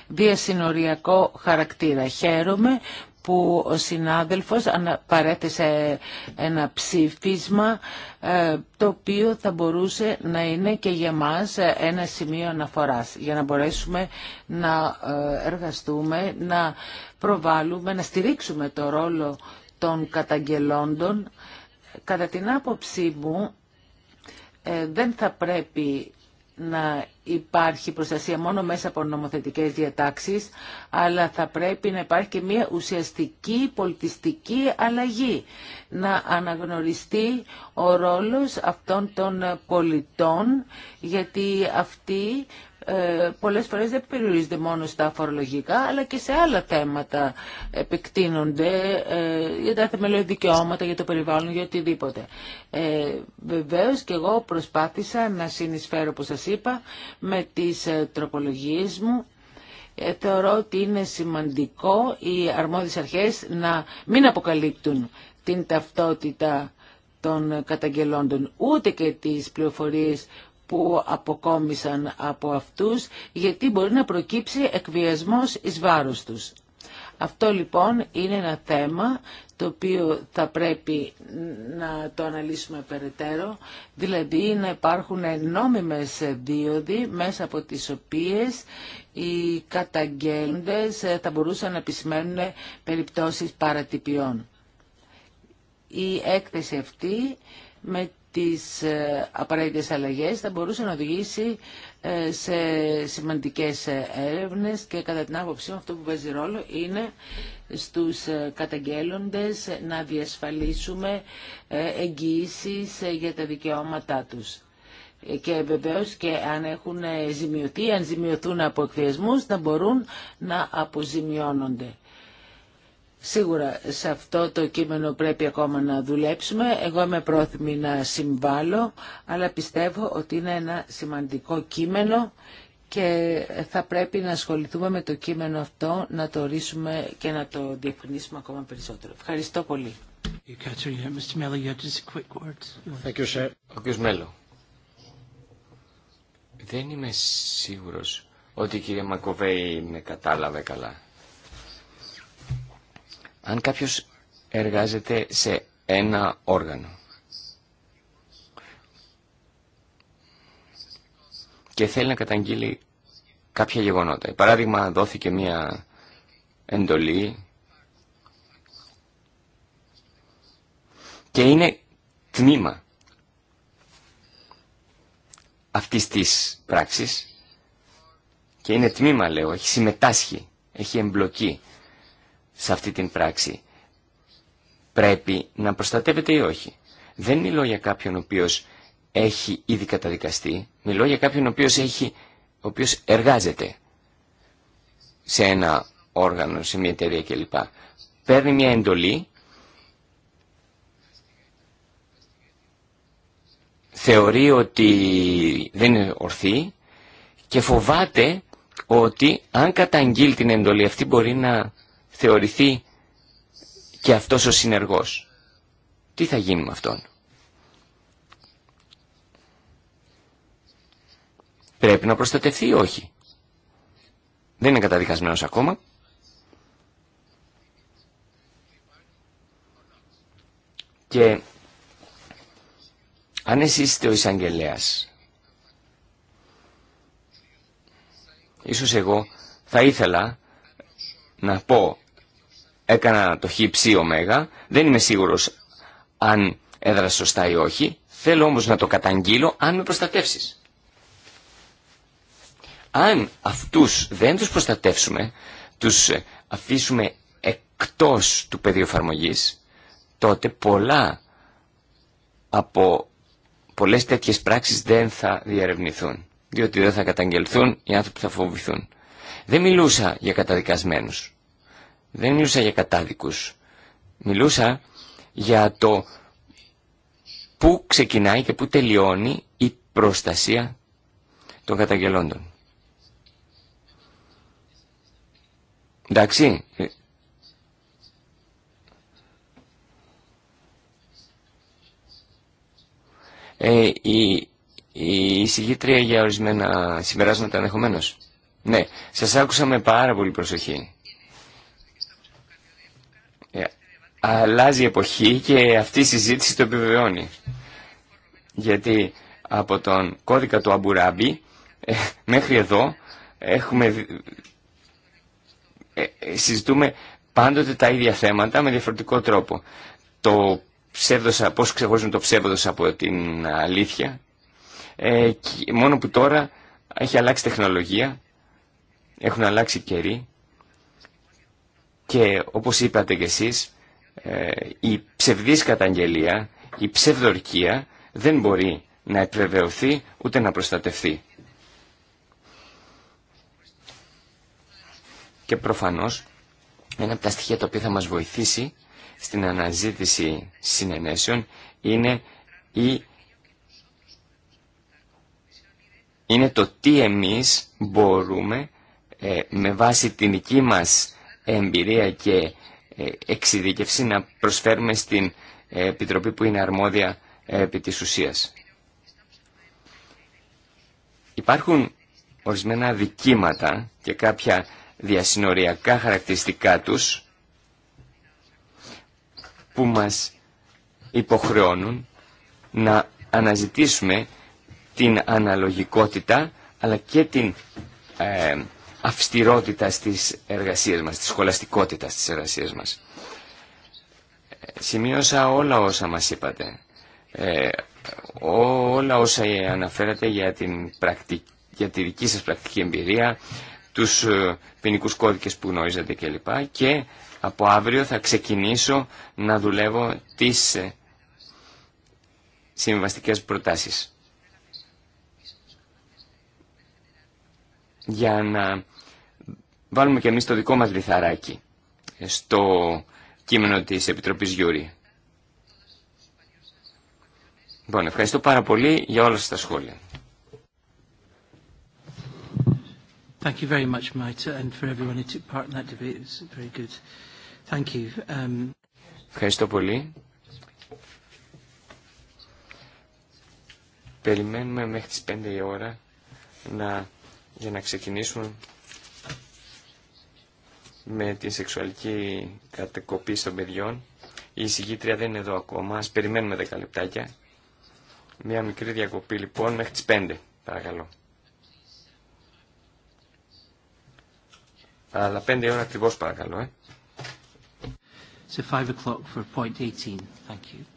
διασυνοριακό χαρακτήρα. Χαίρομαι που ο συνάδελφος παρέθεσε ένα ψήφισμα ε, το οποίο θα μπορούσε να είναι και για μας ένα σημείο αναφοράς για να μπορέσουμε να ε, εργαστούμε, να προβάλλουμε, να στηρίξουμε το ρόλο των καταγγελόντων. Κατά την άποψή μου ε, δεν θα πρέπει να υπάρχει προστασία μόνο μέσα από νομοθετικές διατάξεις, αλλά θα πρέπει να υπάρχει και μια ουσιαστική πολιτιστική αλλαγή. Να αναγνωριστεί ο ρόλος αυτών των πολιτών, γιατί αυτοί ε, πολλές φορές δεν περιορίζονται μόνο στα φορολογικά αλλά και σε άλλα θέματα επεκτείνονται ε, για τα θεμελιώδη δικαιώματα, για το περιβάλλον, για οτιδήποτε. Ε, βεβαίως και εγώ προσπάθησα να συνεισφέρω, όπως σας είπα, με τις ε, τροπολογίες μου θεωρώ ότι είναι σημαντικό οι αρμόδιες αρχές να μην αποκαλύπτουν την ταυτότητα των καταγγελόντων, ούτε και τις πληροφορίες που αποκόμισαν από αυτούς, γιατί μπορεί να προκύψει εκβιασμός εις βάρος τους. Αυτό λοιπόν είναι ένα θέμα το οποίο θα πρέπει να το αναλύσουμε περαιτέρω, δηλαδή να υπάρχουν νόμιμες δίωδοι μέσα από τις οποίες οι καταγγέλντες... θα μπορούσαν να επισημαίνουν περιπτώσεις παρατυπιών. Η έκθεση αυτή με τις ε, απαραίτητες αλλαγές θα μπορούσε να οδηγήσει ε, σε σημαντικές ε, έρευνες και κατά την άποψή μου αυτό που παίζει ρόλο είναι στους καταγγέλλοντες να διασφαλίσουμε εγγυήσεις για τα δικαιώματά τους. Και βεβαίως και αν έχουν ζημιωθεί, αν ζημιωθούν από εκθεσμούς, να μπορούν να αποζημιώνονται. Σίγουρα σε αυτό το κείμενο πρέπει ακόμα να δουλέψουμε. Εγώ είμαι πρόθυμη να συμβάλλω, αλλά πιστεύω ότι είναι ένα σημαντικό κείμενο και θα πρέπει να ασχοληθούμε με το κείμενο αυτό, να το ορίσουμε και να το διευκρινίσουμε ακόμα περισσότερο. Ευχαριστώ πολύ. Ο κ. Μέλλο, δεν είμαι σίγουρος ότι η κυρία Μακοβέη με κατάλαβε καλά αν κάποιος εργάζεται σε ένα όργανο και θέλει να καταγγείλει κάποια γεγονότα. παράδειγμα, δόθηκε μια εντολή και είναι τμήμα αυτής της πράξης και είναι τμήμα, λέω, έχει συμμετάσχει, έχει εμπλοκεί σε αυτή την πράξη πρέπει να προστατεύεται ή όχι. Δεν μιλώ για κάποιον ο οποίος έχει ήδη καταδικαστεί, μιλώ για κάποιον ο οποίος, έχει, οποίος εργάζεται σε ένα όργανο, σε μια εταιρεία κλπ. Παίρνει μια εντολή, θεωρεί ότι δεν είναι ορθή και φοβάται ότι αν καταγγείλει την εντολή αυτή μπορεί να θεωρηθεί και αυτός ο συνεργός. Τι θα γίνει με αυτόν. Πρέπει να προστατευτεί ή όχι. Δεν είναι καταδικασμένος ακόμα. Και αν εσείς είστε ο εισαγγελέας, ίσως εγώ θα ήθελα να πω έκανα το χ ψ δεν είμαι σίγουρος αν έδρασε σωστά ή όχι, θέλω όμως να το καταγγείλω αν με προστατεύσεις. Αν αυτούς δεν τους προστατεύσουμε, τους αφήσουμε εκτός του πεδίου εφαρμογή, τότε πολλά από πολλές τέτοιες πράξεις δεν θα διαρευνηθούν, διότι δεν θα καταγγελθούν οι άνθρωποι θα φοβηθούν. Δεν μιλούσα για καταδικασμένους. Δεν μιλούσα για κατάδικους. Μιλούσα για το πού ξεκινάει και πού τελειώνει η προστασία των καταγγελόντων. Εντάξει. Ε, η, η συγκήτρια για ορισμένα συμπεράσματα ενδεχομένω. Ναι, σας άκουσα με πάρα πολύ προσοχή. αλλάζει η εποχή και αυτή η συζήτηση το επιβεβαιώνει. Γιατί από τον κώδικα του Αμπουράμπη ε, μέχρι εδώ έχουμε, ε, ε, συζητούμε πάντοτε τα ίδια θέματα με διαφορετικό τρόπο. Το ψεύδος, πώς ξεχωρίζουν το ψεύδος από την αλήθεια. μόνο που τώρα έχει αλλάξει τεχνολογία, έχουν αλλάξει καιροί και όπως είπατε κι εσείς ε, η ψευδής καταγγελία, η ψευδορκία δεν μπορεί να επιβεβαιωθεί ούτε να προστατευθεί. Και προφανώς ένα από τα στοιχεία τα οποία θα μας βοηθήσει στην αναζήτηση συνενέσεων είναι, η... είναι το τι εμείς μπορούμε ε, με βάση την δική μας εμπειρία και ε, εξειδίκευση να προσφέρουμε στην ε, Επιτροπή που είναι αρμόδια ε, επί της ουσίας. Υπάρχουν ορισμένα δικήματα και κάποια διασυνοριακά χαρακτηριστικά τους που μας υποχρεώνουν να αναζητήσουμε την αναλογικότητα αλλά και την αυστηρότητα της εργασίες μας, της σχολαστικότητα της εργασίες μας. Σημείωσα όλα όσα μας είπατε. Ε, όλα όσα αναφέρατε για, την για τη δική σας πρακτική εμπειρία, τους ε, ποινικού κώδικες που γνωρίζετε κλπ. Και από αύριο θα ξεκινήσω να δουλεύω τις ε, συμβαστικές προτάσεις. Για να βάλουμε και εμείς το δικό μας λιθαράκι ε, στο κείμενο της Επιτροπής Γιούρη. Λοιπόν, ευχαριστώ πάρα πολύ για όλα σας τα σχόλια. Thank you very much, Maita, and for everyone who took part in that debate. It was very good. Thank you. Um... Ευχαριστώ πολύ. Περιμένουμε μέχρι τις 5 η ώρα να, για να ξεκινήσουμε με την σεξουαλική κατεκοπή των παιδιών. Η εισηγήτρια δεν είναι εδώ ακόμα, ας περιμένουμε 10 λεπτάκια. Μια μικρή διακοπή λοιπόν μέχρι τις 5, παρακαλώ. Αλλά 5 ώρα ακριβώς παρακαλώ, ε. So 5 o'clock for point 18. Thank you.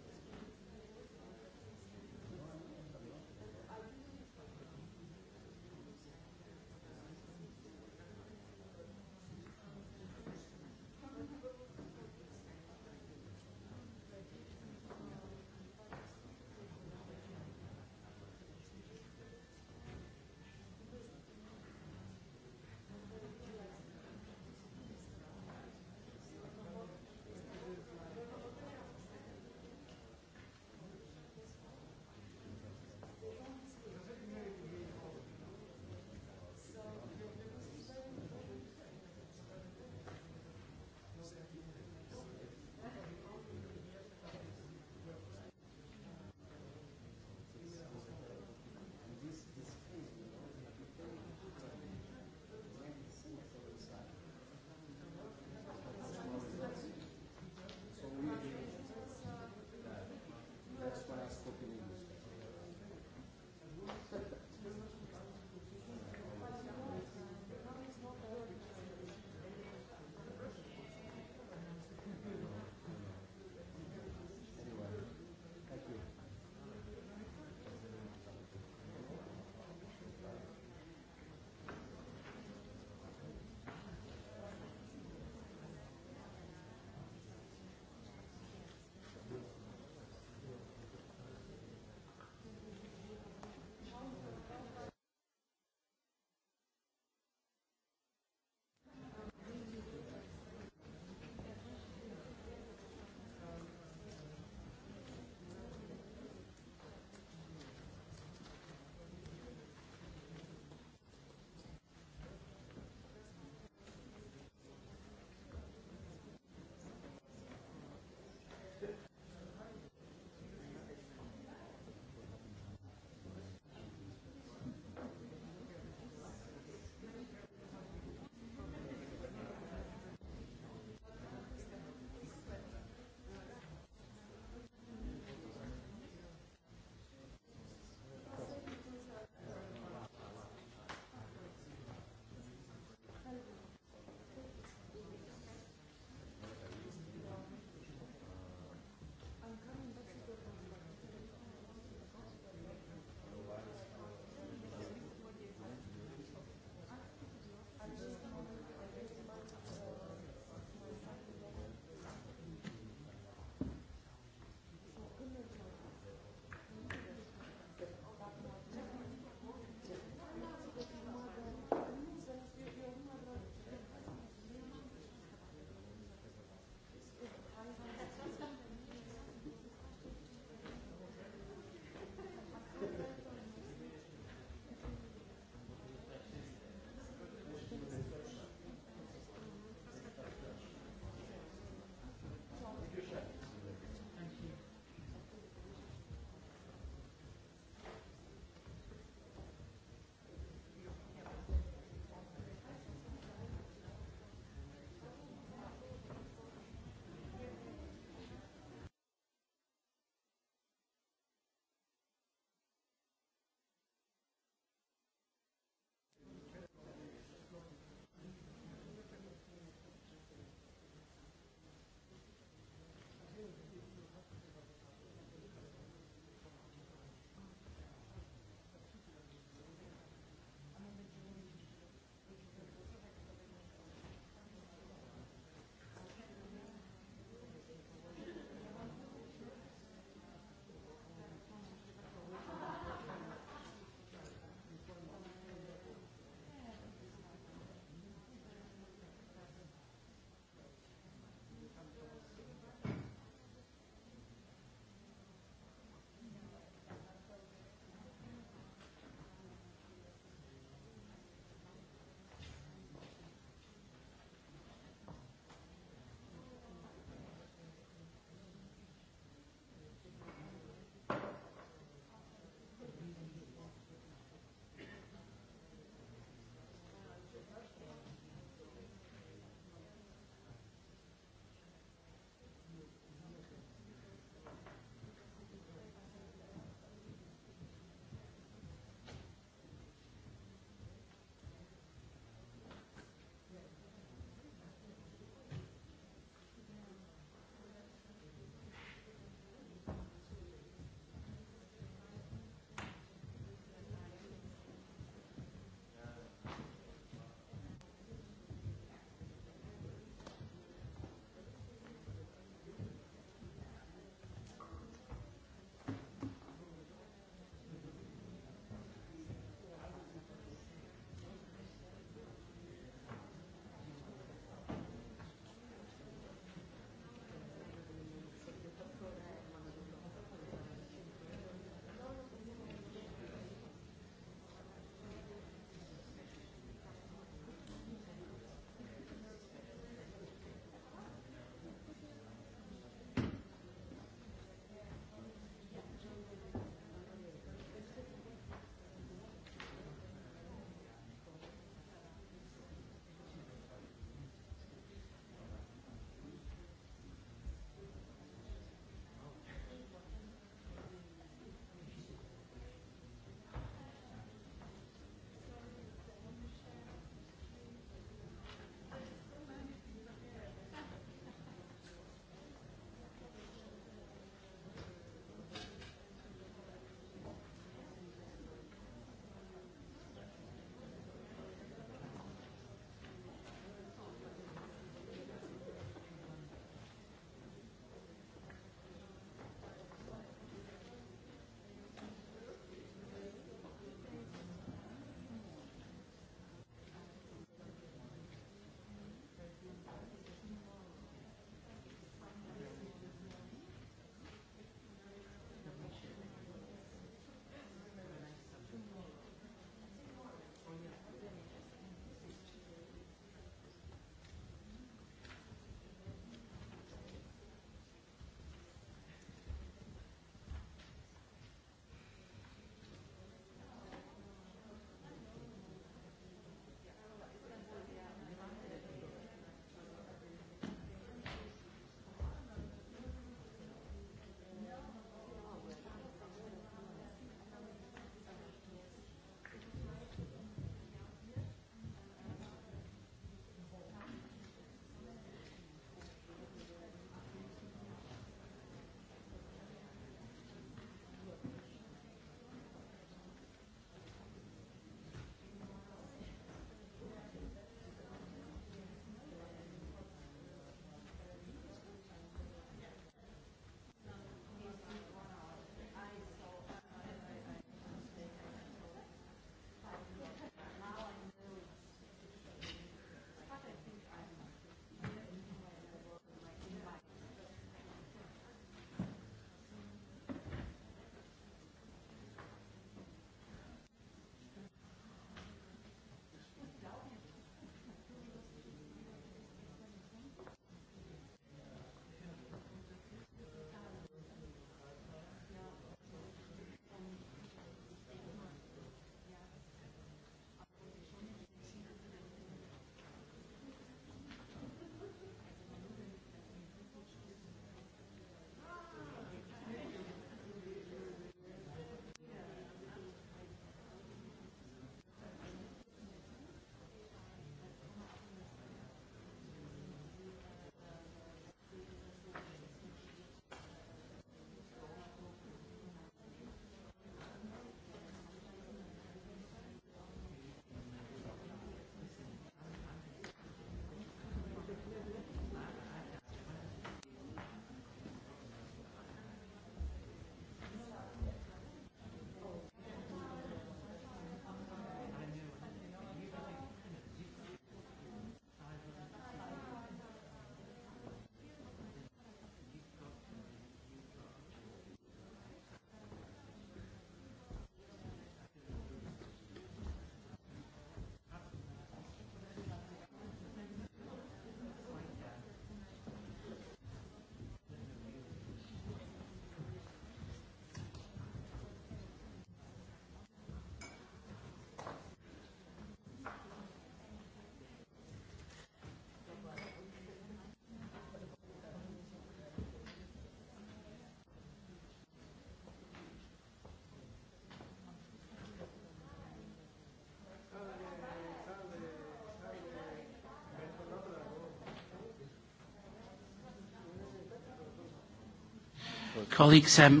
Um,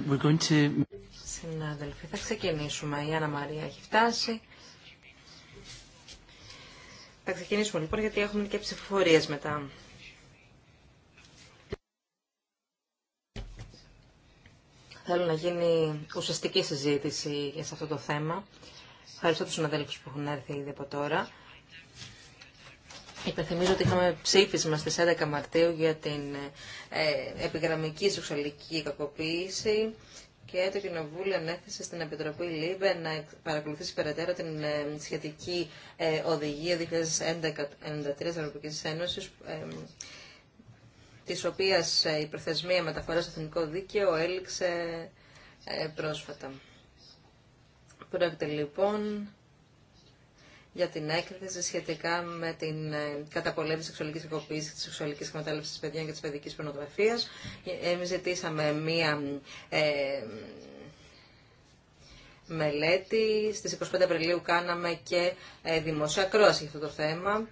Συνάδελφοι, θα ξεκινήσουμε. Η Άννα Μαρία έχει φτάσει. Θα ξεκινήσουμε λοιπόν γιατί έχουμε και ψηφοφορίες μετά. Θέλω να γίνει ουσιαστική συζήτηση για σε αυτό το θέμα. Ευχαριστώ τους συναδέλφους που έχουν έρθει ήδη από τώρα. Υπενθυμίζω ότι είχαμε ψήφισμα στις 11 Μαρτίου για την ε, επιγραμμική σεξουαλική κακοποίηση και το Κοινοβούλιο ανέθεσε στην Επιτροπή ΛΥΜΠΕ να παρακολουθήσει περαιτέρω την ε, σχετική ε, οδηγία 2011-93 της Ευρωπαϊκής Ένωσης της οποίας η προθεσμία μεταφοράς στο εθνικό δίκαιο έληξε πρόσφατα. Πρόκειται λοιπόν για την έκθεση σχετικά με την ε, καταπολέμηση σεξουαλικής κακοποίησης και της σεξουαλικής τη παιδιών και τη παιδική πορνογραφία. Εμεί ζητήσαμε μία ε, μελέτη. Στις 25 Απριλίου κάναμε και ε, δημοσία για αυτό το θέμα.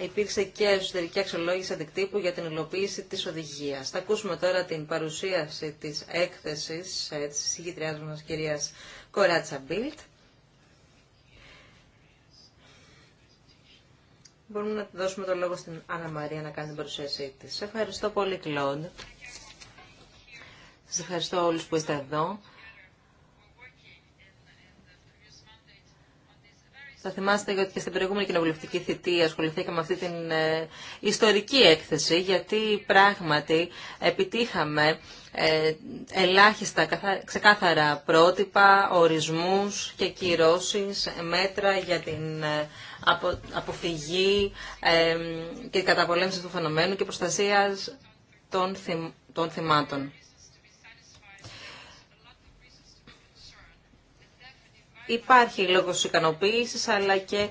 Υπήρξε και εσωτερική αξιολόγηση αντικτύπου για την υλοποίηση της οδηγίας. Θα ακούσουμε τώρα την παρουσίαση της έκθεσης τη ε, της συγκεκριάς μας Κοράτσα Μπίλτ Μπορούμε να δώσουμε το λόγο στην Άννα Μαρία να κάνει την παρουσίασή τη. Σε ευχαριστώ πολύ, Κλοντ. Σα ευχαριστώ όλου που είστε εδώ. Θα θυμάστε ότι και στην προηγούμενη κοινοβουλευτική θητεία ασχοληθήκαμε με αυτή την ε, ιστορική έκθεση, γιατί πράγματι επιτύχαμε ε, ελάχιστα ξεκάθαρα πρότυπα, ορισμούς και κυρώσεις, μέτρα για την ε, αποφυγή και καταπολέμηση του φαινομένου και προστασία των θυμάτων. υπάρχει λόγος ικανοποίησης αλλά και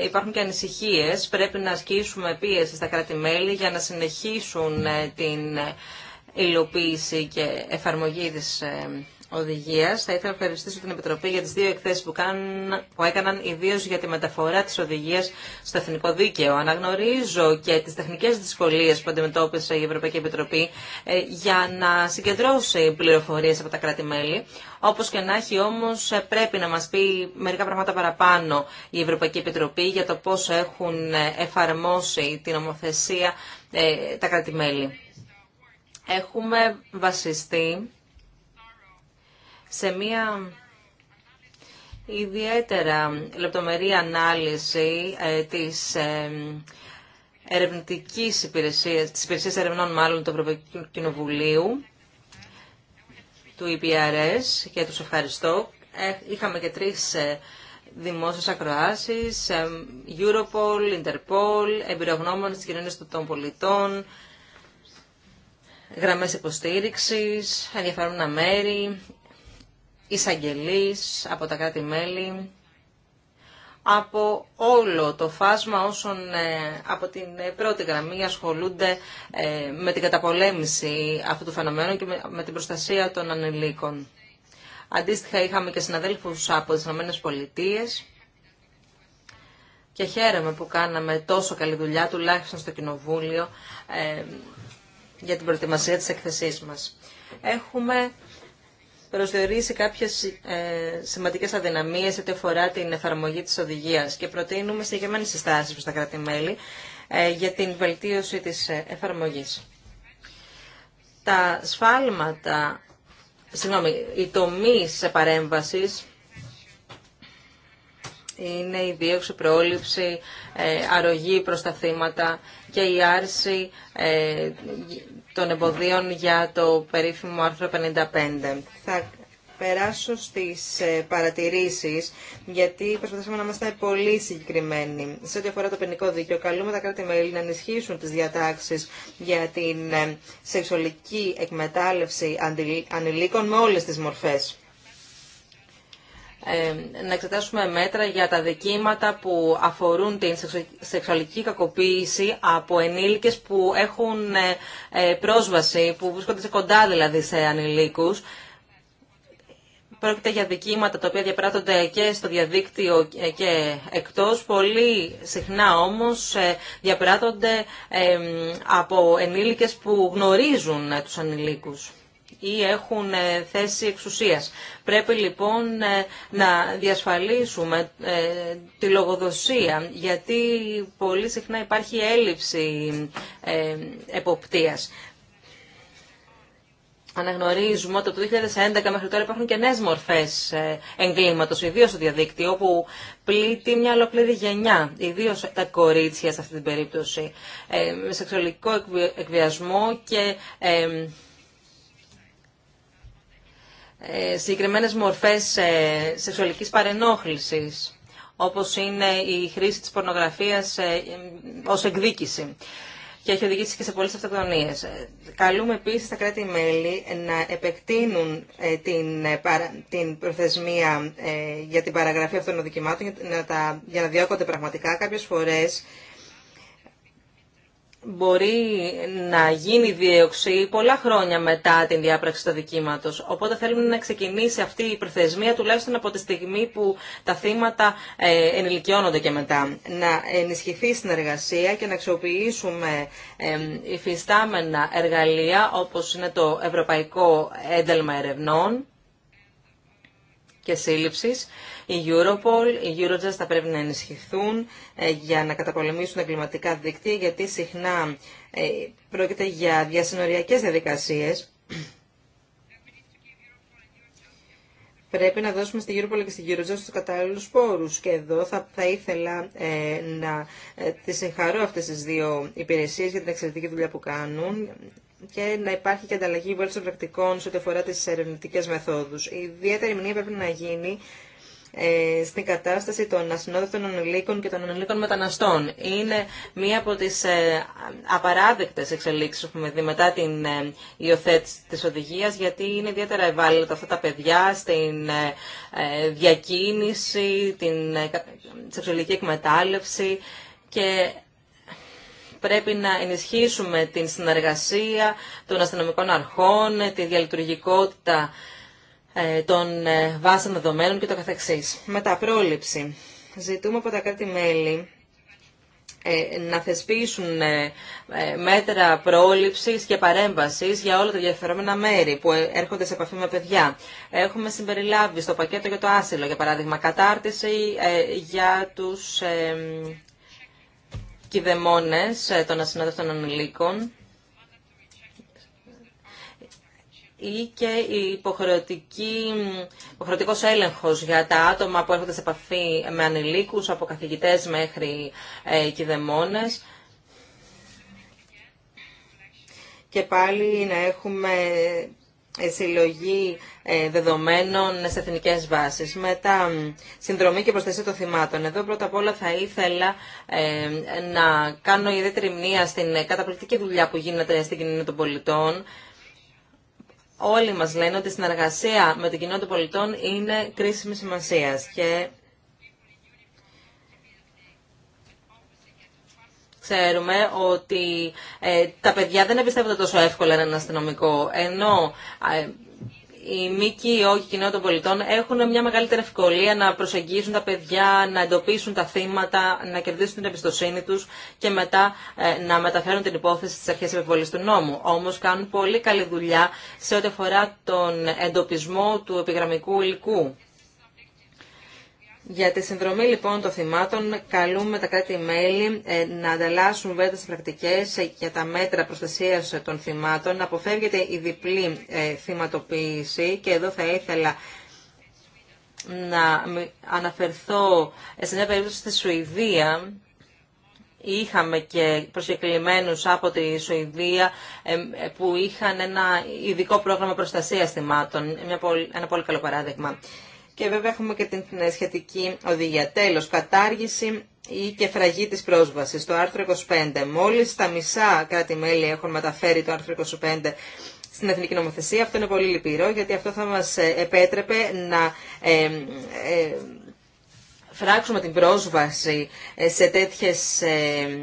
ε, υπάρχουν και ανησυχίες. Πρέπει να ασκήσουμε πίεση στα κράτη-μέλη για να συνεχίσουν ε, την ε, υλοποίηση και εφαρμογή της Οδηγία. Θα ήθελα να ευχαριστήσω την Επιτροπή για τι δύο εκθέσει που, που έκαναν ιδίω για τη μεταφορά τη οδηγία στο εθνικό δίκαιο. Αναγνωρίζω και τι τεχνικέ δυσκολίε που αντιμετώπισε η Ευρωπαϊκή Επιτροπή ε, για να συγκεντρώσει πληροφορίε από τα κράτη-μέλη. Όπως και να έχει όμω ε, πρέπει να μα πει μερικά πράγματα παραπάνω η Ευρωπαϊκή Επιτροπή για το πώ έχουν ε, εφαρμόσει την ομοθεσία τα κράτη-μέλη. Έχουμε βασιστεί σε μία ιδιαίτερα λεπτομερή ανάλυση ε, της ε, ερευνητικής υπηρεσίας, της υπηρεσίας ερευνών μάλλον του Ευρωπαϊκού Κοινοβουλίου, του EPRS και τους ευχαριστώ. Ε, είχαμε και τρεις δημόσιες ακροάσεις, Europol, Interpol, εμπειρογνώμονες της κοινωνίας των πολιτών, γραμμές υποστήριξης, ενδιαφέροντα μέρη, εισαγγελείς, από τα κράτη-μέλη, από όλο το φάσμα όσων ε, από την ε, πρώτη γραμμή ασχολούνται ε, με την καταπολέμηση αυτού του φαινομένου και με την προστασία των ανηλίκων. Αντίστοιχα είχαμε και συναδέλφους από τις ΗΠΑ και χαίρομαι που κάναμε τόσο καλή δουλειά, τουλάχιστον στο Κοινοβούλιο, για την προετοιμασία της εκθεσής μας. Έχουμε προσδιορίσει κάποιες ε, σημαντικές αδυναμίες ό,τι αφορά την εφαρμογή της οδηγίας και προτείνουμε συγκεκριμένες συστάσεις προς τα κράτη-μέλη ε, για την βελτίωση της ε, εφαρμογής. Τα σφάλματα, συγγνώμη, οι τομείς παρέμβασης είναι η δίωξη, πρόληψη, αρρωγή προς τα θύματα και η άρση ε, των εμποδίων για το περίφημο άρθρο 55. Θα περάσω στις ε, παρατηρήσεις, γιατί προσπαθήσαμε να είμαστε πολύ συγκεκριμένοι. Σε ό,τι αφορά το ποινικό δίκαιο, καλούμε τα κράτη-μέλη να ενισχύσουν τις διατάξεις για την ε, σεξουαλική εκμετάλλευση ανηλίκων με όλες τις μορφές να εξετάσουμε μέτρα για τα δικήματα που αφορούν την σεξουαλική κακοποίηση από ενήλικες που έχουν ε, ε, πρόσβαση, που βρίσκονται σε κοντά δηλαδή σε ανηλίκους. Πρόκειται για δικήματα τα οποία διαπράττονται και στο διαδίκτυο ε, και εκτός. Πολύ συχνά όμως διαπράττονται από ενήλικες που γνωρίζουν τους ανηλίκους ή έχουν ε, θέση εξουσίας. Πρέπει λοιπόν ε, να διασφαλίσουμε ε, τη λογοδοσία, γιατί πολύ συχνά υπάρχει έλλειψη εποπτείας. Αναγνωρίζουμε ότι από το 2011 μέχρι τώρα υπάρχουν και νέες μορφές εγκλήματος, ιδίως στο διαδίκτυο, όπου πλήττει μια ολόκληρη γενιά, ιδίως τα κορίτσια σε αυτή την περίπτωση, με σεξουαλικό εκβιασμό και ε, συγκεκριμένες μορφές ε, σεξουαλικής παρενόχλησης, όπως είναι η χρήση της πορνογραφίας ε, ως εκδίκηση και έχει οδηγήσει και σε πολλές αυτοκτονίες. Καλούμε επίσης τα κράτη-μέλη να επεκτείνουν την, προθεσμία για την παραγραφή αυτών των δικημάτων για να, τα, για να διώκονται πραγματικά. Κάποιες φορές μπορεί να γίνει δίωξη πολλά χρόνια μετά την διάπραξη του δικήματο. Οπότε θέλουμε να ξεκινήσει αυτή η προθεσμία τουλάχιστον από τη στιγμή που τα θύματα ε, ενηλικιώνονται και μετά. Να ενισχυθεί η συνεργασία και να αξιοποιήσουμε υφιστάμενα εργαλεία όπως είναι το Ευρωπαϊκό Ένταλμα Ερευνών και σύλληψη. Η Europol, η Eurojust θα πρέπει να ενισχυθούν ε, για να καταπολεμήσουν εγκληματικά δίκτυα, γιατί συχνά ε, πρόκειται για διασυνοριακές διαδικασίε. Πρέπει να δώσουμε στη Europol και στη Eurojust του κατάλληλους πόρους και εδώ θα, θα ήθελα ε, να ε, τις συγχαρώ αυτές τις δύο υπηρεσίες για την εξαιρετική δουλειά που κάνουν και να υπάρχει και ανταλλαγή των πρακτικών σε ό,τι αφορά τι ερευνητικέ μεθόδου. Η ιδιαίτερη μνήμη πρέπει να γίνει ε, στην κατάσταση των ασυνόδευτων ανηλίκων και των ανηλίκων μεταναστών. Είναι μία από τις ε, απαράδεκτες εξελίξει που έχουμε δει μετά την ε, υιοθέτηση της οδηγία, γιατί είναι ιδιαίτερα ευάλωτα αυτά τα παιδιά στην διακίνηση, την σεξουαλική εκμετάλλευση και πρέπει να ενισχύσουμε την συνεργασία των αστυνομικών αρχών, τη διαλειτουργικότητα ε, των ε, βάσεων δεδομένων και το καθεξής. Μετά, πρόληψη. Ζητούμε από τα κράτη-μέλη ε, να θεσπίσουν μέτρα πρόληψης και παρέμβασης για όλα τα διαφερόμενα μέρη που έρχονται σε επαφή με παιδιά. Έχουμε συμπεριλάβει στο πακέτο για το άσυλο, για παράδειγμα, κατάρτιση για τους κυδεμόνες ε, των ασυνόδευτων ανηλίκων ή και η υποχρεωτική, υποχρεωτικός έλεγχος για τα άτομα που έρχονται σε επαφή με ανηλίκους, από καθηγητές μέχρι ε, Και πάλι να έχουμε ε, συλλογή ε, δεδομένων σε εθνικές βάσεις. Μετά, συνδρομή και προστασία των θυμάτων. Εδώ πρώτα απ' όλα θα ήθελα ε, να κάνω ιδιαίτερη μνήμα στην καταπληκτική δουλειά που γίνεται στην κοινωνία των πολιτών. Όλοι μας λένε ότι η συνεργασία με την κοινότητα των πολιτών είναι κρίσιμη σημασίας και Ξέρουμε ότι ε, τα παιδιά δεν εμπιστεύονται τόσο εύκολα έναν αστυνομικό, ενώ ε, οι μη όχι οι των πολιτών έχουν μια μεγαλύτερη ευκολία να προσεγγίσουν τα παιδιά, να εντοπίσουν τα θύματα, να κερδίσουν την εμπιστοσύνη τους και μετά ε, να μεταφέρουν την υπόθεση στις αρχές επιβολής του νόμου. Όμως κάνουν πολύ καλή δουλειά σε ό,τι αφορά τον εντοπισμό του επιγραμμικού υλικού. Για τη συνδρομή λοιπόν των θυμάτων καλούμε τα κράτη-μέλη ε, να ανταλλάσσουν τι πρακτικές για τα μέτρα προστασίας των θυμάτων, να αποφεύγεται η διπλή ε, θυματοποίηση και εδώ θα ήθελα να αναφερθώ ε, σε μια περίπτωση στη Σουηδία. Είχαμε και προσκεκλημένους από τη Σουηδία που είχαν ένα ειδικό πρόγραμμα προστασίας θυμάτων, ένα πολύ καλό παράδειγμα. Και βέβαια έχουμε και την σχετική οδηγία. τέλο κατάργηση ή κεφραγή τη πρόσβαση, Το άρθρο 25. Μόλι τα μισά κράτη-μέλη έχουν μεταφέρει το άρθρο 25 στην Εθνική Νομοθεσία. Αυτό είναι πολύ λυπηρό γιατί αυτό θα μας ε, επέτρεπε να ε, ε, φράξουμε την πρόσβαση ε, σε τέτοιες ε,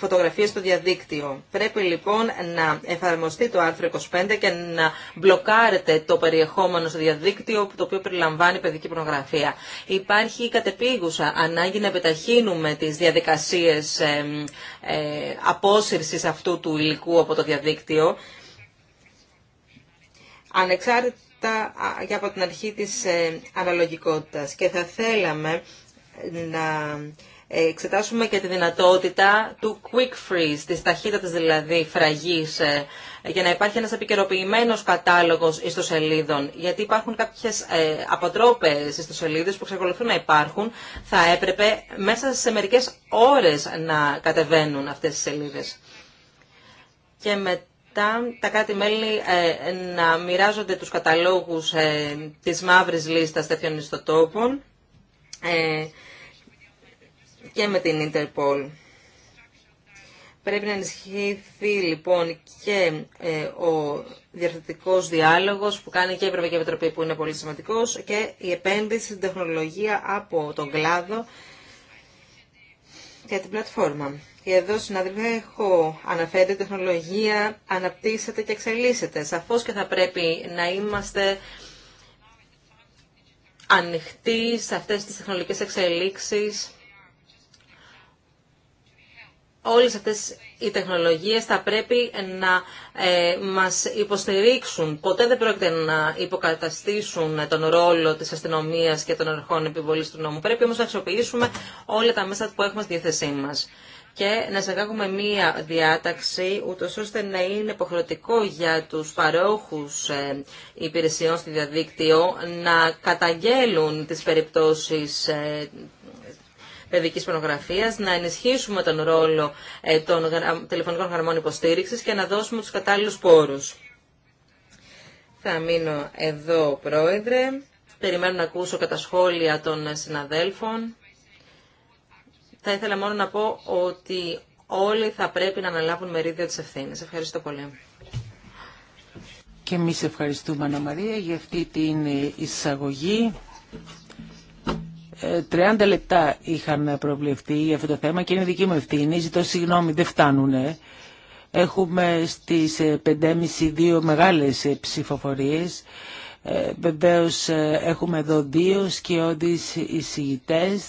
φωτογραφίες στο διαδίκτυο. Πρέπει λοιπόν να εφαρμοστεί το άρθρο 25 και να μπλοκάρετε το περιεχόμενο στο διαδίκτυο το οποίο περιλαμβάνει παιδική πορνογραφία. Υπάρχει κατεπίγουσα ανάγκη να επιταχύνουμε τις διαδικασίες ε, απόσυρσης αυτού του υλικού από το διαδίκτυο ανεξάρτητα και από την αρχή της ε, αναλογικότητας. Και θα θέλαμε να εξετάσουμε και τη δυνατότητα του quick freeze, της ταχύτατας δηλαδή φραγής, ε, για να υπάρχει ένας επικαιροποιημένος κατάλογος ιστοσελίδων, γιατί υπάρχουν κάποιες ε, αποτρόπες ιστοσελίδες που εξακολουθούν να υπάρχουν, θα έπρεπε μέσα σε μερικές ώρες να κατεβαίνουν αυτές οι σελίδες. Και μετά τα κάτι μέλη ε, να μοιράζονται τους καταλόγους της μαύρης λίστας τέτοιων ιστοτόπων, και με την Interpol. Πρέπει να ενισχυθεί λοιπόν και ε, ο διαρθρωτικός διάλογος που κάνει και η Ευρωπαϊκή Επιτροπή που είναι πολύ σημαντικός και η επένδυση στην τεχνολογία από τον κλάδο για την πλατφόρμα. Και εδώ, συναδελφέ, έχω αναφέρει ότι η τεχνολογία αναπτύσσεται και εξελίσσεται. Σαφώς και θα πρέπει να είμαστε ανοιχτοί σε αυτές τις τεχνολογικές εξελίξεις όλες αυτές οι τεχνολογίες θα πρέπει να ε, μας υποστηρίξουν. Ποτέ δεν πρόκειται να υποκαταστήσουν τον ρόλο της αστυνομίας και των αρχών επιβολής του νόμου. Πρέπει όμως να αξιοποιήσουμε όλα τα μέσα που έχουμε στη διάθεσή μας. Και να κάνουμε μία διάταξη, ούτως ώστε να είναι υποχρεωτικό για τους παρόχους ε, υπηρεσιών στη διαδίκτυο να καταγγέλουν τις περιπτώσεις ε, παιδικής πονογραφία, να ενισχύσουμε τον ρόλο ε, των τηλεφωνικών γραμμών υποστήριξη και να δώσουμε του κατάλληλου πόρου. Θα μείνω εδώ, Πρόεδρε. Περιμένω να ακούσω κατά σχόλια των συναδέλφων. Θα ήθελα μόνο να πω ότι όλοι θα πρέπει να αναλάβουν μερίδια της ευθύνης. Ευχαριστώ πολύ. Και εμείς ευχαριστούμε, Αναμαρία, για αυτή την εισαγωγή. 30 λεπτά είχαν προβλεφθεί για αυτό το θέμα και είναι δική μου ευθύνη. Ζητώ συγγνώμη, δεν φτάνουν. Έχουμε στις 5.30 ε, δύο μεγάλες ε, ψηφοφορίες. Ε, Βεβαίω έχουμε εδώ δύο σκιώδεις εισηγητέ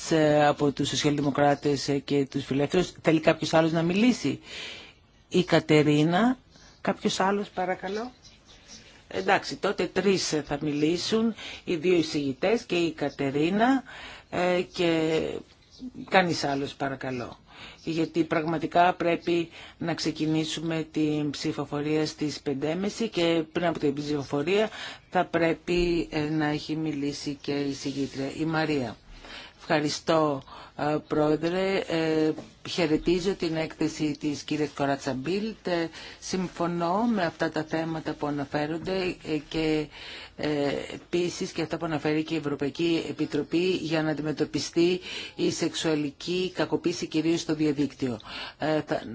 από τους σοσιαλδημοκράτες και τους Φιλεύθερους... Θέλει κάποιος άλλος να μιλήσει. Η Κατερίνα, κάποιος άλλος παρακαλώ. Εντάξει, τότε τρεις θα μιλήσουν, οι δύο εισηγητές και η Κατερίνα. Ε, και κανείς άλλος παρακαλώ. Γιατί πραγματικά πρέπει να ξεκινήσουμε την ψηφοφορία στις 5.30 και πριν από την ψηφοφορία θα πρέπει ε, να έχει μιλήσει και η συγκήτρια η Μαρία. Ευχαριστώ ε, πρόεδρε, ε, χαιρετίζω την έκθεση της κυρίας Κορατσαμπίλτ. Ε, συμφωνώ με αυτά τα θέματα που αναφέρονται και επίση και αυτά που αναφέρει και η Ευρωπαϊκή Επιτροπή για να αντιμετωπιστεί η σεξουαλική κακοποίηση κυρίως στο διαδίκτυο.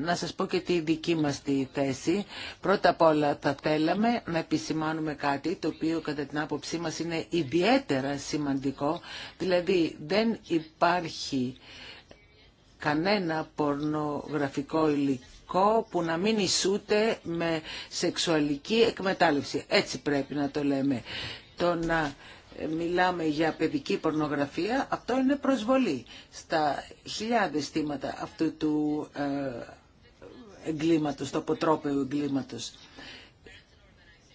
Να σας πω και τη δική μας θέση. Πρώτα απ' όλα θα θέλαμε να επισημάνουμε κάτι το οποίο κατά την άποψή μας είναι ιδιαίτερα σημαντικό. Δηλαδή δεν υπάρχει κανένα πορνογραφικό υλικό που να μην ισούται με σεξουαλική εκμετάλλευση. Έτσι πρέπει να το λέμε. Το να μιλάμε για παιδική πορνογραφία, αυτό είναι προσβολή. Στα χιλιάδες θύματα αυτού του ε, εγκλήματος, του αποτρόπαιου εγκλήματος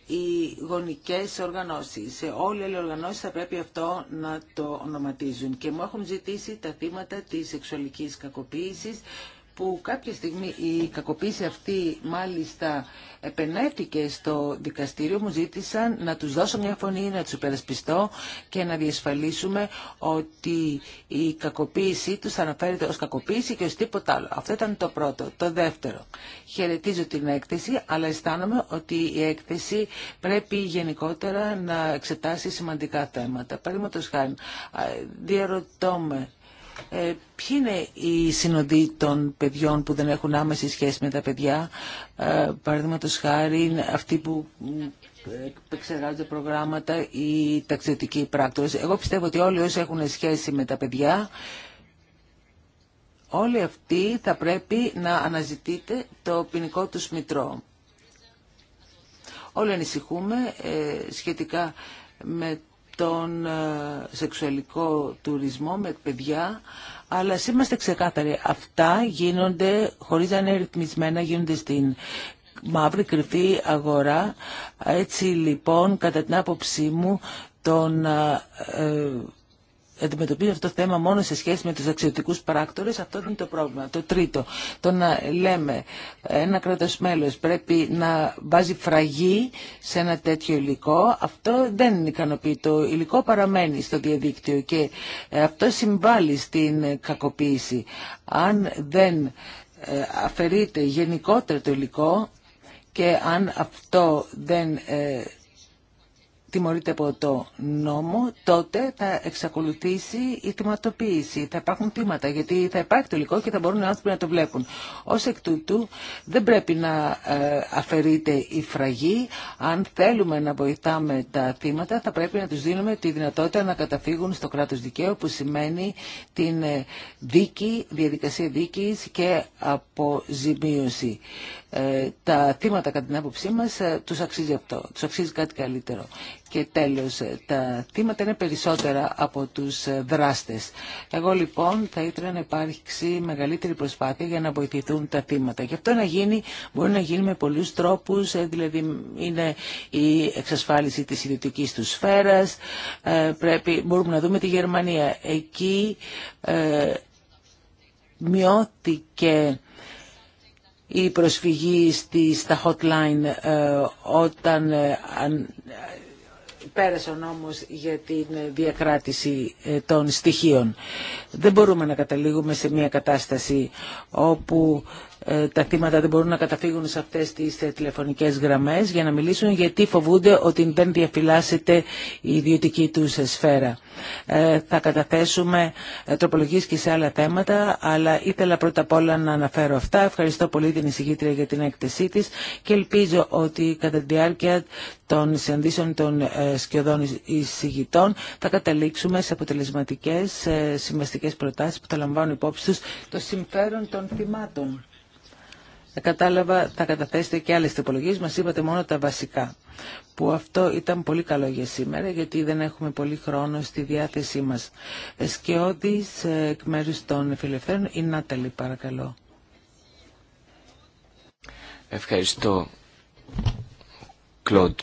οι γονικές οργανώσεις. Όλοι οι οργανώσεις θα πρέπει αυτό να το ονοματίζουν. Και μου έχουν ζητήσει τα θύματα της σεξουαλικής κακοποίησης που κάποια στιγμή η κακοποίηση αυτή μάλιστα επενέτηκε στο δικαστήριο μου ζήτησαν να τους δώσω μια φωνή, να τους υπερασπιστώ και να διασφαλίσουμε ότι η κακοποίηση τους αναφέρεται ως κακοποίηση και ως τίποτα άλλο. Αυτό ήταν το πρώτο. Το δεύτερο. Χαιρετίζω την έκθεση, αλλά αισθάνομαι ότι η έκθεση πρέπει γενικότερα να εξετάσει σημαντικά θέματα. Παραδείγματο χάρη, διαρωτώ με ε, ποιοι είναι οι συνοδοί των παιδιών που δεν έχουν άμεση σχέση με τα παιδιά, ε, παραδείγματος χάρη αυτοί που επεξεργάζονται προγράμματα ή ταξιδιωτικοί πράκτορες. Εγώ πιστεύω ότι όλοι όσοι έχουν σχέση με τα παιδιά, όλοι αυτοί θα πρέπει να αναζητείτε το ποινικό τους μητρό. Όλοι ανησυχούμε ε, σχετικά με τον ε, σεξουαλικό τουρισμό με παιδιά, αλλά ας είμαστε ξεκάθαροι. Αυτά γίνονται χωρίς να είναι ρυθμισμένα, γίνονται στην μαύρη κρυφή αγορά. Έτσι λοιπόν, κατά την άποψή μου, τον ε, αντιμετωπίζει αυτό το θέμα μόνο σε σχέση με τους αξιωτικούς πράκτορες, αυτό είναι το πρόβλημα. Το τρίτο, το να λέμε ένα κράτος μέλος πρέπει να βάζει φραγή σε ένα τέτοιο υλικό, αυτό δεν ικανοποιεί. Το υλικό παραμένει στο διαδίκτυο και ε, αυτό συμβάλλει στην κακοποίηση. Αν δεν ε, αφαιρείται γενικότερα το υλικό και αν αυτό δεν ε, τιμωρείται από το νόμο, τότε θα εξακολουθήσει η τιματοποίηση. Θα υπάρχουν τιμάτα, γιατί θα υπάρχει το υλικό και θα μπορούν οι άνθρωποι να το βλέπουν. Ως εκ τούτου δεν πρέπει να ε, αφαιρείται η φραγή. Αν θέλουμε να βοηθάμε τα θύματα, θα πρέπει να τους δίνουμε τη δυνατότητα να καταφύγουν στο κράτος δικαίου, που σημαίνει την ε, δίκη, διαδικασία δίκης και αποζημίωση. Ε, τα θύματα κατά την άποψή μας ε, τους αξίζει αυτό, τους αξίζει κάτι καλύτερο. Και τέλος, ε, τα θύματα είναι περισσότερα από τους δράστες. Εγώ λοιπόν θα ήθελα να υπάρξει μεγαλύτερη προσπάθεια για να βοηθηθούν τα θύματα. Και αυτό να γίνει, μπορεί να γίνει με πολλούς τρόπους, δηλαδή είναι η εξασφάλιση της ιδιωτικής του σφαίρας. Πρέπει, μπορούμε να δούμε τη Γερμανία. Εκεί μειώθηκε η προσφυγή στη, στα hotline ε, όταν ε, ε, πέρασε ο νόμος για την διακράτηση των στοιχείων. Δεν μπορούμε να καταλήγουμε σε μια κατάσταση όπου ε, τα θύματα δεν μπορούν να καταφύγουν σε αυτές τις ε, τηλεφωνικές γραμμές για να μιλήσουν γιατί φοβούνται ότι δεν διαφυλάσσεται η ιδιωτική τους σφαίρα. Ε, θα καταθέσουμε τροπολογίες και σε άλλα θέματα, αλλά ήθελα πρώτα απ' όλα να αναφέρω αυτά. Ευχαριστώ πολύ την εισηγήτρια για την έκθεσή της και ελπίζω ότι κατά τη διάρκεια των συναντήσεων των σκιωδών εισηγητών θα καταλήξουμε σε αποτελεσματικές συμβαστικές προτάσεις που θα λαμβάνουν υπόψη τους το συμφέρον των θυμάτων. Ε, κατάλαβα θα καταθέσετε και άλλες τυπολογίες, μας είπατε μόνο τα βασικά. Που αυτό ήταν πολύ καλό για σήμερα, γιατί δεν έχουμε πολύ χρόνο στη διάθεσή μας. Σκαιώδης ε, εκ μέρους των φιλελευθέρων, η Νάταλη παρακαλώ. Ευχαριστώ, Κλοντ.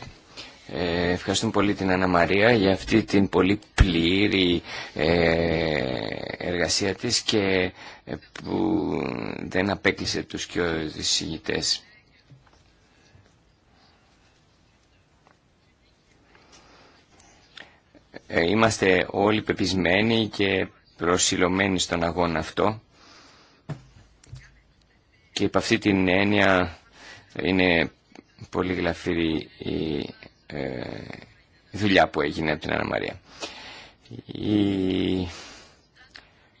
Ε, ευχαριστούμε πολύ την Άννα Μαρία για αυτή την πολύ πλήρη εργασία της και ε, που δεν απέκλεισε τους και Ε, Είμαστε όλοι πεπισμένοι και προσιλωμένοι στον αγώνα αυτό και υπ' αυτή την έννοια είναι πολύ γλαφύρη ε, η δουλειά που έγινε από την Αναμαρία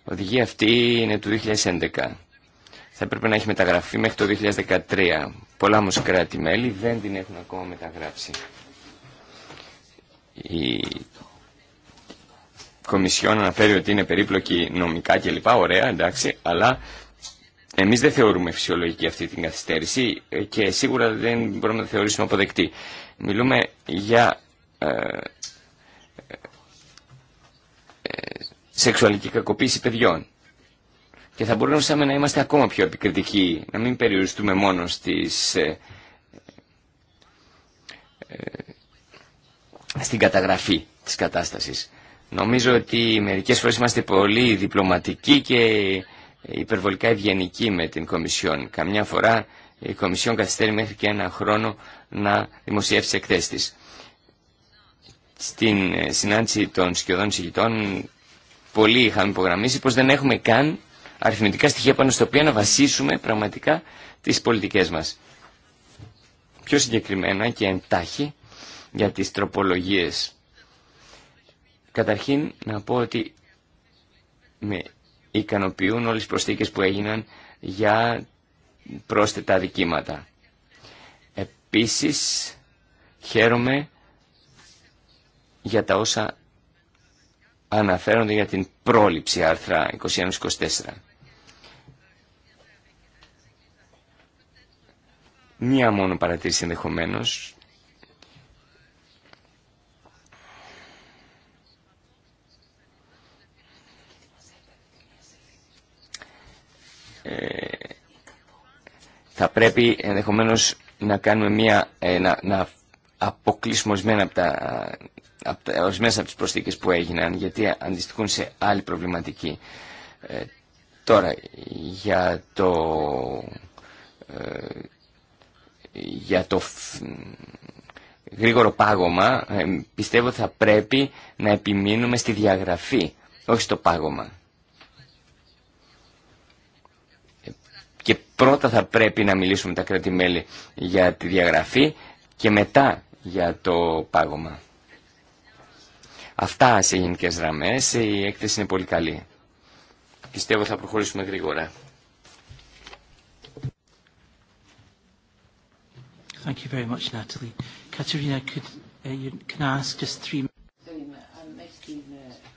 οδηγία αυτή είναι του 2011. Θα έπρεπε να έχει μεταγραφεί μέχρι το 2013. Πολλά όμως κράτη-μέλη δεν την έχουν ακόμα μεταγράψει. Η Κομισιόν αναφέρει ότι είναι περίπλοκη νομικά κλπ. Ωραία, εντάξει, αλλά εμείς δεν θεωρούμε φυσιολογική αυτή την καθυστέρηση και σίγουρα δεν μπορούμε να τη θεωρήσουμε αποδεκτή. Μιλούμε για ε, σεξουαλική κακοποίηση παιδιών. Και θα μπορούσαμε να είμαστε ακόμα πιο επικριτικοί, να μην περιοριστούμε μόνο στις, ε, ε, στην καταγραφή της κατάστασης. Νομίζω ότι μερικές φορές είμαστε πολύ διπλωματικοί και υπερβολικά ευγενικοί με την Κομισιόν. Καμιά φορά η Κομισιόν καθυστέρει μέχρι και ένα χρόνο να δημοσιεύσει εκθέσεις Στην ε, συνάντηση των σκιωδών συγκητών πολλοί είχαμε υπογραμμίσει πως δεν έχουμε καν αριθμητικά στοιχεία πάνω στο οποίο να βασίσουμε πραγματικά τις πολιτικές μας. Πιο συγκεκριμένα και εντάχει για τις τροπολογίες. Καταρχήν να πω ότι με ικανοποιούν όλες τις προσθήκες που έγιναν για πρόσθετα δικήματα. Επίσης χαίρομαι για τα όσα αναφέρονται για την πρόληψη άρθρα 21-24. Μία μόνο παρατήρηση ενδεχομένω. Ε, θα πρέπει ενδεχομένως να κάνουμε μία, ε, να, να από τα ορισμένες από τις προσθήκες που έγιναν γιατί αντιστοιχούν σε άλλη προβληματική. Ε, τώρα για το ε, για το γρήγορο πάγωμα ε, πιστεύω θα πρέπει να επιμείνουμε στη διαγραφή όχι στο πάγωμα. Και πρώτα θα πρέπει να μιλήσουμε τα κράτη-μέλη για τη διαγραφή και μετά για το πάγωμα. Αυτά σε γενικέ γραμμέ. Η έκθεση είναι πολύ καλή. Πιστεύω θα προχωρήσουμε γρήγορα. Thank you very much, Natalie. Katerina, could, uh, you, can ask just three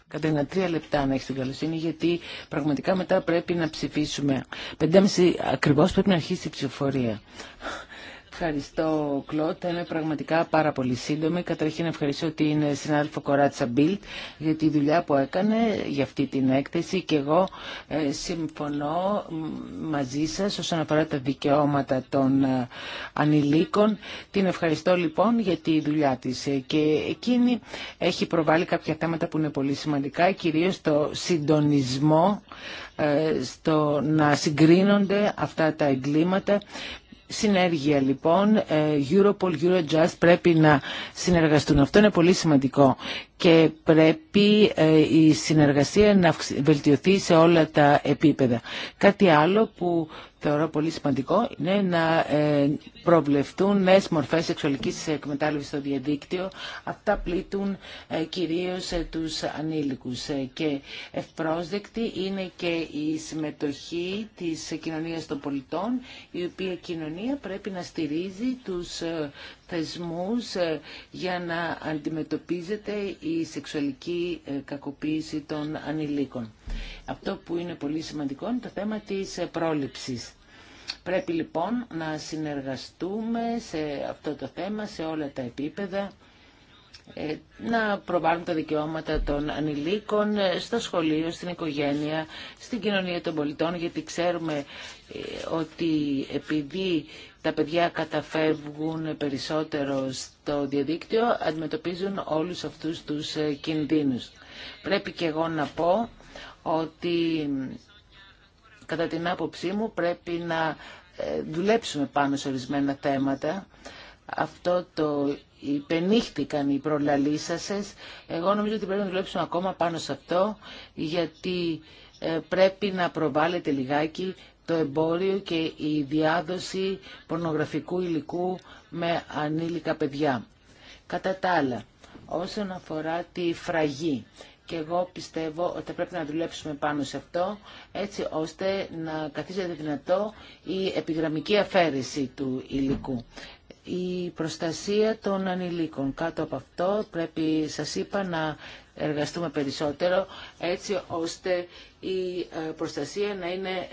Κατένα τρία λεπτά να έχει την καλοσύνη, γιατί πραγματικά μετά πρέπει να ψηφίσουμε. Πεντέμιση ακριβώ πρέπει να αρχίσει η ψηφοφορία. Ευχαριστώ, Κλώτ. Είναι πραγματικά πάρα πολύ σύντομη. Καταρχήν ευχαριστώ την συνάδελφο Κοράτσα Μπίλτ για τη δουλειά που έκανε για αυτή την έκθεση και εγώ ε, συμφωνώ μαζί σας όσον αφορά τα δικαιώματα των ε, ανηλίκων. Την ευχαριστώ λοιπόν για τη δουλειά τη ε, και εκείνη έχει προβάλει κάποια θέματα που είναι πολύ σημαντικά, Κυρίω το συντονισμό στο να συγκρίνονται αυτά τα εγκλήματα Συνέργεια λοιπόν, ε, Europol, Eurojust πρέπει να συνεργαστούν. Αυτό είναι πολύ σημαντικό και πρέπει ε, η συνεργασία να βελτιωθεί σε όλα τα επίπεδα. Κάτι άλλο που θεωρώ πολύ σημαντικό είναι να ε, προβλεφτούν νέες μορφές σεξουαλικής εκμετάλλευσης στο διαδίκτυο. Αυτά πλήττουν ε, κυρίως ε, τους ανήλικους και ευπρόσδεκτη είναι και η συμμετοχή της κοινωνίας των πολιτών η οποία κοινωνία πρέπει να στηρίζει τους θεσμούς ε, για να αντιμετωπίζεται η σεξουαλική ε, κακοποίηση των ανηλίκων. Αυτό που είναι πολύ σημαντικό είναι το θέμα της ε, πρόληψης. Πρέπει λοιπόν να συνεργαστούμε σε αυτό το θέμα, σε όλα τα επίπεδα, να προβάλλουν τα δικαιώματα των ανηλίκων στο σχολείο, στην οικογένεια, στην κοινωνία των πολιτών, γιατί ξέρουμε ότι επειδή τα παιδιά καταφεύγουν περισσότερο στο διαδίκτυο, αντιμετωπίζουν όλους αυτούς τους ε, κινδύνους. Πρέπει και εγώ να πω ότι κατά την άποψή μου πρέπει να ε, δουλέψουμε πάνω σε ορισμένα θέματα. Αυτό το υπενήχθηκαν οι προλαλήσασες. Εγώ νομίζω ότι πρέπει να δουλέψουμε ακόμα πάνω σε αυτό, γιατί ε, πρέπει να προβάλλεται λιγάκι το εμπόριο και η διάδοση πορνογραφικού υλικού με ανήλικα παιδιά. Κατά τα άλλα, όσον αφορά τη φραγή, και εγώ πιστεύω ότι πρέπει να δουλέψουμε πάνω σε αυτό, έτσι ώστε να καθίσετε δυνατό η επιγραμμική αφαίρεση του υλικού. Η προστασία των ανηλίκων. Κάτω από αυτό πρέπει, σας είπα, να εργαστούμε περισσότερο έτσι ώστε η ε, προστασία να είναι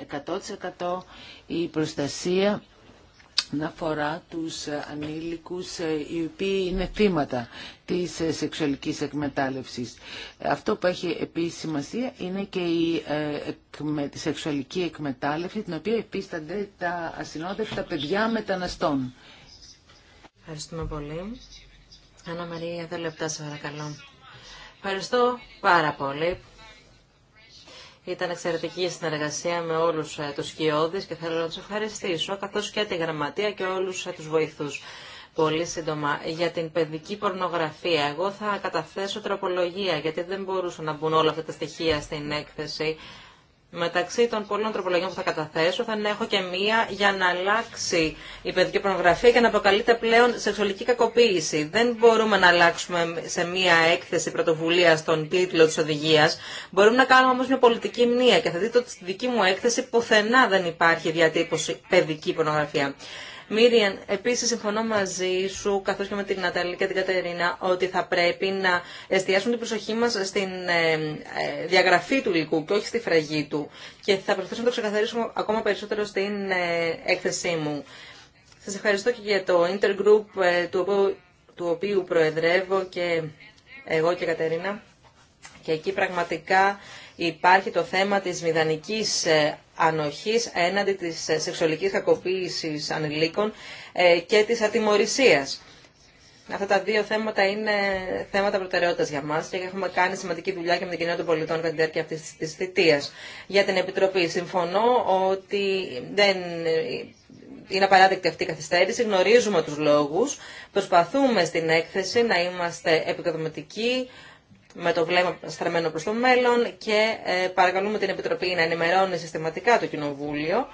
100% η προστασία να αφορά τους ε, ανήλικους ε, οι οποίοι είναι θύματα της σεξουαλικής εκμετάλλευσης. Αυτό που έχει επίσης σημασία είναι και η σεξουαλική εκμετάλλευση την οποία επίστανται τα ασυνόδευτα παιδιά μεταναστών. Ευχαριστούμε πολύ. Μαρία, δύο λεπτά σε παρακαλώ. Ευχαριστώ πάρα πολύ. Ήταν εξαιρετική η συνεργασία με όλους ε, τους σκιώδεις και θέλω να τους ευχαριστήσω, καθώς και τη γραμματεία και όλους ε, τους βοηθούς. Πολύ σύντομα, για την παιδική πορνογραφία, εγώ θα καταθέσω τροπολογία, γιατί δεν μπορούσαν να μπουν όλα αυτά τα στοιχεία στην έκθεση. Μεταξύ των πολλών τροπολογιών που θα καταθέσω θα έχω και μία για να αλλάξει η παιδική πονογραφία και να αποκαλείται πλέον σεξουαλική κακοποίηση. Δεν μπορούμε να αλλάξουμε σε μία έκθεση πρωτοβουλία τον τίτλο τη οδηγία. Μπορούμε να κάνουμε όμω μια πολιτική μνήμα και θα δείτε ότι στη δική μου έκθεση πουθενά δεν υπάρχει διατύπωση παιδική πονογραφία». Μίριαν, επίση συμφωνώ μαζί σου, καθώς και με την Ναταλή και την Κατερίνα, ότι θα πρέπει να εστιάσουμε την προσοχή μας στην ε, ε, διαγραφή του υλικού και όχι στη φραγή του. Και θα προσπαθήσουμε να το ξεκαθαρίσουμε ακόμα περισσότερο στην ε, έκθεσή μου. Σα ευχαριστώ και για το Intergroup του οποίου προεδρεύω και εγώ και η Κατερίνα. Και εκεί πραγματικά υπάρχει το θέμα της μηδανικής ανοχής έναντι της ε, σεξουαλικής κακοποίησης ανηλίκων ε, και της ατιμορρησίας. Αυτά τα δύο θέματα είναι θέματα προτεραιότητας για μας, και έχουμε κάνει σημαντική δουλειά και με την κοινότητα των πολιτών κατά τη διάρκεια αυτή τη θητείας Για την Επιτροπή, συμφωνώ ότι δεν είναι απαράδεκτη αυτή η καθυστέρηση. Γνωρίζουμε του λόγου. Προσπαθούμε στην έκθεση να είμαστε επικοδομητικοί, με το βλέμμα στραμμένο προς το μέλλον και ε, παρακαλούμε την Επιτροπή να ενημερώνει συστηματικά το Κοινοβούλιο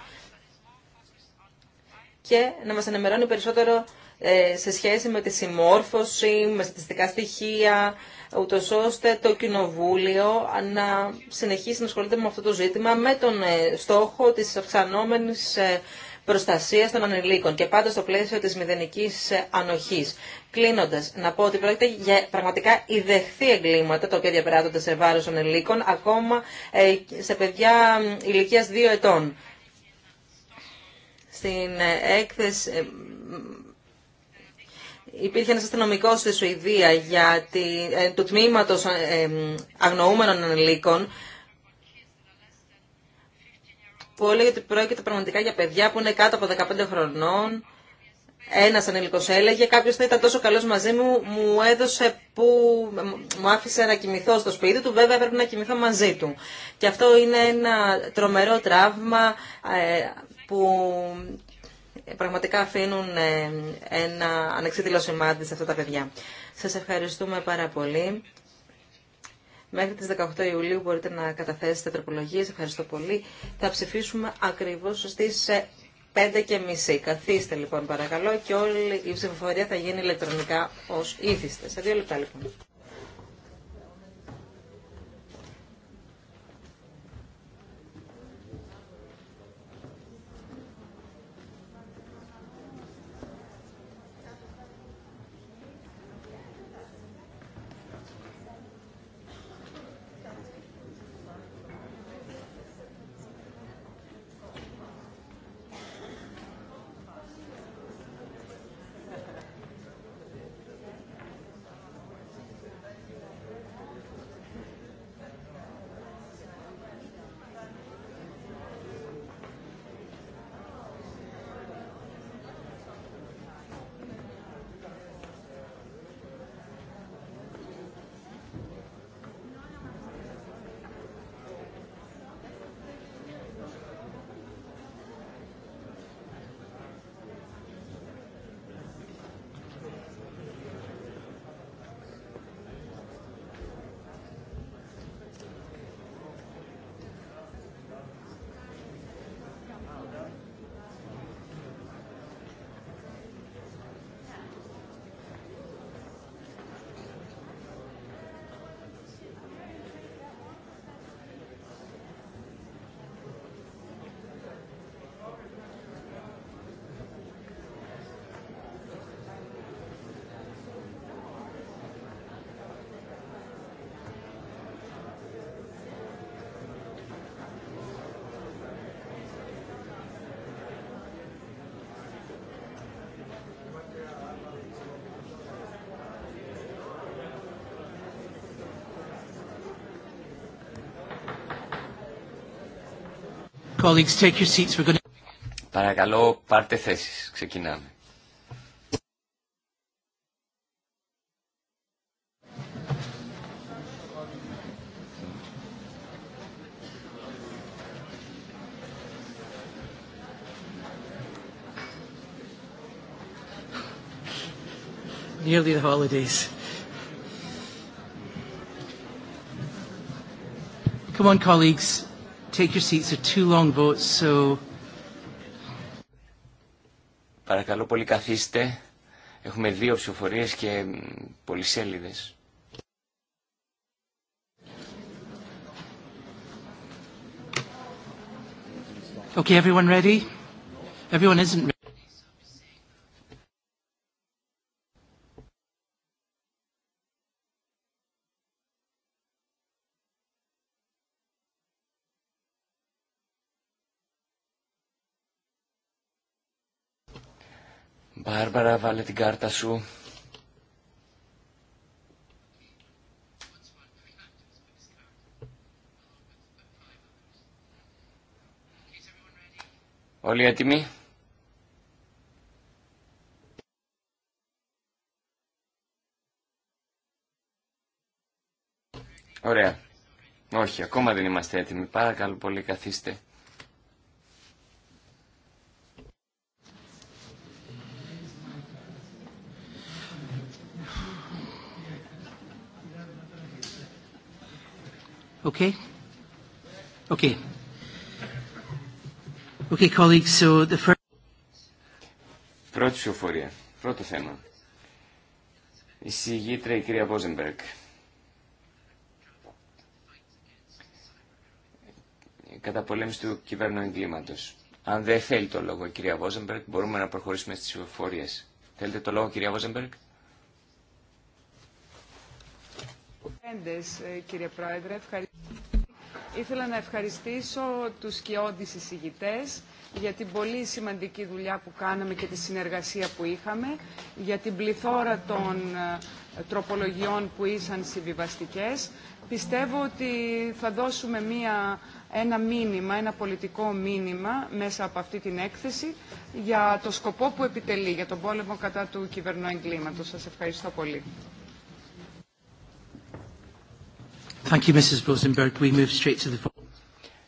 και να μας ενημερώνει περισσότερο ε, σε σχέση με τη συμμόρφωση, με στατιστικά στοιχεία, ούτω ώστε το Κοινοβούλιο να συνεχίσει να ασχολείται με αυτό το ζήτημα με τον ε, στόχο της αυξανόμενης προστασία των ανηλίκων και πάντα στο πλαίσιο τη μηδενική ανοχή. Κλείνοντα, να πω ότι πρόκειται για πραγματικά ιδεχθή εγκλήματα τα οποία διαπράττονται σε βάρο των ανηλίκων, ακόμα ε, σε παιδιά ηλικία 2 ετών. Στην ε, έκθεση ε, υπήρχε ένας αστυνομικός στη Σουηδία για το ε, του τμήματος αγνοούμενων ανηλίκων που έλεγε ότι πρόκειται πραγματικά για παιδιά που είναι κάτω από 15 χρονών. Ένα ανήλικο έλεγε, κάποιο θα ήταν τόσο καλό μαζί μου, μου έδωσε που μου άφησε να κοιμηθώ στο σπίτι του, βέβαια έπρεπε να κοιμηθώ μαζί του. Και αυτό είναι ένα τρομερό τραύμα ε, που πραγματικά αφήνουν ε, ένα ανεξίτηλο σημάδι σε αυτά τα παιδιά. Σα ευχαριστούμε πάρα πολύ. Μέχρι τις 18 Ιουλίου μπορείτε να καταθέσετε τροπολογίες. Ευχαριστώ πολύ. Θα ψηφίσουμε ακριβώς στις 5.30. Ε, και Καθίστε λοιπόν παρακαλώ και όλη η ψηφοφορία θα γίνει ηλεκτρονικά ως ήθιστε. Σε δύο λεπτά λοιπόν. Colleagues, take your seats. We're going to... Παρακαλώ, πάρτε θέσεις. Ξεκινάμε. Nearly the holidays. Come on, colleagues. Take your seats. They're too long votes, so... Παρακαλώ πολύ καθίστε. Έχουμε δύο ψηφοφορίες και πολυσέλιδες. Okay, everyone ready? Everyone isn't ready. Βάλε την κάρτα σου. Όλοι έτοιμοι. Ωραία. Όχι, ακόμα δεν είμαστε έτοιμοι. Παρακαλώ πολύ, καθίστε. Okay? Okay. Okay, colleagues, so the first... Πρώτη σοφορία. Πρώτο θέμα. Η συγγήτρια η κυρία Βόζενμπερκ. Κατά πολέμηση του κυβέρνου εγκλήματος. Αν δεν θέλει το λόγο η κυρία Βόζενμπερκ, μπορούμε να προχωρήσουμε στις ψηφοφορίες. Θέλετε το λόγο κυρία Βόζενμπερκ. Ε, κύριε Πρόεδρε. Ευχαριστώ Ήθελα να ευχαριστήσω τους σκιώδεις εισηγητές για την πολύ σημαντική δουλειά που κάναμε και τη συνεργασία που είχαμε, για την πληθώρα των ε, τροπολογιών που ήσαν συμβιβαστικές. Πιστεύω ότι θα δώσουμε μία, ένα μήνυμα, ένα πολιτικό μήνυμα μέσα από αυτή την έκθεση για το σκοπό που επιτελεί, για τον πόλεμο κατά του κυβερνοεγκλήματος. Σας ευχαριστώ πολύ.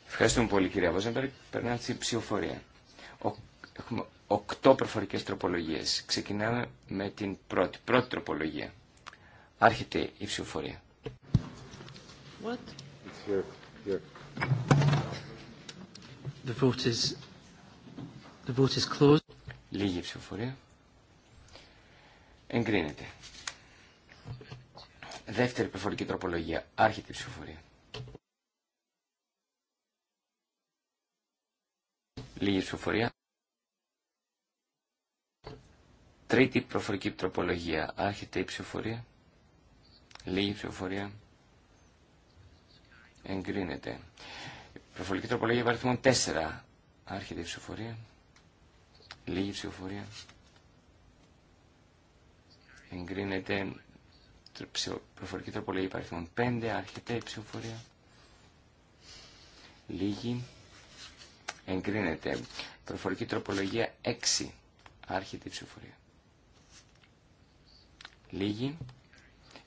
Ευχαριστούμε πολύ κυρία Βόζεμπεργκ. Περνάμε στην ψηφοφορία. Έχουμε οκτώ προφορικέ τροπολογίε. Ξεκινάμε με την πρώτη, πρώτη τροπολογία. Άρχεται η ψηφοφορία. Λίγη ψηφοφορία. Εγκρίνεται. Δεύτερη προφορική τροπολογία. Άρχεται η ψηφοφορία. Λίγη ψηφοφορία. Τρίτη προφορική τροπολογία. Άρχεται η ψηφοφορία. Λίγη ψηφοφορία. Εγκρίνεται. Προφορική τροπολογία υπαριθμών 4. Άρχεται η ψηφοφορία. Λίγη ψηφοφορία. Εγκρίνεται προφορική τροπολογία υπαριθμών 5, άρχεται η ψηφοφορία. Λίγη. Εγκρίνεται. Προφορική τροπολογία 6, άρχεται η ψηφοφορία. Λίγη.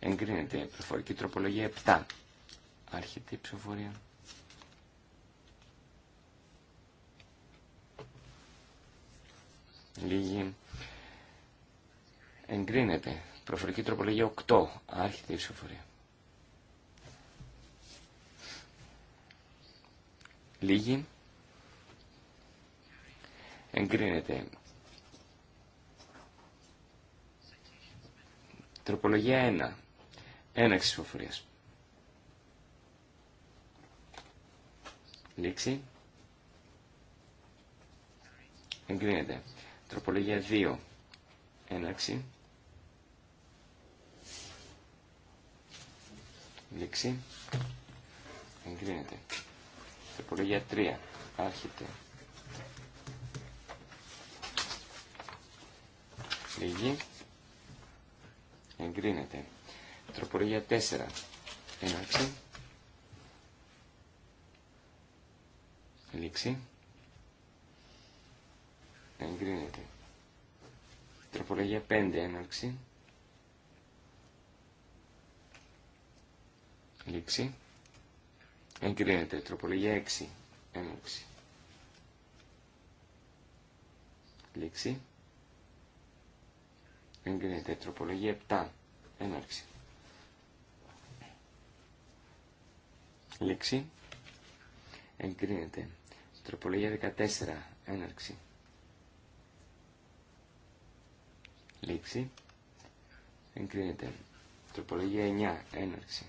Εγκρίνεται. Προφορική τροπολογία 7, άρχεται η ψηφοφορία. Λίγη. Εγκρίνεται. Προφορική τροπολογία 8. Άρχεται η ψηφοφορία. Λίγη. Εγκρίνεται. Τροπολογία 1. Έναξη ψηφοφορία. Λήξη. Εγκρίνεται. Τροπολογία 2. Έναξη. Λήξη. Εγκρίνεται. Τροπολογία 3. Άρχεται. Λίγη. Εγκρίνεται. Τροπολογία 4. Έναρξη. Λήξη. Εγκρίνεται. Τροπολογία 5. Έναρξη. Λήξη. Εγκρίνεται. Τροπολογία 6. Έναρξη. Λήξη. Εγκρίνεται. Τροπολογία 7. Έναρξη. Λήξη. Εγκρίνεται. Τροπολογία 14. Έναρξη. Λήξη. Εγκρίνεται. Τροπολογία 9. Έναρξη.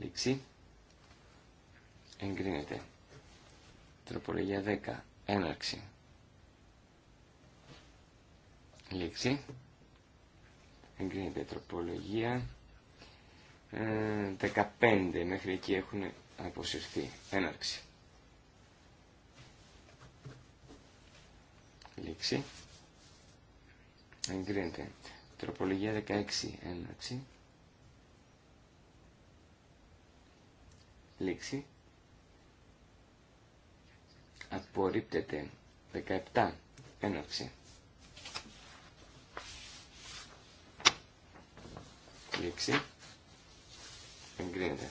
Λήξη. Εγκρίνεται. Τροπολογία 10. Έναρξη. Λήξη. Εγκρίνεται. Τροπολογία 15. Ε, Μέχρι εκεί έχουν αποσυρθεί. Έναρξη. Λήξη. Εγκρίνεται. Τροπολογία 16. Έναρξη. Λήξη. Απορρίπτεται. 17. Έναρξη. Λήξη. Εγκρίνεται.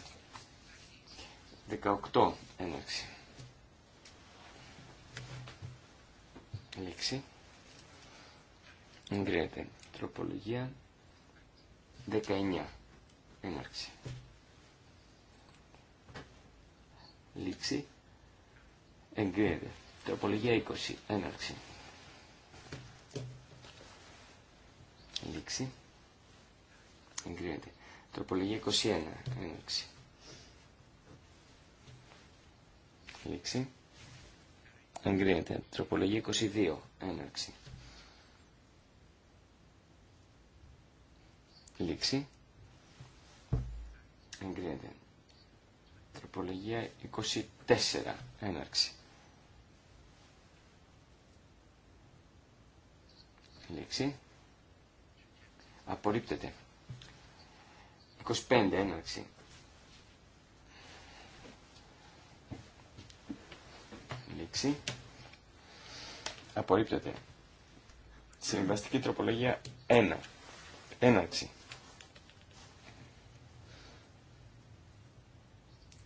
18. Έναρξη. Λήξη. Εγκρίνεται. Τροπολογία. 19. Έναρξη λήξη, εγκρίνεται. Τροπολογία 20, έναρξη. Λήξη, εγκρίνεται. Τροπολογία 21, έναρξη. Λήξη, εγκρίνεται. Τροπολογία 22, έναρξη. Λήξη, εγκρίνεται. Τροπολογία 24. Έναρξη. Λήξη. Απορρίπτεται. 25. Έναρξη. Λήξη. Απορρίπτεται. Συμβαστική τροπολογία 1. Έναρξη.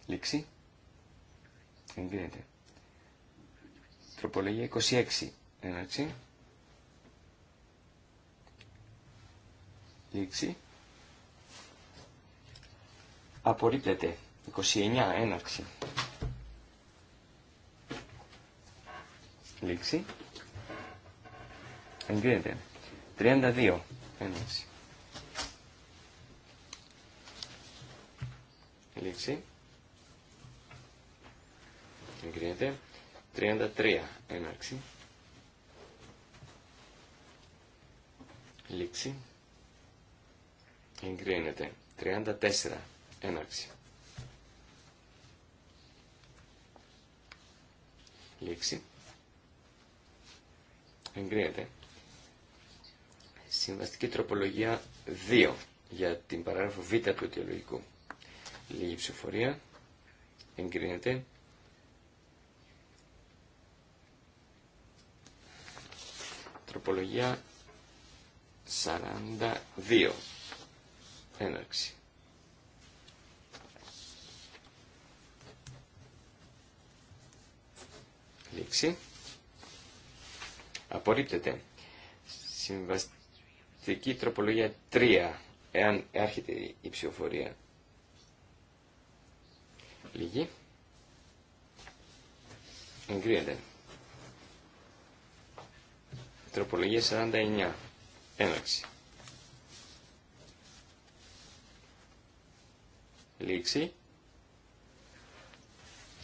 Λήξη. Εγκρίνεται. Τροπολογία 26. Έναρξη. Λήξη. Απορρίπτεται. 29. Έναρξη. Λήξη. Εγκρίνεται. 32. Έναρξη. Λήξη εγκρίνεται. 33 έναρξη. Λήξη. Εγκρίνεται. 34 έναρξη. Λήξη. Εγκρίνεται. Συμβαστική τροπολογία 2 για την παράγραφο β του αιτιολογικού. Λίγη ψηφορία. Εγκρίνεται. Τροπολογία 42. Έναρξη. Λήξη. Απορρίπτεται. Συμβαστική τροπολογία 3. Εάν έρχεται η ψηφοφορία. Λίγη. Εγκρίνεται. Τροπολογία 49. Έναρξη. Λήξη.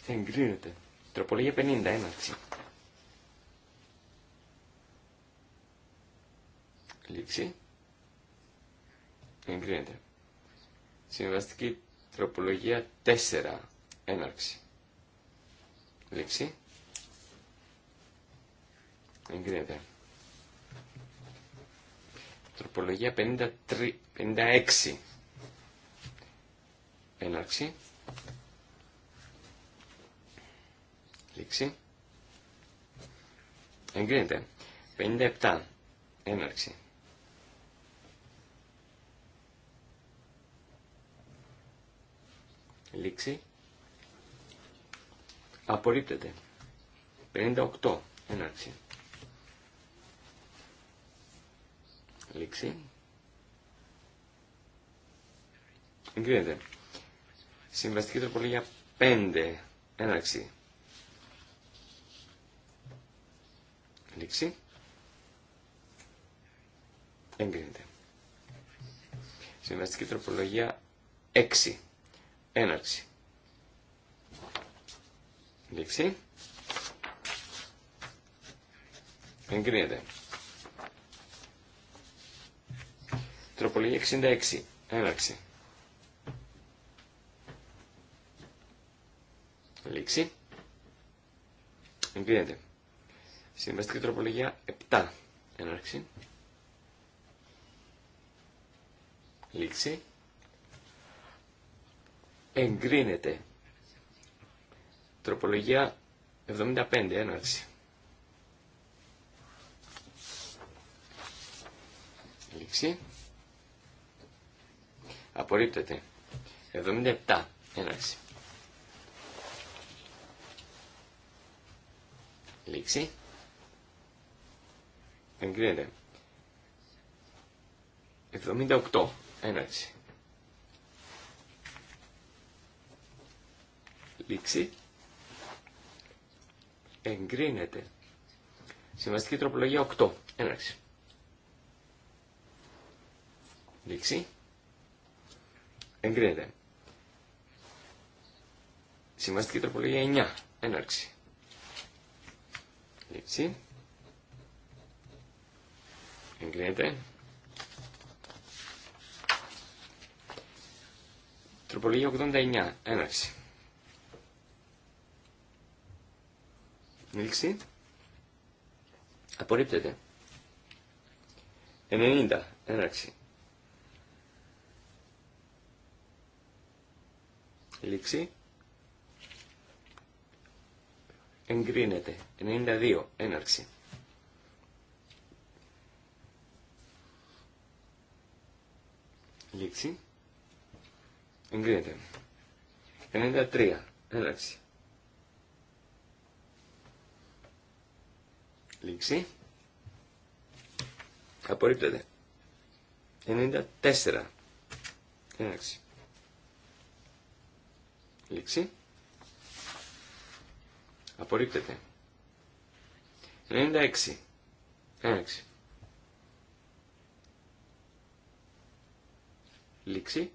Εγκρίνεται. Τροπολογία 50. Έναρξη. Λήξη. Εγκρίνεται. Συμβαστική τροπολογία 4. Έναρξη. Λήξη. Εγκρίνεται. Ανθρωπολογία 53, 56. Έναρξη. Λήξη. Εγκρίνεται. 57. Έναρξη. Λήξη. Απορρίπτεται. 58. Έναρξη. Λήξη. Εγκρίνεται. Συμβαστική τροπολογία 5. Έναρξη. Λήξη. Εγκρίνεται. Συμβαστική τροπολογία 6. Έναρξη. Λήξη. Εγκρίνεται. Τροπολογία 66. Έναρξη. Λήξη. Εγκρίνεται. Συμβαστική τροπολογία 7. Έναρξη. Λήξη. Εγκρίνεται. Τροπολογία 75. Έναρξη. Λήξη. Απορρίπτεται. 77. Έναρξη. Λήξη. Εγκρίνεται. 78. Έναρξη. Λήξη. Εγκρίνεται. Συμβαστική τροπολογία 8. Έναρξη. Λήξη εγκρίνεται. Συμβαστική τροπολογία 9. Έναρξη. Λήψη. Εγκρίνεται. Τροπολογία 89. Έναρξη. Λήξη. Απορρίπτεται. 90. Έναρξη. Λήξη. Εγκρίνεται. 92. Έναρξη. Λήξη. Εγκρίνεται. 93. Έναρξη. Λήξη. Απορρίπτεται. 94. Έναρξη. Λήξη. Απορρίπτεται. 96. Έναξη. Λήξη.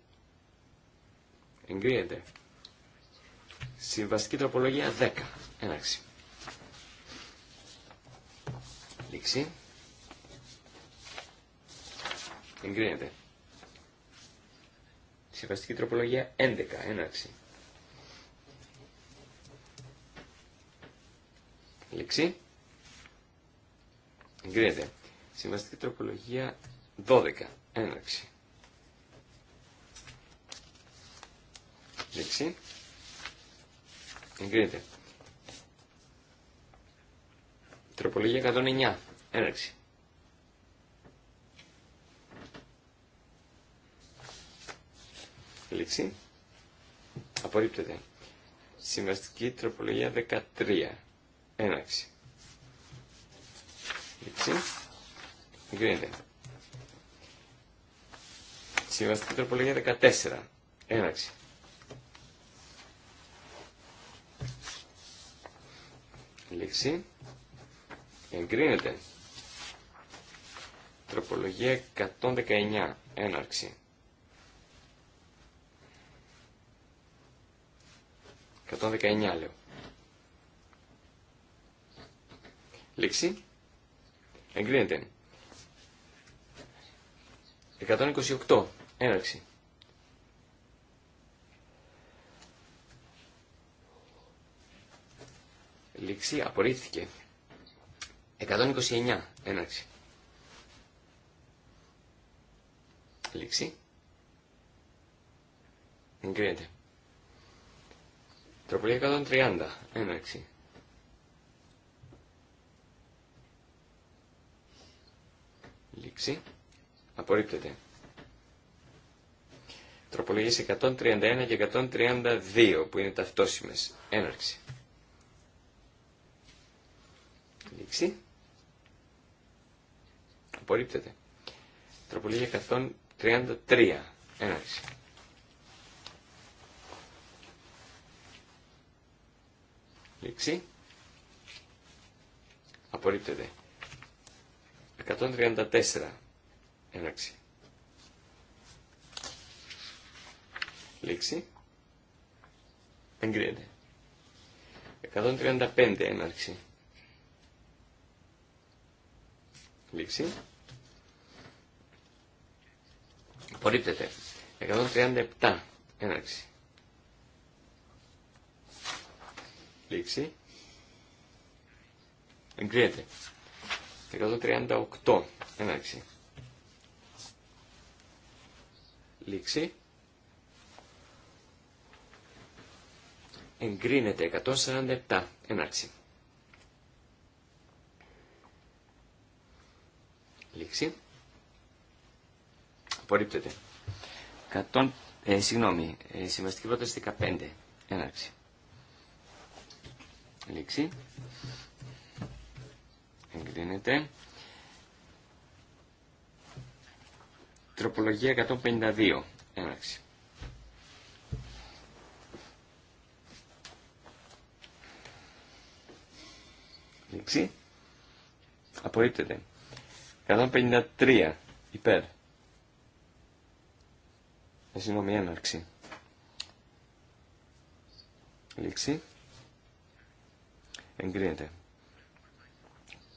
Εγκρίνεται. Συμβαστική τροπολογία 10. Έναξη. Λήξη. Εγκρίνεται. Συμβαστική τροπολογία 11. Έναξη. Λήξη. Εγκρίνεται. Συμβαστική τροπολογία 12. Έναρξη. Λήξη. Εγκρίνεται. Τροπολογία 109. Έναρξη. Λήξη. Απορρίπτεται. Συμβαστική τροπολογία 13. Έναρξη. Έτσι. Εγκρίνεται. Συμβαστική τροπολογία 14. Έναρξη. Λήξη. Εγκρίνεται. Τροπολογία 119. Έναρξη. 119 λέω. Λήξη. Εγκρίνεται. 128. Έναρξη. Λήξη. Απορρίφθηκε. 129. Έναρξη. Λήξη. Εγκρίνεται. Τροπολία 130. Έναρξη. Λήξη. Απορρίπτεται. Τροπολογίες 131 και 132 που είναι ταυτόσιμες. Έναρξη. Λήξη. Απορρίπτεται. Τροπολογία 133. Έναρξη. Λήξη. Απορρίπτεται. 134 έναρξη. Λήξη. Εγκρίνεται. 135 έναρξη. Λήξη. Απορρίπτεται. 137 έναρξη. Λήξη. Εγκρίνεται. 138. Έναρξη. Λήξη. Εγκρίνεται 147. Έναρξη. Λήξη. Απορρίπτεται. 100, ε, συγγνώμη, ε, συμβαστική πρόταση 15. Έναρξη. Λήξη. Εγκρίνεται. Τροπολογία 152. Έναρξη. Λήξη. Απορρίπτεται. 153. Υπέρ. Ε, συγγνώμη, έναρξη. Λήξη. Εγκρίνεται.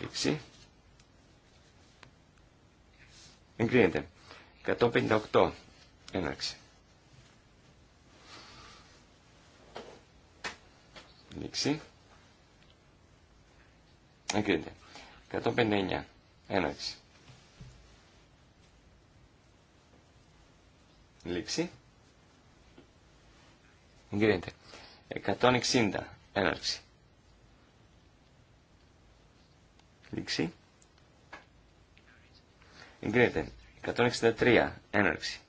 Λήξη. Εγκρίνεται. 158. Έναρξη. Λήξη. Εγκρίνεται. 159. Έναρξη. Λήξη. Εγκρίνεται. 160. Έναρξη. Λήξη. Εγκρίνεται. 163. Έναρξη.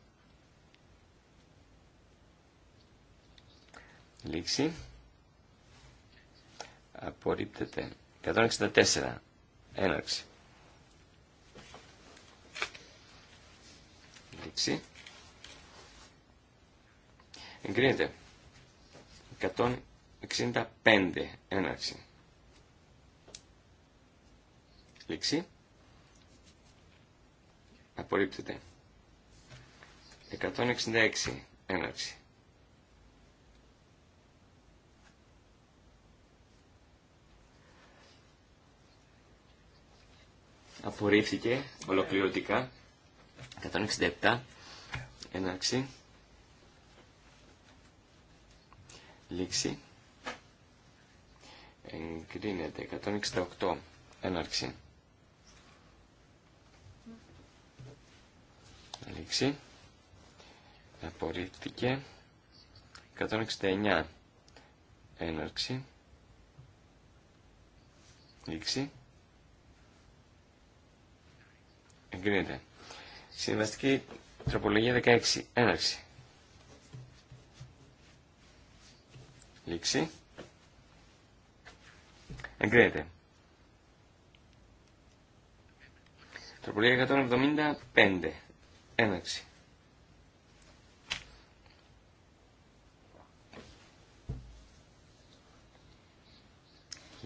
Λήξη. Απορρίπτεται. 164. Έναρξη. Λήξη. Εγκρίνεται. 165. Έναρξη. Λήξη. Απορρίπτεται. 166. Έναρξη. Απορρίφθηκε ολοκληρωτικά. 167. Έναρξη. Λήξη. Εγκρίνεται. 168. Έναρξη. Λήξη. Απορρίφθηκε. 169. Έναρξη. Λήξη. Εγκρίνεται. Συμβαστική τροπολογία 16. Έναρξη. Λήξη. Εγκρίνεται. Τροπολογία 175 έναρξη.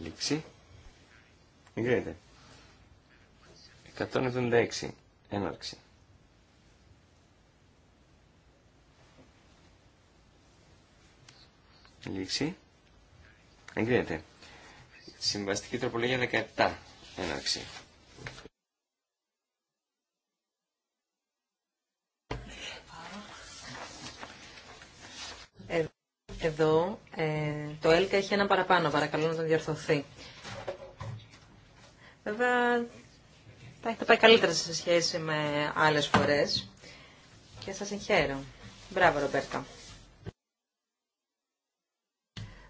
Λήξη. Εγκρίνεται. 176. Έναρξη. Λήξη. Εγκρίνεται. Συμβαστική τροπολογία 17. Έναρξη. Εδώ ε, το ΕΛΚΑ έχει ένα παραπάνω, παρακαλώ να το διορθωθεί. Βέβαια, θα έχετε πάει καλύτερα σε σχέση με άλλες φορές και σας εγχαίρω. Μπράβο, Ρομπέρτα.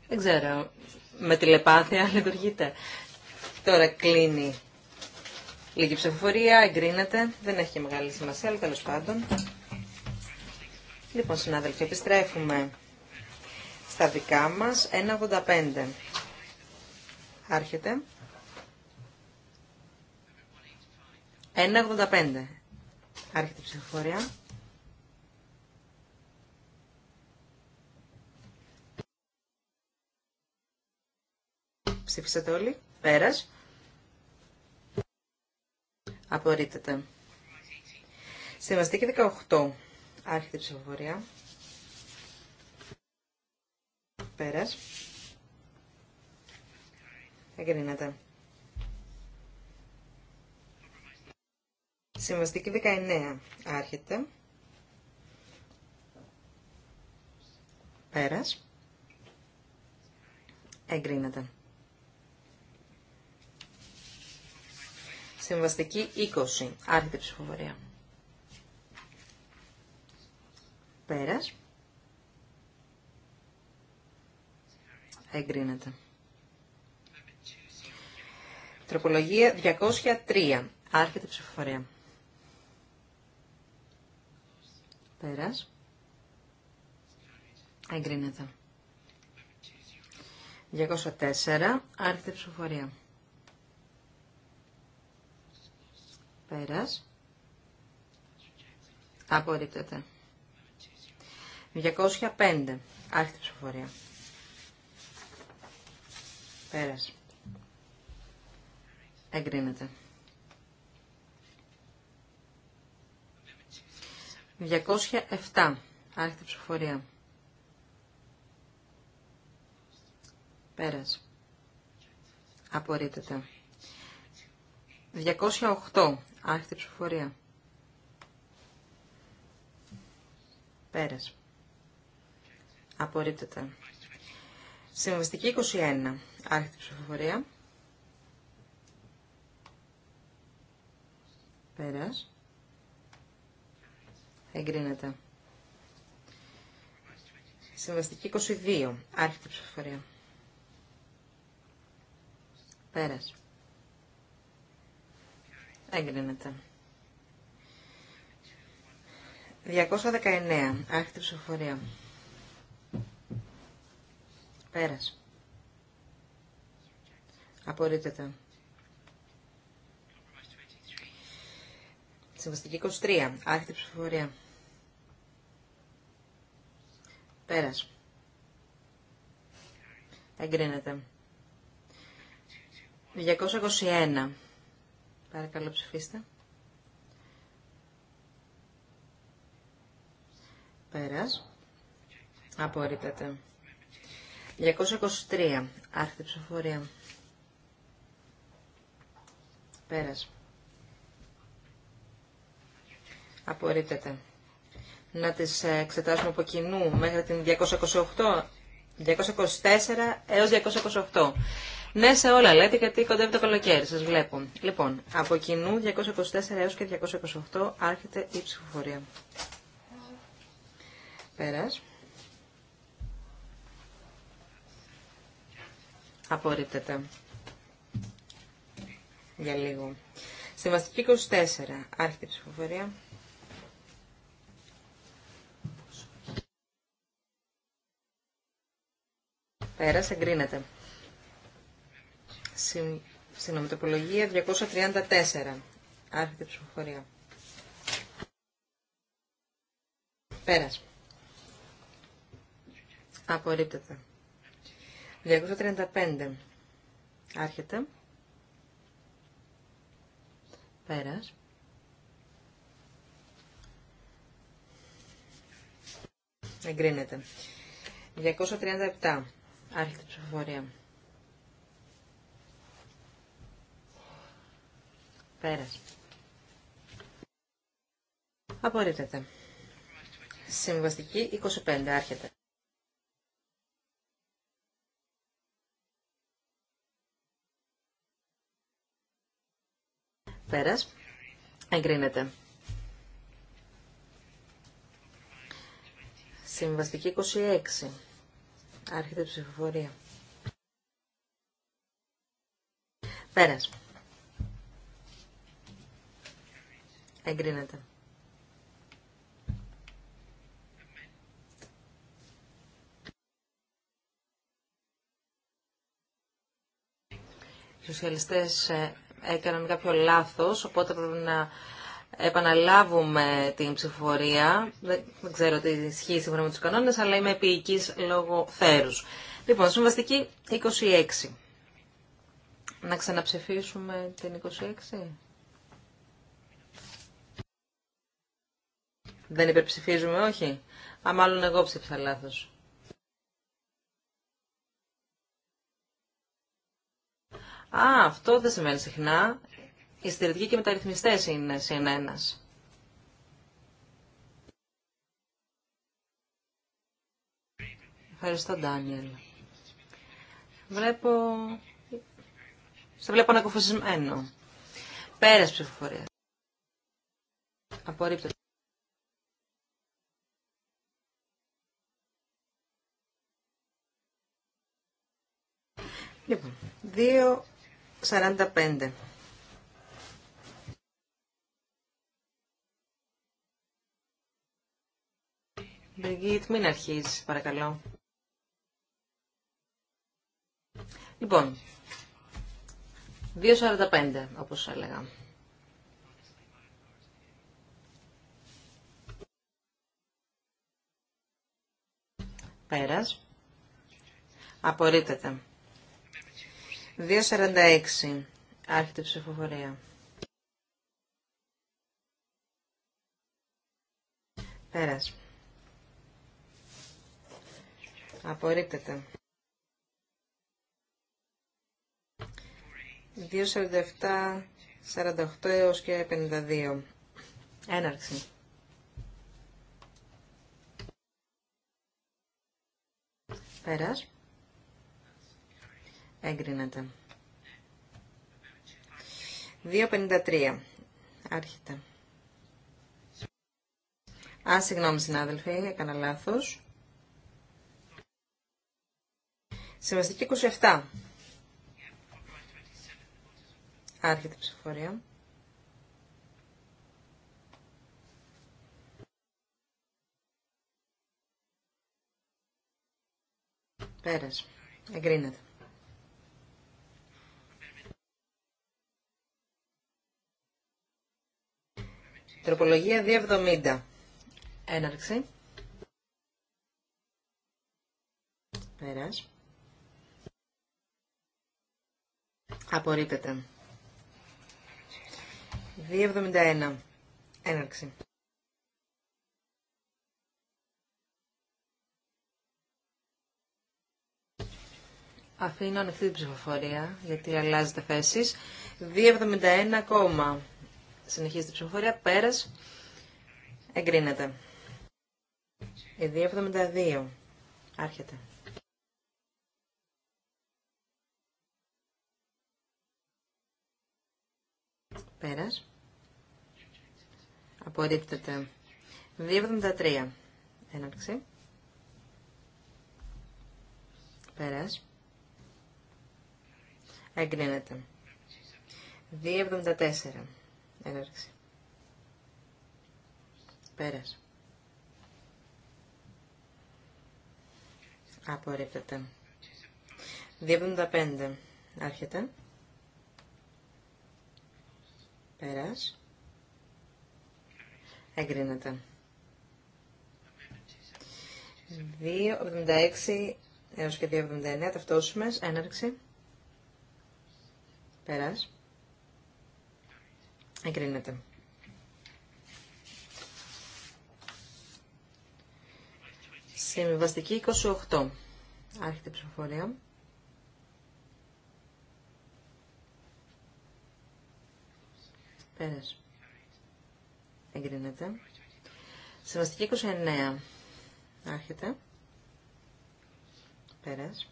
Δεν ξέρω, με τηλεπάθεια λειτουργείτε. Τώρα κλείνει λίγη ψηφοφορία, εγκρίνεται, δεν έχει και μεγάλη σημασία, αλλά τέλος πάντων. Λοιπόν, συνάδελφοι, επιστρέφουμε στα δικά μας 1.85. Άρχεται. 1.85. Άρχεται η ψηφοφορία. Ψήφισατε όλοι. Πέρας. Απορρίτεται. Σημαντική 18. Άρχεται η ψηφοφορία. Πέρας. Εγκρίνεται. Συμβαστική 19. Άρχεται. Πέρας. Εγκρίνεται. Συμβαστική 20. Άρχεται ψηφοφορία. Πέρας. εγκρίνεται. Τροπολογία 203. Άρχεται ψηφοφορία. Πέρας. Εγκρίνεται. 204. Άρχεται η ψηφοφορία. Πέρας. Απορρίπτεται. 205. Άρχεται η ψηφοφορία. Πέρας. Εγκρίνεται. 207. Άρχεται ψηφοφορία. Πέρας. Απορρίπτεται. 208. Άρχεται ψηφοφορία. Πέρας. Απορρίπτεται. Συμβαστική 21 άρχιτη ψηφοφορία. Πέρας. Εγκρίνεται. Συμβαστική 22. Άρχιτη ψηφοφορία. Πέρας. Εγκρίνεται. 219. Άρχιτη ψηφοφορία. Πέρας. Απορρίπτεται. Συμβαστική 23. Άρχεται ψηφοφορία. Πέρας. Εγκρίνεται. 221. Παρακαλώ ψηφίστε. Πέρας. Απορρίπτεται. 223. Άρχεται ψηφοφορία. Πέρας. Απορρίπτεται. Να τις ε, εξετάσουμε από κοινού μέχρι την 228. 224 έως 228. Ναι σε όλα λέτε γιατί κοντεύει το καλοκαίρι, σας βλέπω. Λοιπόν, από κοινού 224 έως και 228 άρχεται η ψηφοφορία. Πέρας. Απορρίπτεται για λίγο. Σεβαστική 24. Άρχεται η ψηφοφορία. Πέρασε, εγκρίνεται. Στην ομιτοπολογία 234. Άρχεται η ψηφοφορία. Πέρασε. Απορρίπτεται. 235. Άρχεται. Πέρας. Εγκρίνεται. 237. Άρχεται ψηφοφορία. Πέρας. Απορρίπτεται. Συμβαστική 25. Άρχεται. Πέρας. Εγκρίνεται. Συμβαστική 26. Άρχεται η ψηφοφορία. Πέρας. Εγκρίνεται. σοσιαλιστές ε, έκαναν κάποιο λάθος, οπότε πρέπει να επαναλάβουμε την ψηφοφορία. Δεν ξέρω τι ισχύει σύμφωνα με τους κανόνες, αλλά είμαι επίοικης λόγω θέρους. Λοιπόν, συμβαστική 26. Να ξαναψηφίσουμε την 26. Δεν υπερψηφίζουμε, όχι. Α, μάλλον εγώ ψήφισα λάθος. Α, αυτό δεν συμβαίνει συχνά. Οι στηρητικοί και οι μεταρρυθμιστές είναι συν ένας. Ευχαριστώ, Ντάνιελ. Βλέπω... Σε βλέπω ανακοφωσισμένο. Πέρας ψηφοφορία. Απορρίπτω. Λοιπόν, δύο 45. Μπριγκίτ, μην αρχίζεις, παρακαλώ. Λοιπόν, 2.45, όπως σας έλεγα. Πέρας. Απορρίπτεται. 2.46. Άρχεται η ψηφοφορία. Πέρας. Απορρίπτεται. 2.47, 48 έως και 52. Έναρξη. Πέρας. Εγκρίνεται. 2.53. Άρχεται. Α, συγγνώμη συνάδελφοι, έκανα λάθος. Σεβαστική 27. Άρχεται η ψηφοφορία. Πέρασε. Εγκρίνεται. Τροπολογία 270. Έναρξη. Πέρας. Απορρίπεται. 271. Έναρξη. Αφήνω ανοιχτή την ψηφοφορία, γιατί αλλάζετε θέσεις. 2,71 ακόμα συνεχίζει την ψηφοφορία. Πέρας. Εγκρίνεται. Η 272. Άρχεται. Πέρας. Απορρίπτεται. 273. Έναρξη. Πέρας. Εγκρίνεται. 274. Έναρξη. Πέρας. Απορρίπτεται. 2.75. Άρχεται. Πέρας. Εγκρίνεται. 2.76 έως και 2.79 ταυτόσιμες. Έναρξη. Πέρας. Εγκρίνεται. Συμβιβαστική 28. Άρχεται η ψηφοφορία. Πέρας. Εγκρίνεται. Συμβαστική 29. Άρχεται. Πέρας.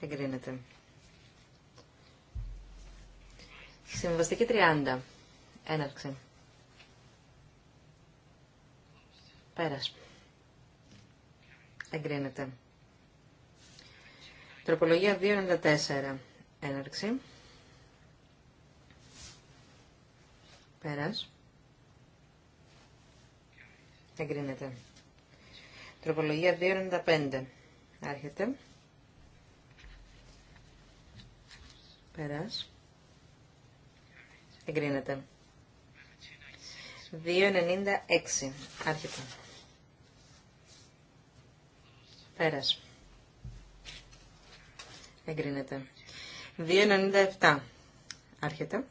Εγκρίνεται. Συμβαστική 30. Έναρξη. Πέρας. Εγκρίνεται. Τροπολογία 294. Έναρξη. Πέρας. Εγκρίνεται. Τροπολογία 295. Άρχεται. Πέρας. Εγκρίνεται. 2.96. Άρχεται. Πέρας. Εγκρίνεται. 2.97. Άρχεται.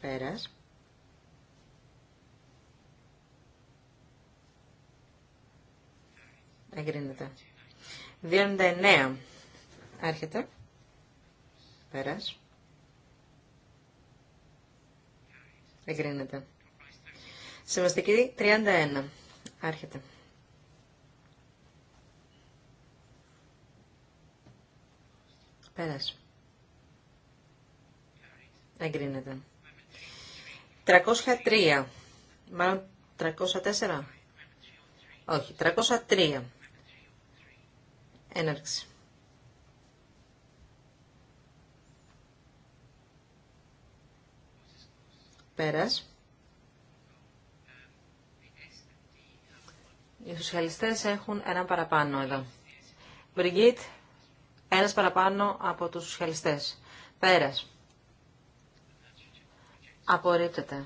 Πέρας. Εγκρίνεται. 2.99. Άρχεται. Πέρας. Εγκρίνεται. Σημαντική 31. Άρχεται. Πέρασε. Εγκρίνεται. 303. Μάλλον 304. Όχι, 303. Έναρξη. Πέρας. Οι σοσιαλιστές έχουν ένα παραπάνω εδώ. Μπριγκίτ, ένας παραπάνω από τους σοσιαλιστές. Πέρας. Απορρίπτεται.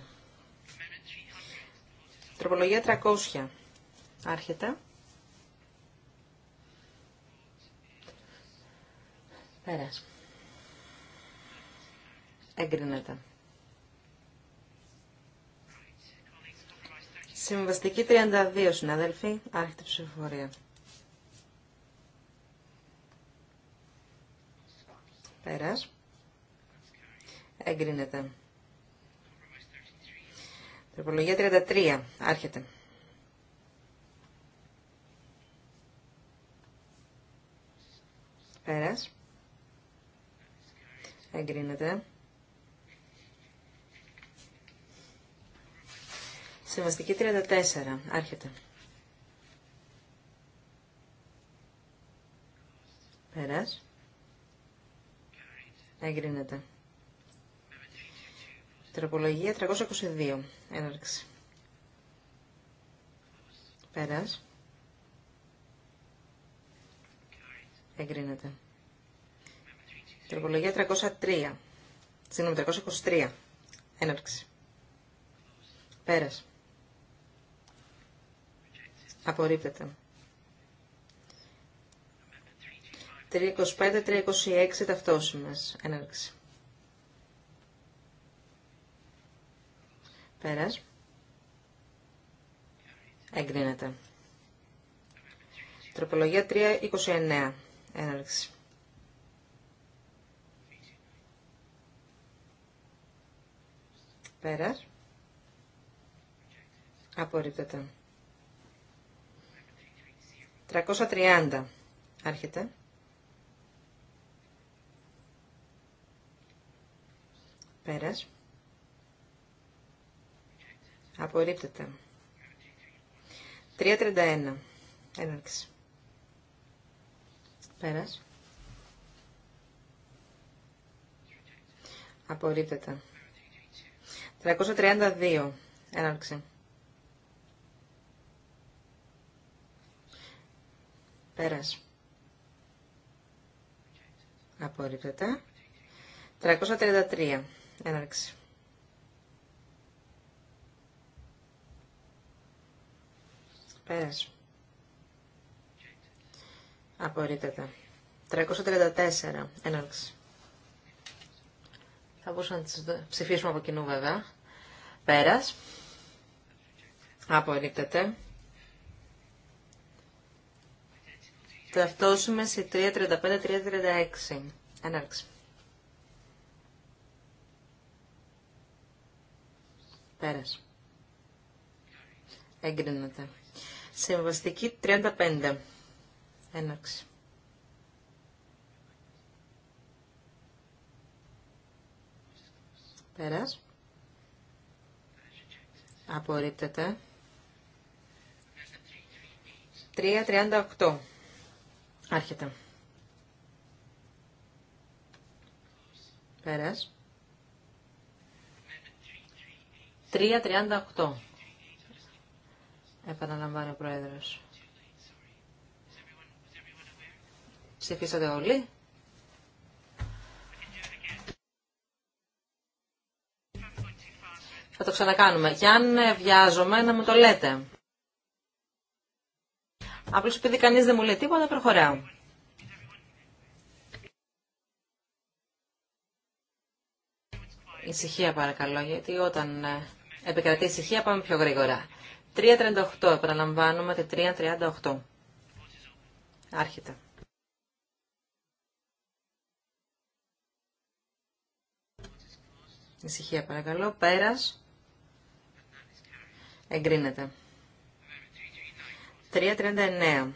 Τροπολογία 300. Άρχεται. Πέρας. Εγκρίνεται. Συμβαστική 32, συνάδελφοι. Άρχεται ψηφοφορία. Πέρας. Εγκρίνεται. Τροπολογία 33. Άρχεται. Πέρας. Εγκρίνεται. Σημαντική 34. Άρχεται. Πέρας. Εγκρίνεται. Τροπολογία 322. Έναρξη. Πέρας. Εγκρίνεται. Τροπολογία 303. Συγγνώμη, 323. Έναρξη. Πέρας. Απορρίπτεται. 325-326 ταυτόσημες. Έναρξη. Πέρας. Εγκρίνεται. Τροπολογία 329. Έναρξη. Πέρας. Απορρίπτεται. 330. Άρχεται. Πέρας. Απορρίπτεται. 3.31. Έναρξη. Πέρας. Απορρίπτεται. 332. Έναρξη. Πέρας. Απορρίπτεται. 333. Έναρξη. Πέρας. Απορρίπτεται. 334. Έναρξη. Θα μπορούσαμε να τις ψηφίσουμε από κοινού βέβαια. Πέρας. Απορρίπτεται. ταυτόσουμε σε 3.35-3.36. Έναρξη. Πέρας. Έγκρινατε. Συμβαστική 35. Έναρξη. Πέρας. Απορρίπτεται. 3.38. Άρχεται. Πέρας. 3.38. Επαναλαμβάνει ο Πρόεδρος. Ψηφίσατε όλοι. Θα το ξανακάνουμε. Και αν βιάζομαι να μου το λέτε. Απλώ επειδή κανεί δεν μου λέει τίποτα, προχωράω. Ησυχία παρακαλώ, γιατί όταν ε, επικρατεί ησυχία πάμε πιο γρήγορα. 3.38, επαναλαμβάνουμε τη 3.38. Άρχεται. Ησυχία παρακαλώ, πέρας. Εγκρίνεται. 3.39.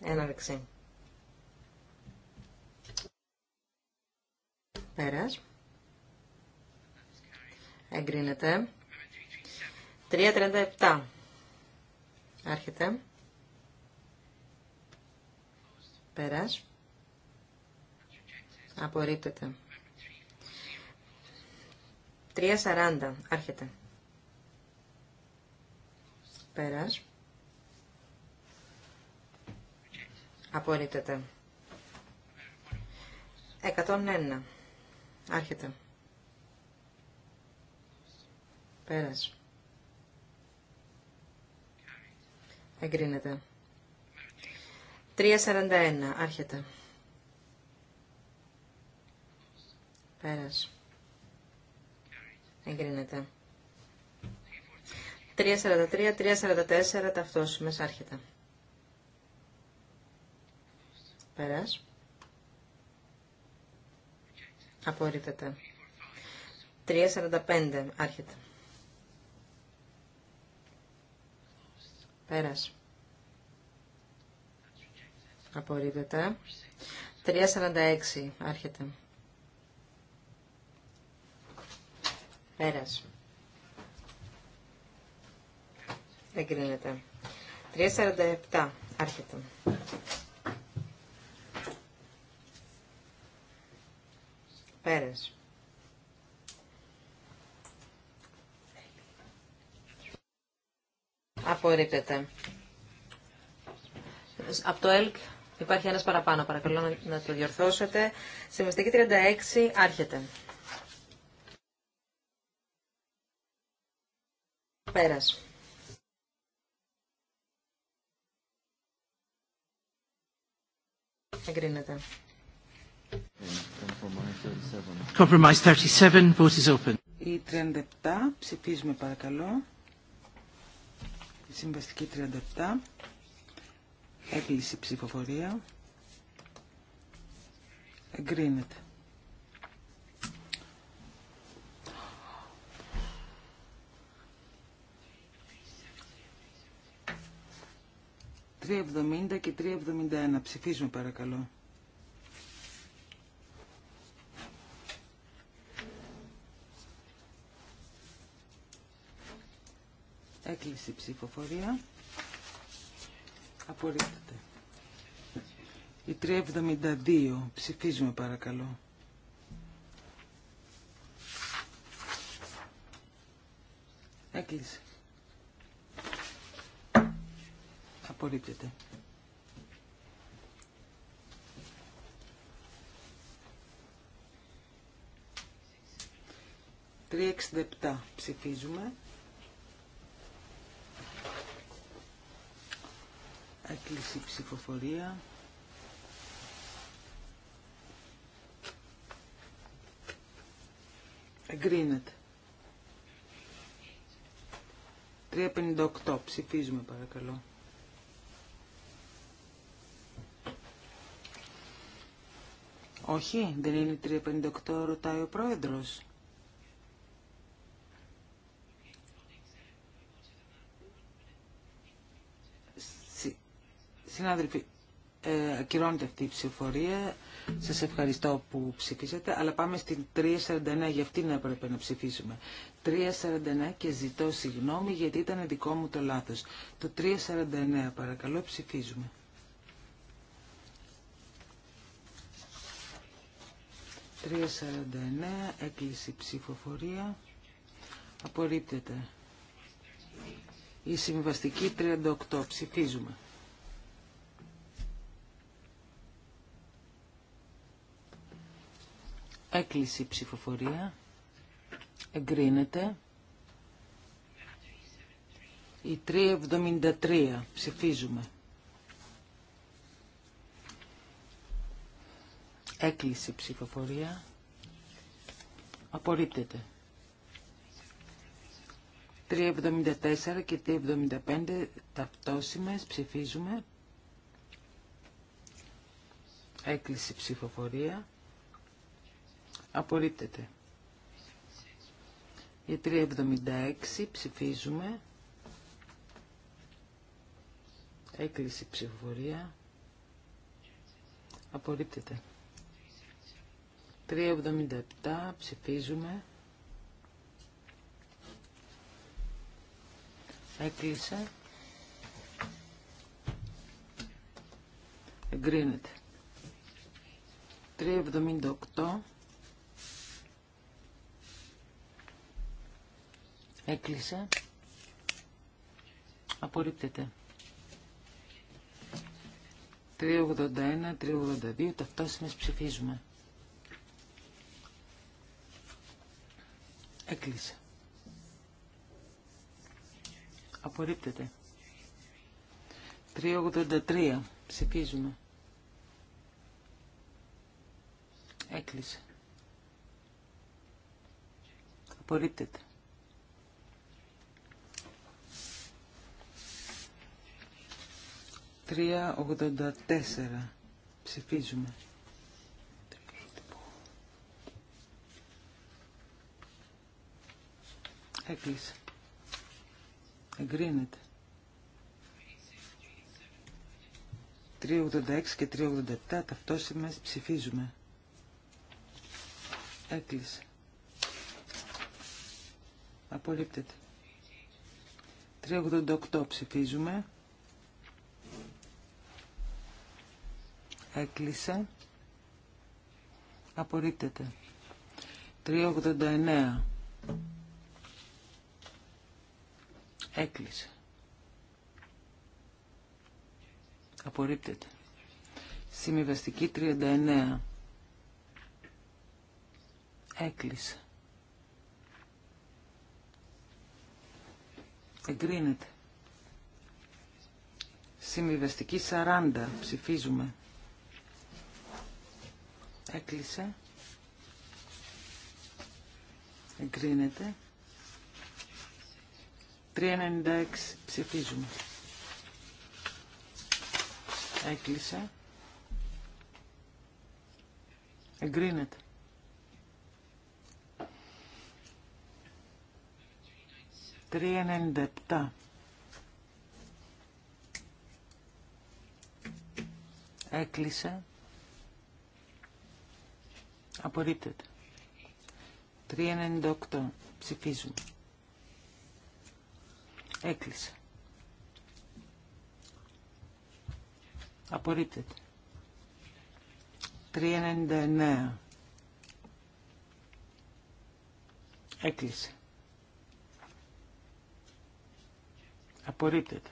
Ένα δεξί. Πέρας. Εγκρίνεται. 3.37. Άρχεται. Πέρας. Απορρίπτεται. 3.40. Άρχεται. Πέρας. Απορρίπτεται. 101. Άρχεται. Πέρας. Εγκρίνεται. 3.41. Άρχεται. Πέρας. Εγκρίνεται. 3.43, 3.44 ταυτόσιμες άρχεται. Πέρας. Απορρίπτεται. 3.45. Άρχεται. Πέρας. Απορρίπτεται. 3.46. Άρχεται. Πέρας. Εγκρίνεται. 3.47. Άρχεται. Πέρας. Απορρίπτεται. Από το ΕΛΚ υπάρχει ένας παραπάνω. Παρακαλώ να το διορθώσετε. Συμβαστική 36 άρχεται. Πέρας. Εγκρίνεται. 37, Η 37, ψηφίζουμε παρακαλώ. συμβαστική 37, έκλεισε ψηφοφορία. Εγκρίνεται. ...3.70 και 3.71. Ψηφίζουμε παρακαλώ. Έκλεισε η ψηφοφορία. Απορρίπτεται. Η 372. Ψηφίζουμε παρακαλώ. Έκλεισε. Απορρίπτεται. Τρία ψηφίζουμε. Έκλεισε η ψηφοφορία. Εγκρίνεται. 358. Ψηφίζουμε παρακαλώ. Όχι, δεν είναι 358, ρωτάει ο πρόεδρος. Συνάδελφοι, ε, ακυρώνεται αυτή η ψηφορία. Σα ευχαριστώ που ψηφίσατε, αλλά πάμε στην 349, για αυτήν έπρεπε να ψηφίσουμε. 349 και ζητώ συγγνώμη γιατί ήταν δικό μου το λάθο. Το 349, παρακαλώ, ψηφίζουμε. ...349, έκλειση ψηφοφορία, απορρίπτεται. Η συμβαστική 38, ψηφίζουμε. Έκλεισε η ψηφοφορία. Εγκρίνεται. Η 373. Ψηφίζουμε. Έκλεισε η ψηφοφορία. Απορρίπτεται. 374 και 375 ταυτόσιμες ψηφίζουμε. Έκλεισε η ψηφοφορία. Απορρίπτεται. Για 376 ψηφίζουμε. Έκλειση ψηφοφορία. Απορρίπτεται. 377 ψηφίζουμε. Έκλεισε. Εγκρίνεται. 378 Έκλεισε. Απορρίπτεται. 381, 382, ταυτόσιμες ψηφίζουμε. Έκλεισε. Απορρίπτεται. 383, ψηφίζουμε. Έκλεισε. Απορρίπτεται. 384. Ψηφίζουμε. Έκλεισε. Εγκρίνεται. 386 και 387 ταυτόσημες ψηφίζουμε. Έκλεισε. Απορρίπτεται. 388 ψηφίζουμε. Έκλεισε. Απορρίπτεται. 389. Έκλεισε. Απορρίπτεται. σημειβαστική 39. Έκλεισε. Εγκρίνεται. σημειβαστική 40. Ψηφίζουμε. Έκλεισε. Εγκρίνεται. 396 ψηφίζουμε. Έκλεισε. Εγκρίνεται. 397. Έκλεισε. Απορρίπτεται. 398. Ψηφίζουμε. Έκλεισε. Απορρίπτεται. 399. Έκλεισε. Απορρίπτεται.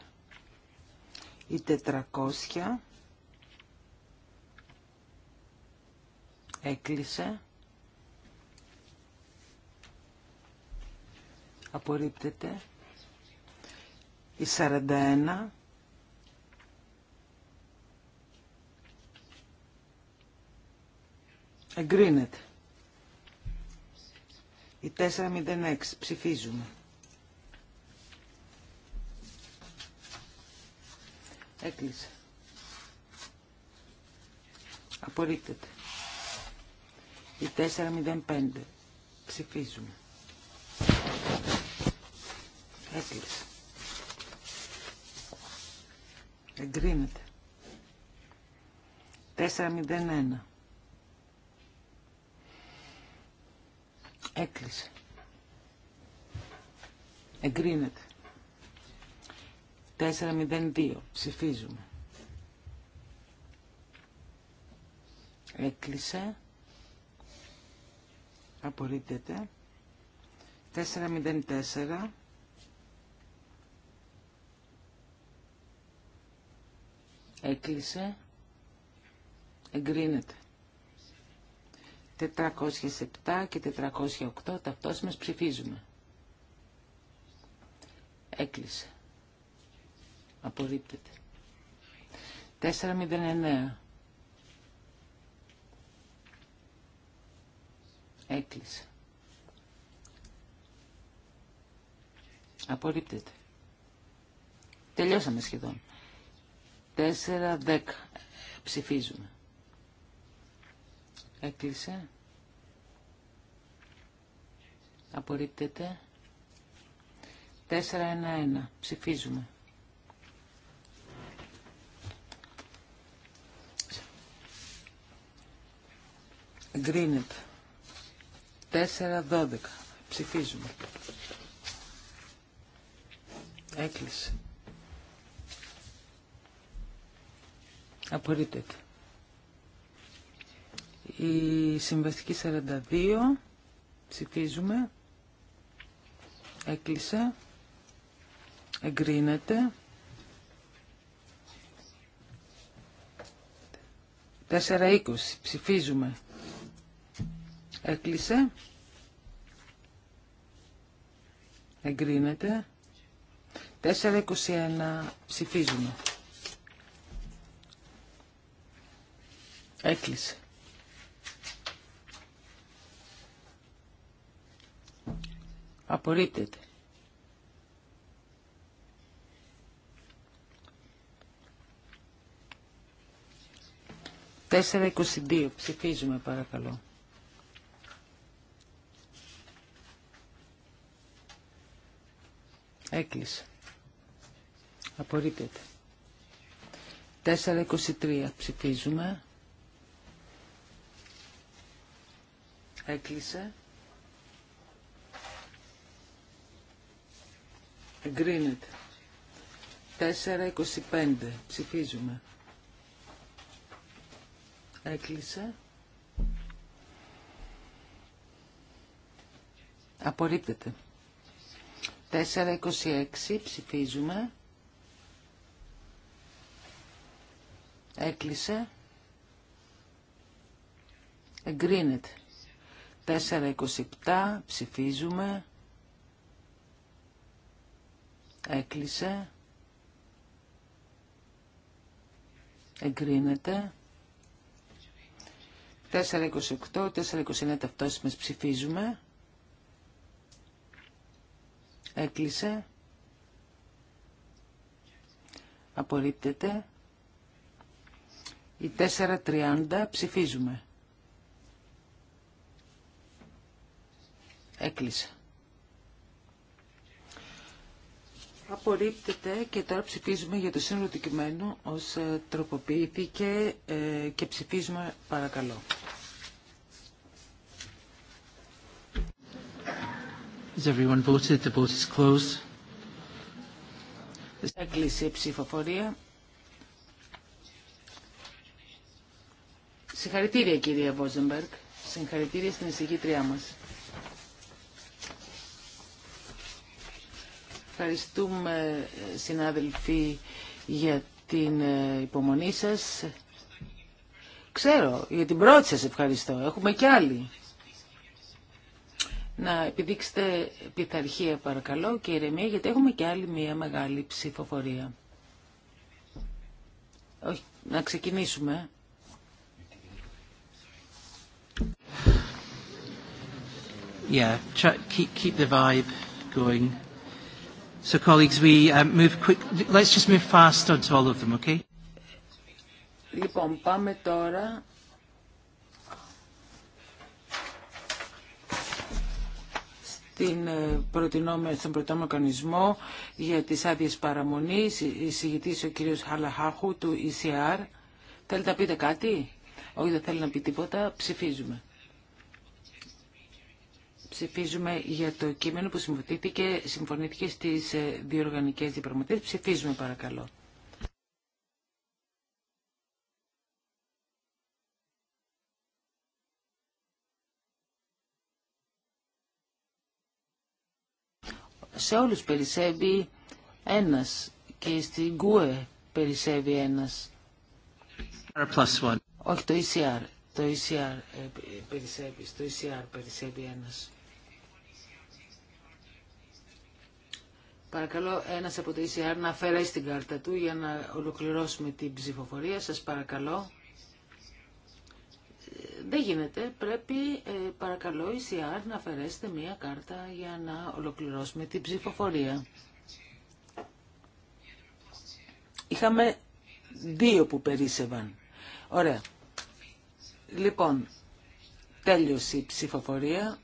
Η 400 Έκλεισε. Απορρίπτεται. Η 41. Εγκρίνεται. Η 406. Ψηφίζουμε. Έκλεισε. Απορρίπτεται. Η 405. Ψηφίζουμε. Έκλεισε. Εγκρίνεται. 401. Έκλεισε. Εγκρίνεται. 402. Ψηφίζουμε. Έκλεισε απορρίπτεται 404 έκλεισε εγκρίνεται 407 και 408 ταυτόσιμες ψηφίζουμε έκλεισε απορρίπτεται 409 Έκλεισε. Απορρίπτεται. Τελειώσαμε σχεδόν. 4-10. Ψηφίζουμε. Έκλεισε. Απορρίπτεται. 4-1-1. Ψηφίζουμε. Γκρίνεται. 4-12. Ψηφίζουμε. Έκλεισε. Απορρίπτεται. Η συμβαστική 42. Ψηφίζουμε. Έκλεισε. Εγκρίνεται. 4-20. Ψηφίζουμε. Έκλεισε. Εγκρίνεται. 421. Ψηφίζουμε. Έκλεισε. Απορρίπτεται. 422. Ψηφίζουμε παρακαλώ. Έκλεισε. Απορρίπτεται. 4.23 ψηφίζουμε. Έκλεισε. Εγκρίνεται. 4.25 ψηφίζουμε. Έκλεισε. Απορρίπτεται. 426 ψηφίζουμε. Έκλεισε. Εγκρίνεται. 427 ψηφίζουμε. Έκλεισε. Εγκρίνεται. 428, 429 ταυτόσημες, ψηφίζουμε. Έκλεισε. Απορρίπτεται. Η 4.30 ψηφίζουμε. Έκλεισε. Απορρίπτεται και τώρα ψηφίζουμε για το σύνολο του κειμένου ως ε, τροποποιήθηκε ε, και ψηφίζουμε παρακαλώ. Has everyone η ψηφοφορία. Συγχαρητήρια κυρία Βόζεμπεργκ. Συγχαρητήρια στην εισηγήτριά μας. Ευχαριστούμε συνάδελφοι για την ε, υπομονή σας. Ξέρω, για την πρώτη σας ευχαριστώ. Έχουμε κι άλλη να επιδείξετε πειθαρχία παρακαλώ και ηρεμία γιατί έχουμε και άλλη μια μεγάλη ψηφοφορία. Όχι, να ξεκινήσουμε. Yeah, keep, keep the vibe going. So colleagues, we uh, move quick. Let's just move fast onto all of them, okay? Λοιπόν, πάμε τώρα στην ε, στον προτινόμενο κανονισμό για τις άδειες παραμονής, εισηγητής ο κύριος Χαλαχάχου του ECR. Θέλετε να πείτε κάτι? Όχι, δεν θέλει να πει τίποτα. Ψηφίζουμε. Ψηφίζουμε για το κείμενο που συμφωνήθηκε, στι στις ε, διοργανικές διαπραγματεύσεις. Ψηφίζουμε παρακαλώ. σε όλους περισσεύει ένας και στην ΚΟΕ περισσεύει ένας. Όχι το ECR, το ECR ε, περισσεύει, στο ECR περισσεύει ένας. Παρακαλώ ένας από το ECR να αφαιρέσει την κάρτα του για να ολοκληρώσουμε την ψηφοφορία. Σας παρακαλώ δεν γίνεται. Πρέπει, ε, παρακαλώ, η ΣΥΑΡ να αφαιρέσετε μία κάρτα για να ολοκληρώσουμε την ψηφοφορία. Είχαμε δύο που περίσευαν. Ωραία. Λοιπόν, τέλειωσε η ψηφοφορία.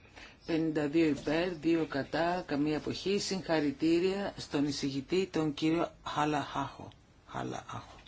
52 υπέρ, 2 κατά, καμία αποχή. Συγχαρητήρια στον εισηγητή, τον κύριο Χαλαχάχο. Χαλαχάχο.